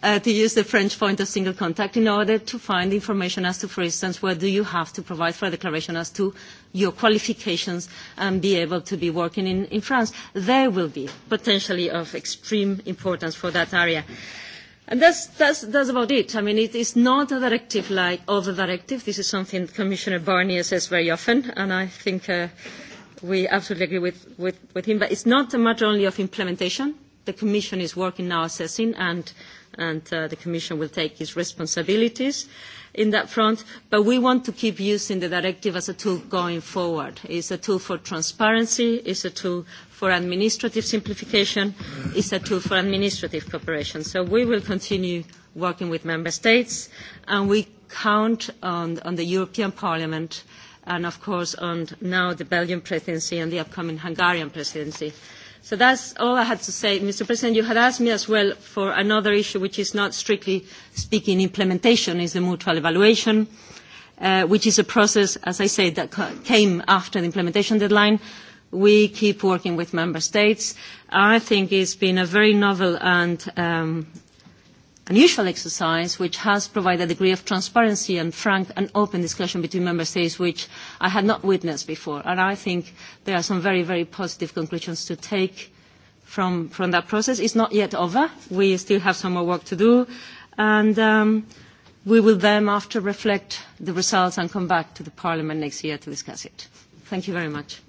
S3: to use the French point of single contact in order to find information as to, for instance, where do you have to provide for a declaration as to your qualifications and be able to be working in France. There will be potentially of extreme importance for that area. And that's about it. I mean, it is not a directive like other directive. This is something Commissioner Barnier says very often, and I think we absolutely agree with him. But it's not a matter only of implementation. The Commission is working now assessing and and the Commission will take its responsibilities in that front. But we want to keep using the directive as a tool going forward. It is a tool for transparency, is a tool for administrative simplification, it is a tool for administrative cooperation. So we will continue working with Member States, and we count on the European Parliament and, of course, on now the Belgian presidency and the upcoming Hungarian presidency So that's all I had to say. Mr. President, you had asked me as well for another issue which is not strictly speaking implementation, is the mutual evaluation, which is a process, as I said, that came after the implementation deadline. We keep working with member states. I think it's been a very novel and unusual exercise which has provided a degree of transparency and frank and open discussion between member states which I had not witnessed before. And I think there are some very, very positive conclusions to take from that process. is not yet over. We still have some more work to do. And we will then after reflect the results and come back to the Parliament next year to discuss it. Thank you very much.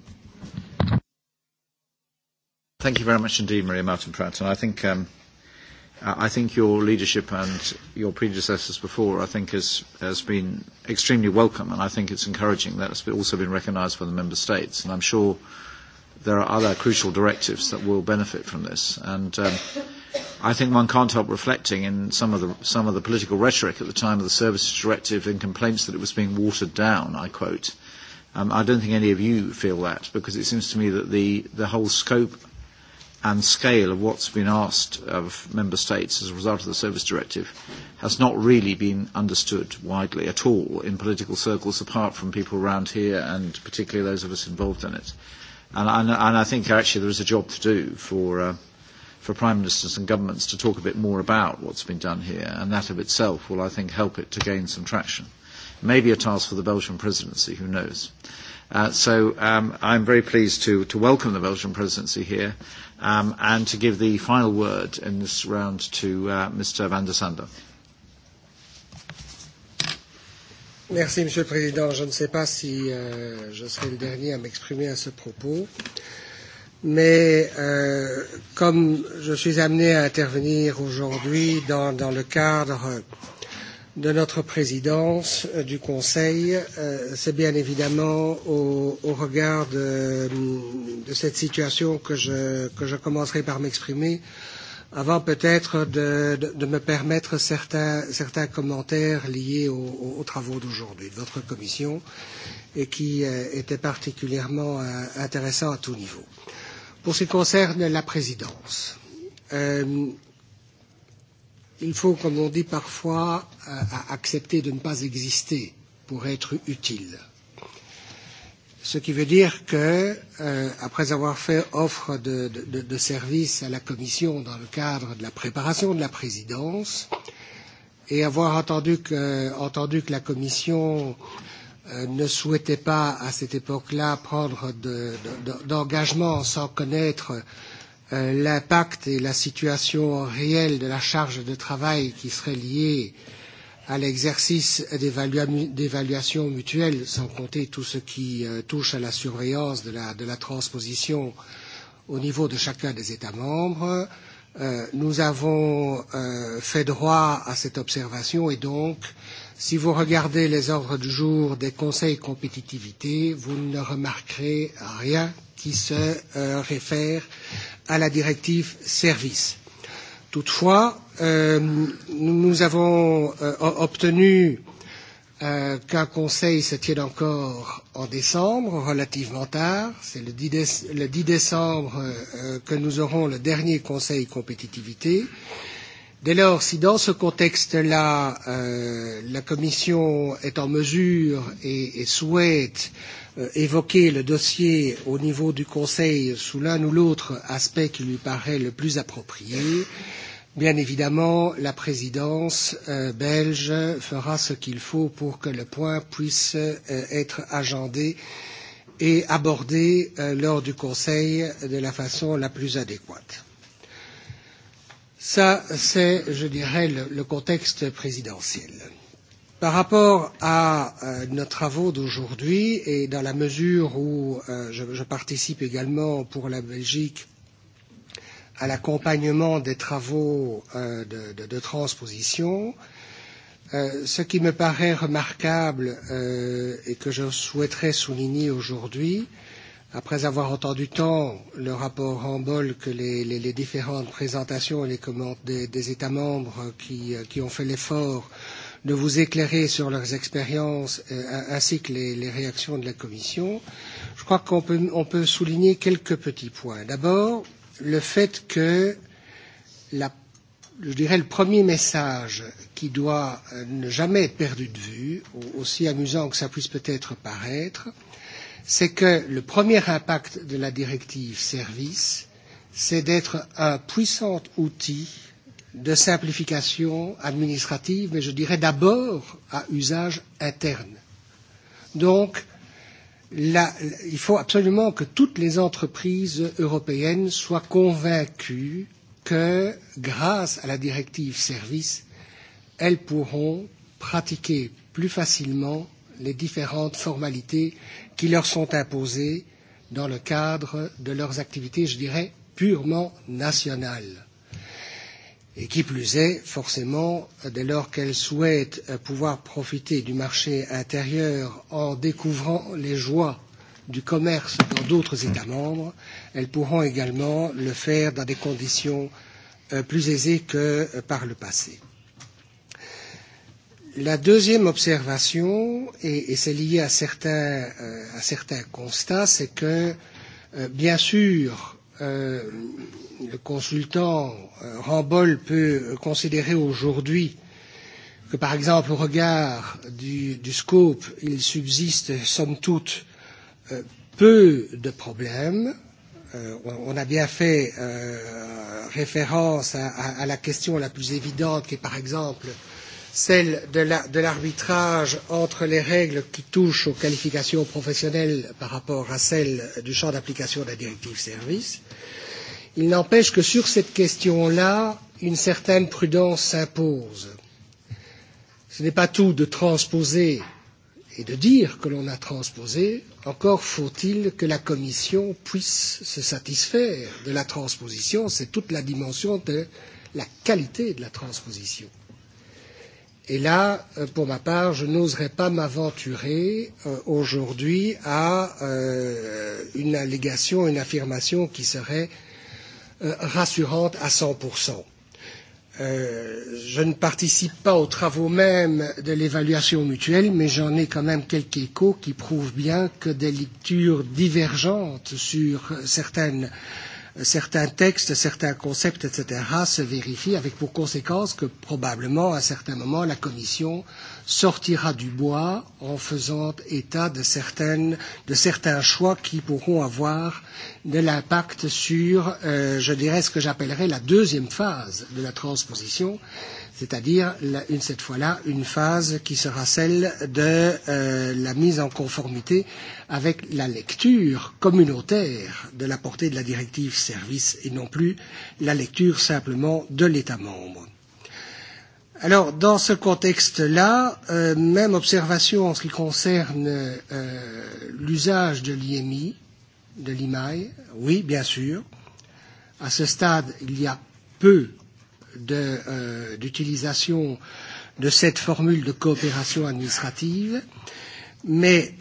S1: Thank you very much indeed, Maria Martin-Pratt. I think your leadership and your predecessors before, I think, has been extremely welcome, and I think it's encouraging that it's also been recognised by the member states. And I'm sure there are other crucial directives that will benefit from this. And I think one can't help reflecting in some of the some of the political rhetoric at the time of the services directive and complaints that it was being watered down. I quote. I don't think any of you feel that, because it seems to me that the the whole scope and scale of what's been asked of member states as a result of the service directive has not really been understood widely at all in political circles apart from people around here and particularly those of us involved in it. And I think actually there is a job to do for for prime ministers and governments to talk a bit more about what's been done here and that of itself will I think help it to gain some traction. Maybe a task for the Belgian presidency, who knows. So I'm very pleased to welcome the Belgian presidency here and to give the final word in this round to Mr. van der Sander.
S15: Merci, Monsieur le Président. Je ne sais pas si je serai le dernier à m'exprimer à ce propos, mais comme je suis amené à intervenir aujourd'hui dans le cadre de notre présidence du Conseil, c'est bien évidemment au regard de cette situation que je commencerai par m'exprimer, avant peut-être de me permettre certains commentaires liés aux travaux d'aujourd'hui de votre commission et qui étaient particulièrement intéressants à tout niveau. Pour ce qui concerne la présidence, Il faut, comme on dit parfois, accepter de ne pas exister pour être utile. Ce qui veut dire que, après avoir fait offre de service à la Commission dans le cadre de la préparation de la présidence, et avoir entendu que la Commission ne souhaitait pas, à cette époque-là, prendre d'engagement sans connaître l'impact et la situation réelle de la charge de travail qui serait liée à l'exercice d'évaluation mutuelle, sans compter tout ce qui touche à la surveillance de la transposition au niveau de chacun des États membres. Nous avons fait droit à cette observation et donc, si vous regardez les ordres du jour des conseils compétitivité, vous ne remarquerez rien qui se réfère à la directive service. Toutefois, nous avons obtenu qu'un Conseil se tienne encore en décembre, relativement tard. C'est le 10 décembre que nous aurons le dernier Conseil compétitivité. Dès lors, si dans ce contexte-là, la Commission est en mesure et souhaite évoquer le dossier au niveau du Conseil sous l'un ou l'autre aspect qui lui paraît le plus approprié. Bien évidemment, la présidence belge fera ce qu'il faut pour que le point puisse être agendé et abordé lors du Conseil de la façon la plus adéquate. Ça, c'est, je dirais, le contexte présidentiel. Par rapport à nos travaux d'aujourd'hui et dans la mesure où je participe également pour la Belgique à l'accompagnement des travaux de transposition, ce qui me paraît remarquable et que je souhaiterais souligner aujourd'hui, après avoir entendu tant le rapport en bol que les différentes présentations et les commentaires des États membres qui ont fait l'effort de vous éclairer sur leurs expériences ainsi que les réactions de la Commission. Je crois qu'on peut souligner quelques petits points. D'abord, le fait que je dirais le premier message qui doit ne jamais être perdu de vue, aussi amusant que ça puisse peut-être paraître, c'est que le premier impact de la directive service, c'est d'être un puissant outil de simplification administrative, mais je dirais d'abord à usage interne. Donc, il faut absolument que toutes les entreprises européennes soient convaincues que, grâce à la directive service, elles pourront pratiquer plus facilement les différentes formalités qui leur sont imposées dans le cadre de leurs activités, je dirais, purement nationales. Et qui plus est, forcément, dès lors qu'elles souhaitent pouvoir profiter du marché intérieur en découvrant les joies du commerce dans d'autres États membres, elles pourront également le faire dans des conditions plus aisées que par le passé. La deuxième observation, et c'est lié à certains constats, c'est que, bien sûr, le consultant Rambol peut considérer aujourd'hui que, par exemple, au regard du scope, il subsiste, somme toute, peu de problèmes. On a bien fait référence à la question la plus évidente qui est, par exemple, celle de l'arbitrage entre les règles qui touchent aux qualifications professionnelles par rapport à celles du champ d'application de la directive service. Il n'empêche que sur cette question-là, une certaine prudence s'impose. Ce n'est pas tout de transposer et de dire que l'on a transposé, encore faut-il que la Commission puisse se satisfaire de la transposition, c'est toute la dimension de la qualité de la transposition. Et là, pour ma part, je n'oserais pas m'aventurer aujourd'hui à une allégation, une affirmation qui serait rassurante à 100%. Je ne participe pas aux travaux même de l'évaluation mutuelle, mais j'en ai quand même quelques échos qui prouvent bien que des lectures divergentes sur certaines certains textes, certains concepts, etc., se vérifient avec pour conséquence que probablement à certains moments la Commission sortira du bois en faisant état de, certaines, de certains choix qui pourront avoir de l'impact sur, je dirais, ce que j'appellerais la deuxième phase de la transposition, c'est-à-dire, cette fois-là, une phase qui sera celle de la mise en conformité avec la lecture communautaire de la portée de la directive service et non plus la lecture simplement de l'État membre. Alors, dans ce contexte-là, même observation en ce qui concerne l'usage de l'IMI, de l'IMAI. Oui, bien sûr. À ce stade, il y a peu d'utilisation de cette formule de coopération administrative, mais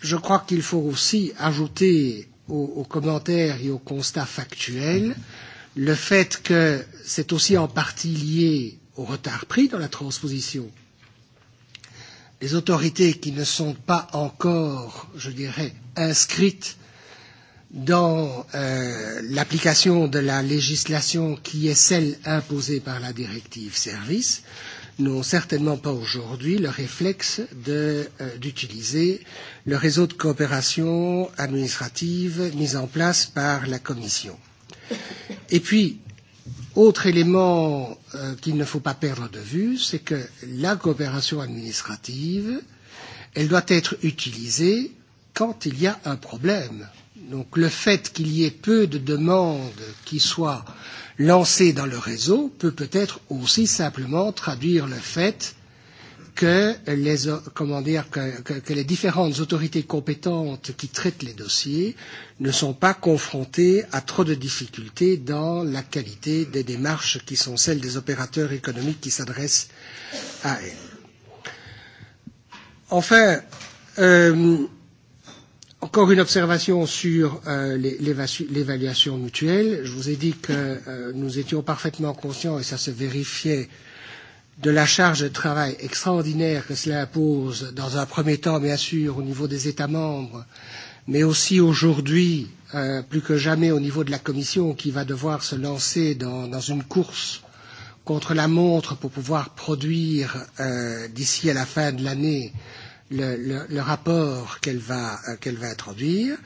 S15: je crois qu'il faut aussi ajouter aux commentaires et aux constats factuels le fait que c'est aussi en partie lié au retard pris dans la transposition. Les autorités qui ne sont pas encore, je dirais, inscrites dans l'application de la législation qui est celle imposée par la directive service n'ont certainement pas aujourd'hui le réflexe d'utiliser le réseau de coopération administrative mis en place par la Commission. Et puis, Autre élément qu'il ne faut pas perdre de vue, c'est que la coopération administrative, elle doit être utilisée quand il y a un problème. Donc le fait qu'il y ait peu de demandes qui soient lancées dans le réseau peut peut-être aussi simplement traduire le fait que les, comment dire, que, que, les différentes autorités compétentes qui traitent les dossiers ne sont pas confrontées à trop de difficultés dans la qualité des démarches qui sont celles des opérateurs économiques qui s'adressent à elles. Enfin, euh, Encore une observation sur l'évaluation mutuelle. Je vous ai dit que nous étions parfaitement conscients, et ça se vérifiait de la charge de travail extraordinaire que cela impose, dans un premier temps, bien sûr, au niveau des États membres, mais aussi aujourd'hui, plus que jamais, au niveau de la Commission, qui va devoir se lancer dans une course contre la montre pour pouvoir produire, d'ici à la fin de l'année, le rapport qu'elle va introduire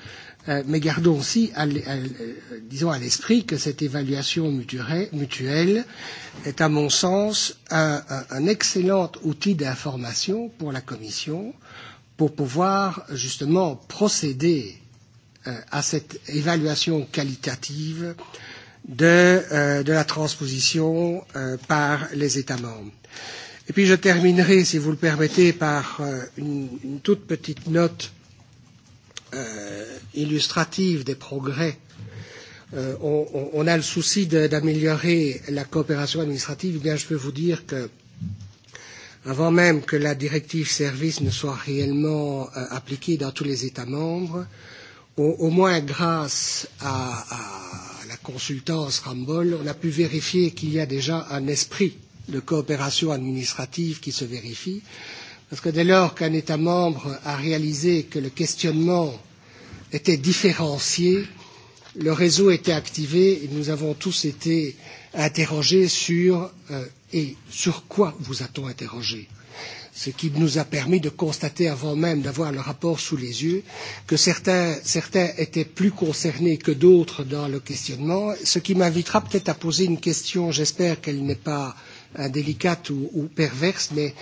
S15: mais gardons aussi disons à l'esprit que cette évaluation mutuelle est à mon sens un excellent outil d'information pour la commission pour pouvoir justement procéder à cette évaluation qualitative de de la transposition par les états membres et puis je terminerai si vous le permettez par une toute petite note illustrative des progrès. On a le souci d'améliorer la coopération administrative. Bien, je peux vous dire que, avant même que la directive service ne soit réellement appliquée dans tous les États membres, au moins grâce à la consultance Rambol, on a pu vérifier qu'il y a déjà un esprit de coopération administrative qui se vérifie. Parce que dès lors qu'un État membre a réalisé que le questionnement était différencié, le réseau était activé et nous avons tous été interrogés sur et sur quoi vous a-t-on interrogé ce qui nous a permis de constater avant même d'avoir le rapport sous les yeux que certains étaient plus concernés que d'autres dans le questionnement, ce qui m'invitera peut-être à poser une question, j'espère qu'elle n'est pas indélicate ou perverse, mais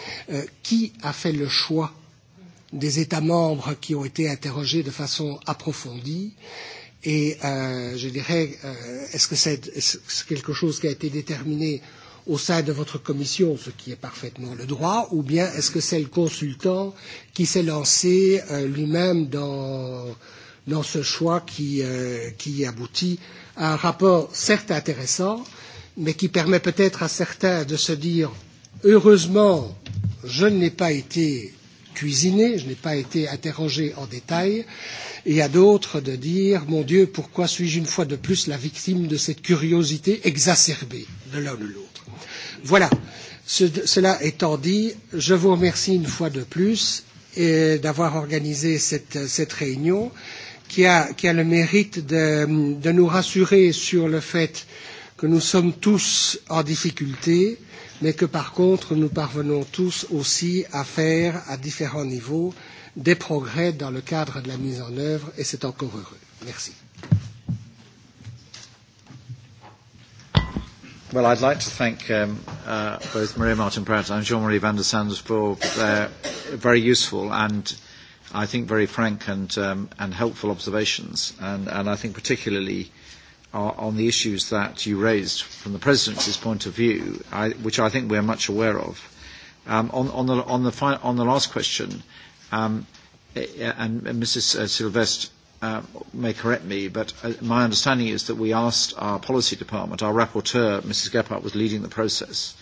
S15: qui a fait le choix des États membres qui ont été interrogés de façon approfondie. Et je dirais, est-ce que c'est quelque chose qui a été déterminé au sein de votre commission, ce qui est parfaitement le droit, ou bien est-ce que c'est le consultant qui s'est lancé lui-même dans dans ce choix qui qui aboutit à un rapport certes intéressant, mais qui permet peut-être à certains de se dire heureusement je n'ai pas été cuisiné, je n'ai pas été interrogé en détail, et à d'autres de dire Mon Dieu, pourquoi suis-je une fois de plus la victime de cette curiosité exacerbée de l'un ou de l'autre Voilà. Cela étant dit, je vous remercie une fois de plus d'avoir organisé cette réunion qui a le mérite de nous rassurer sur le fait que nous sommes tous en difficulté mais que par contre nous parvenons tous aussi à faire à différents niveaux des progrès dans le cadre de la mise en œuvre et c'est encore heureux. Merci.
S1: Well, I'd like to thank um, both Maria Martin Pratt and Jean-Marie van der Sands for their very useful and I think very frank and and helpful observations and I think particularly on the issues that you raised from the presidency's point of view, which I think we are much aware of. On the last question, and Mrs. Silvestre may correct me, but my understanding is that we asked our policy department, our rapporteur, Mrs. Gephardt, was leading the process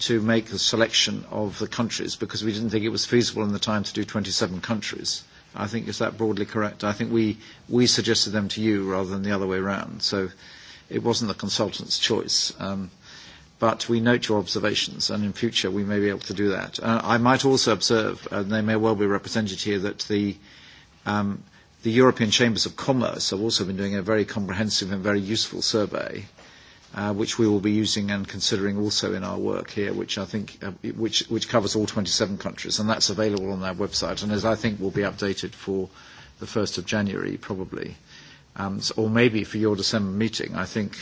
S1: to make the selection of the countries because we didn't think it was feasible in the time to do 27 countries. I think is that broadly correct? I think we we suggested them to you rather than the other way around. So it wasn't the consultant's choice. But we note your observations, and in future we may be able to do that. I might also observe, and they may well be represented here, that the the European Chambers of Commerce have also been doing a very comprehensive and very useful survey which we will be using and considering also in our work here, which I think which which covers all 27 countries, and that's available on their website, and as I think will be updated for the 1st of January probably, or maybe for your December meeting. I think,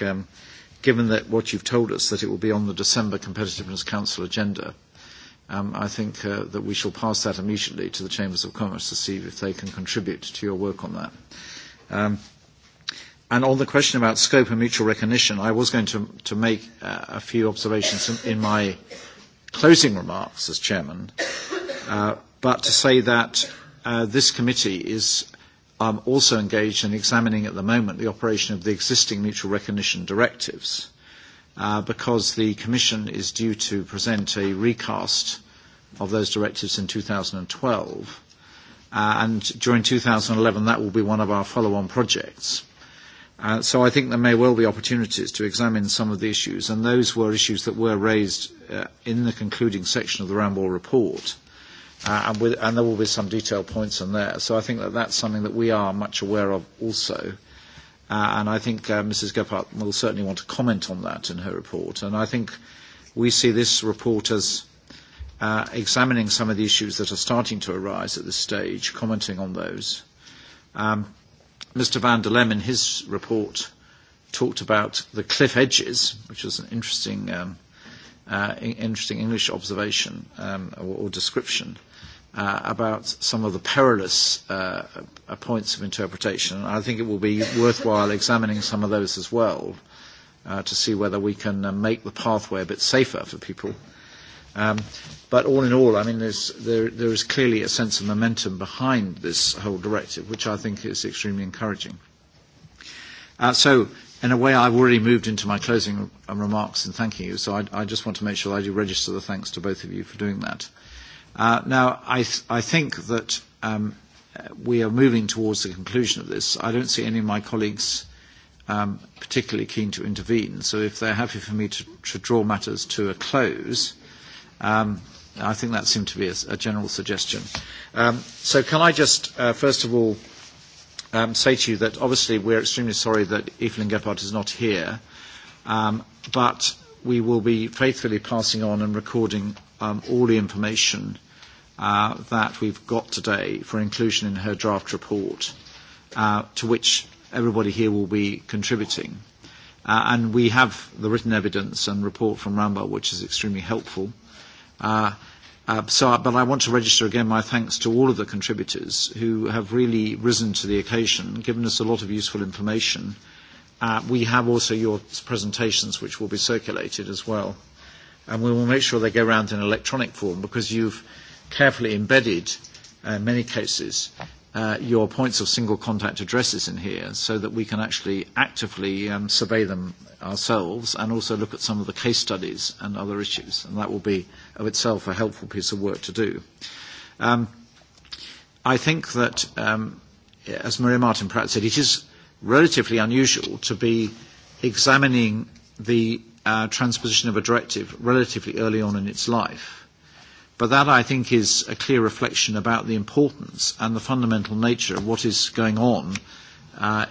S1: given that what you've told us that it will be on the December Competitiveness Council agenda, I think that we shall pass that immediately to the Chambers of Commerce to see if they can contribute to your work on that. And on the question about scope and mutual recognition, I was going to make a few observations in my closing remarks as chairman, but to say that this committee is also engaged in examining at the moment the operation of the existing mutual recognition directives, because the Commission is due to present a recast of those directives in 2012, and during 2011 that will be one of our follow-on projects. So I think there may well be opportunities to examine some of the issues, and those were issues that were raised in the concluding section of the Rambo report, and there will be some detailed points on there. So I think that that's something that we are much aware of also, and I think Mrs. Gephardt will certainly want to comment on that in her report. And I think we see this report as examining some of the issues that are starting to arise at this stage, commenting on those Mr. van der Lem in his report talked about the cliff edges, which is an interesting interesting English observation or description about some of the perilous points of interpretation. I think it will be worthwhile examining some of those as well to see whether we can make the pathway a bit safer for people But all in all, I mean, there is clearly a sense of momentum behind this whole directive, which I think is extremely encouraging. So, in a way, I've already moved into my closing remarks and thanking you, so I just want to make sure I do register the thanks to both of you for doing that. Now, I think that we are moving towards the conclusion of this. I don't see any of my colleagues particularly keen to intervene, so if they they're happy for me to draw matters to a close, I think that seemed to be a general suggestion. So can I just, first of all, say to you that obviously we're extremely sorry that Evelyn Gephardt is not here, but we will be faithfully passing on and recording all the information that we've got today for inclusion in her draft report, to which everybody here will be contributing. And we have the written evidence and report from Ramba, which is extremely helpful. So, but I want to register again my thanks to all of the contributors who have really risen to the occasion, given us a lot of useful information. We have also your presentations, which will be circulated as well, and we will make sure they go around in electronic form because you've carefully embedded, in many cases, your points of single contact addresses in here so that we can actually actively survey them ourselves and also look at some of the case studies and other issues. And that will be of itself a helpful piece of work to do. I think that, as Maria Martin Pratt said, it is relatively unusual to be examining the transposition of a directive relatively early on in its life But that, I think, is a clear reflection about the importance and the fundamental nature of what is going on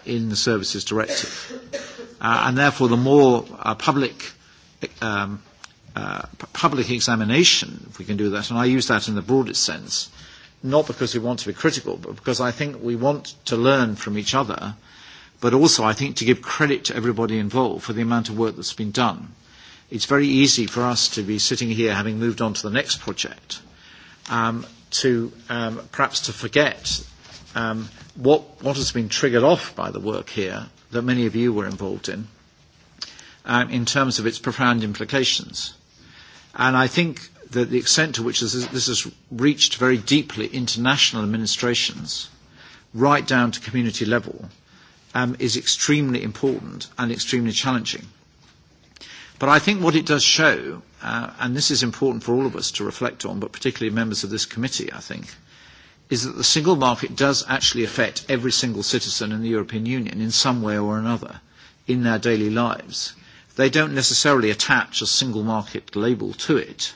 S1: in the Services Directive. And therefore, the more public public examination, if we can do that, and I use that in the broadest sense, not because we want to be critical, but because I think we want to learn from each other, but also, I think, to give credit to everybody involved for the amount of work that's been done it's very easy for us to be sitting here, having moved on to the next project, to perhaps to forget what has been triggered off by the work here that many of you were involved in, in terms of its profound implications. And I think that the extent to which this has reached very deeply international administrations, right down to community level, is extremely important and extremely challenging. But I think what it does show, and this is important for all of us to reflect on, but particularly members of this committee, I think, is that the single market does actually affect every single citizen in the European Union in some way or another in their daily lives. They don't necessarily attach a single market label to it,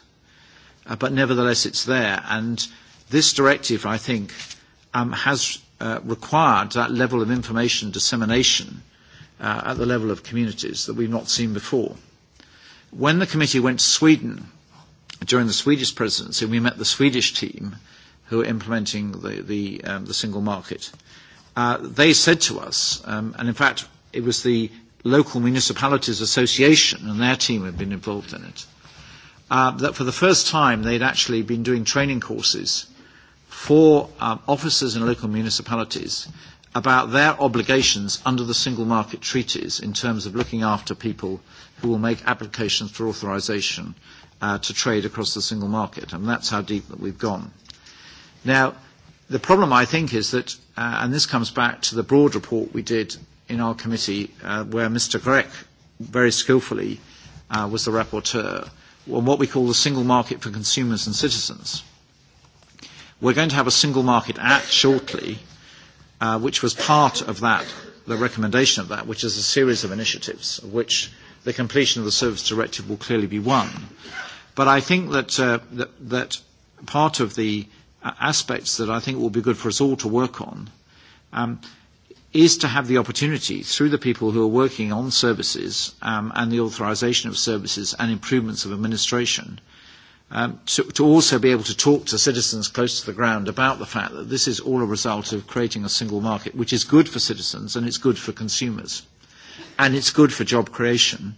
S1: but nevertheless it's there. And this directive, I think, has required that level of information dissemination at the level of communities that we've not seen before. When the committee went to Sweden during the Swedish presidency, we met the Swedish team who were implementing the single market. They said to us, and in fact it was the local municipalities association and their team had been involved in it, that for the first time they'd actually been doing training courses for officers in local municipalities about their obligations under the single market treaties in terms of looking after people who will make applications for authorization to trade across the single market. And that's how deep that we've gone. Now, the problem, I think, is that, and this comes back to the broad report we did in our committee, where Mr. Grech very skillfully was the rapporteur, on what we call the single market for consumers and citizens. We're going to have a single market act shortly, which was part of that, the recommendation of that, which is a series of initiatives, of which the completion of the Service Directive will clearly be one. But I think that that part of the aspects that I think will be good for us all to work on is to have the opportunity through the people who are working on services and the authorisation of services and improvements of administration to also be able to talk to citizens close to the ground about the fact that this is all a result of creating a single market, which is good for citizens and it's good for consumers and it's good for job creation.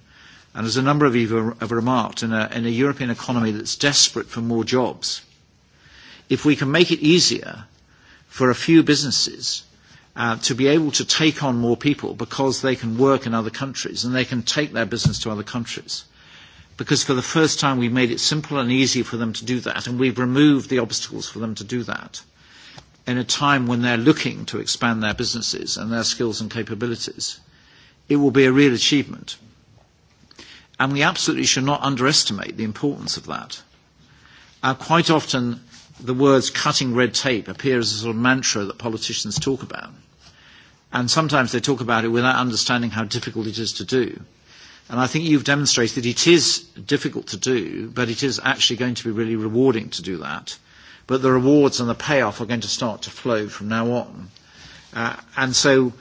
S1: And as a number of you have remarked, in a European economy that's desperate for more jobs, if we can make it easier for a few businesses to be able to take on more people because they can work in other countries and they can take their business to other countries. Because for the first time we've made it simple and easy for them to do that and we've removed the obstacles for them to do that in a time when they're looking to expand their businesses and their skills and capabilities it will be a real achievement. And we absolutely should not underestimate the importance of that. Quite often the words cutting red tape appear as a sort of mantra that politicians talk about. And sometimes they talk about it without understanding how difficult it is to do. And I think you've demonstrated that it is difficult to do, but it is actually going to be really rewarding to do that. But the rewards and the payoff are going to start to flow from now on. And so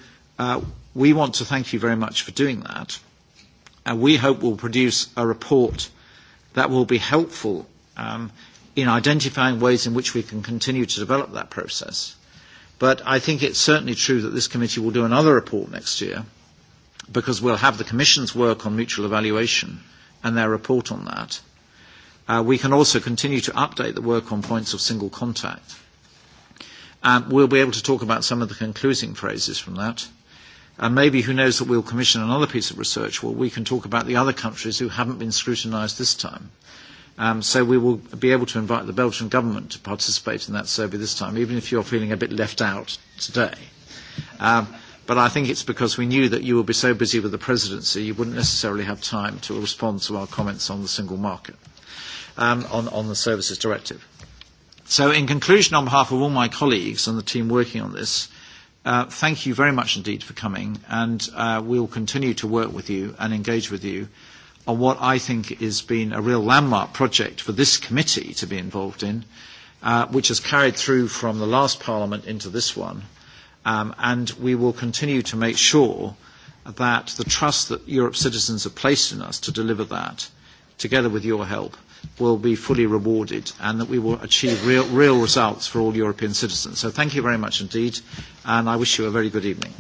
S1: We want to thank you very much for doing that, and we hope will produce a report that will be helpful in identifying ways in which we can continue to develop that process. But I think it's certainly true that this committee will do another report next year, because we'll have the Commission's work on mutual evaluation and their report on that. We can also continue to update the work on points of single contact. We'll be able to talk about some of the concluding phrases from that And maybe who knows that we'll commission another piece of research where we can talk about the other countries who haven't been scrutinised this time. So we will be able to invite the Belgian government to participate in that survey this time, even if you're feeling a bit left out today. But I think it's because we knew that you would be so busy with the presidency, you wouldn't necessarily have time to respond to our comments on the single market, um on the services directive. So in conclusion, on behalf of all my colleagues and the team working on this, Thank you very much indeed for coming, and we will continue to work with you and engage with you on what I think has been a real landmark project for this committee to be involved in, which has carried through from the last Parliament into this one, and we will continue to make sure that the trust that Europe's citizens have placed in us to deliver that, together with your help, will be fully rewarded and that we will achieve real results for all European citizens. So thank you very much indeed and I wish you a very good evening.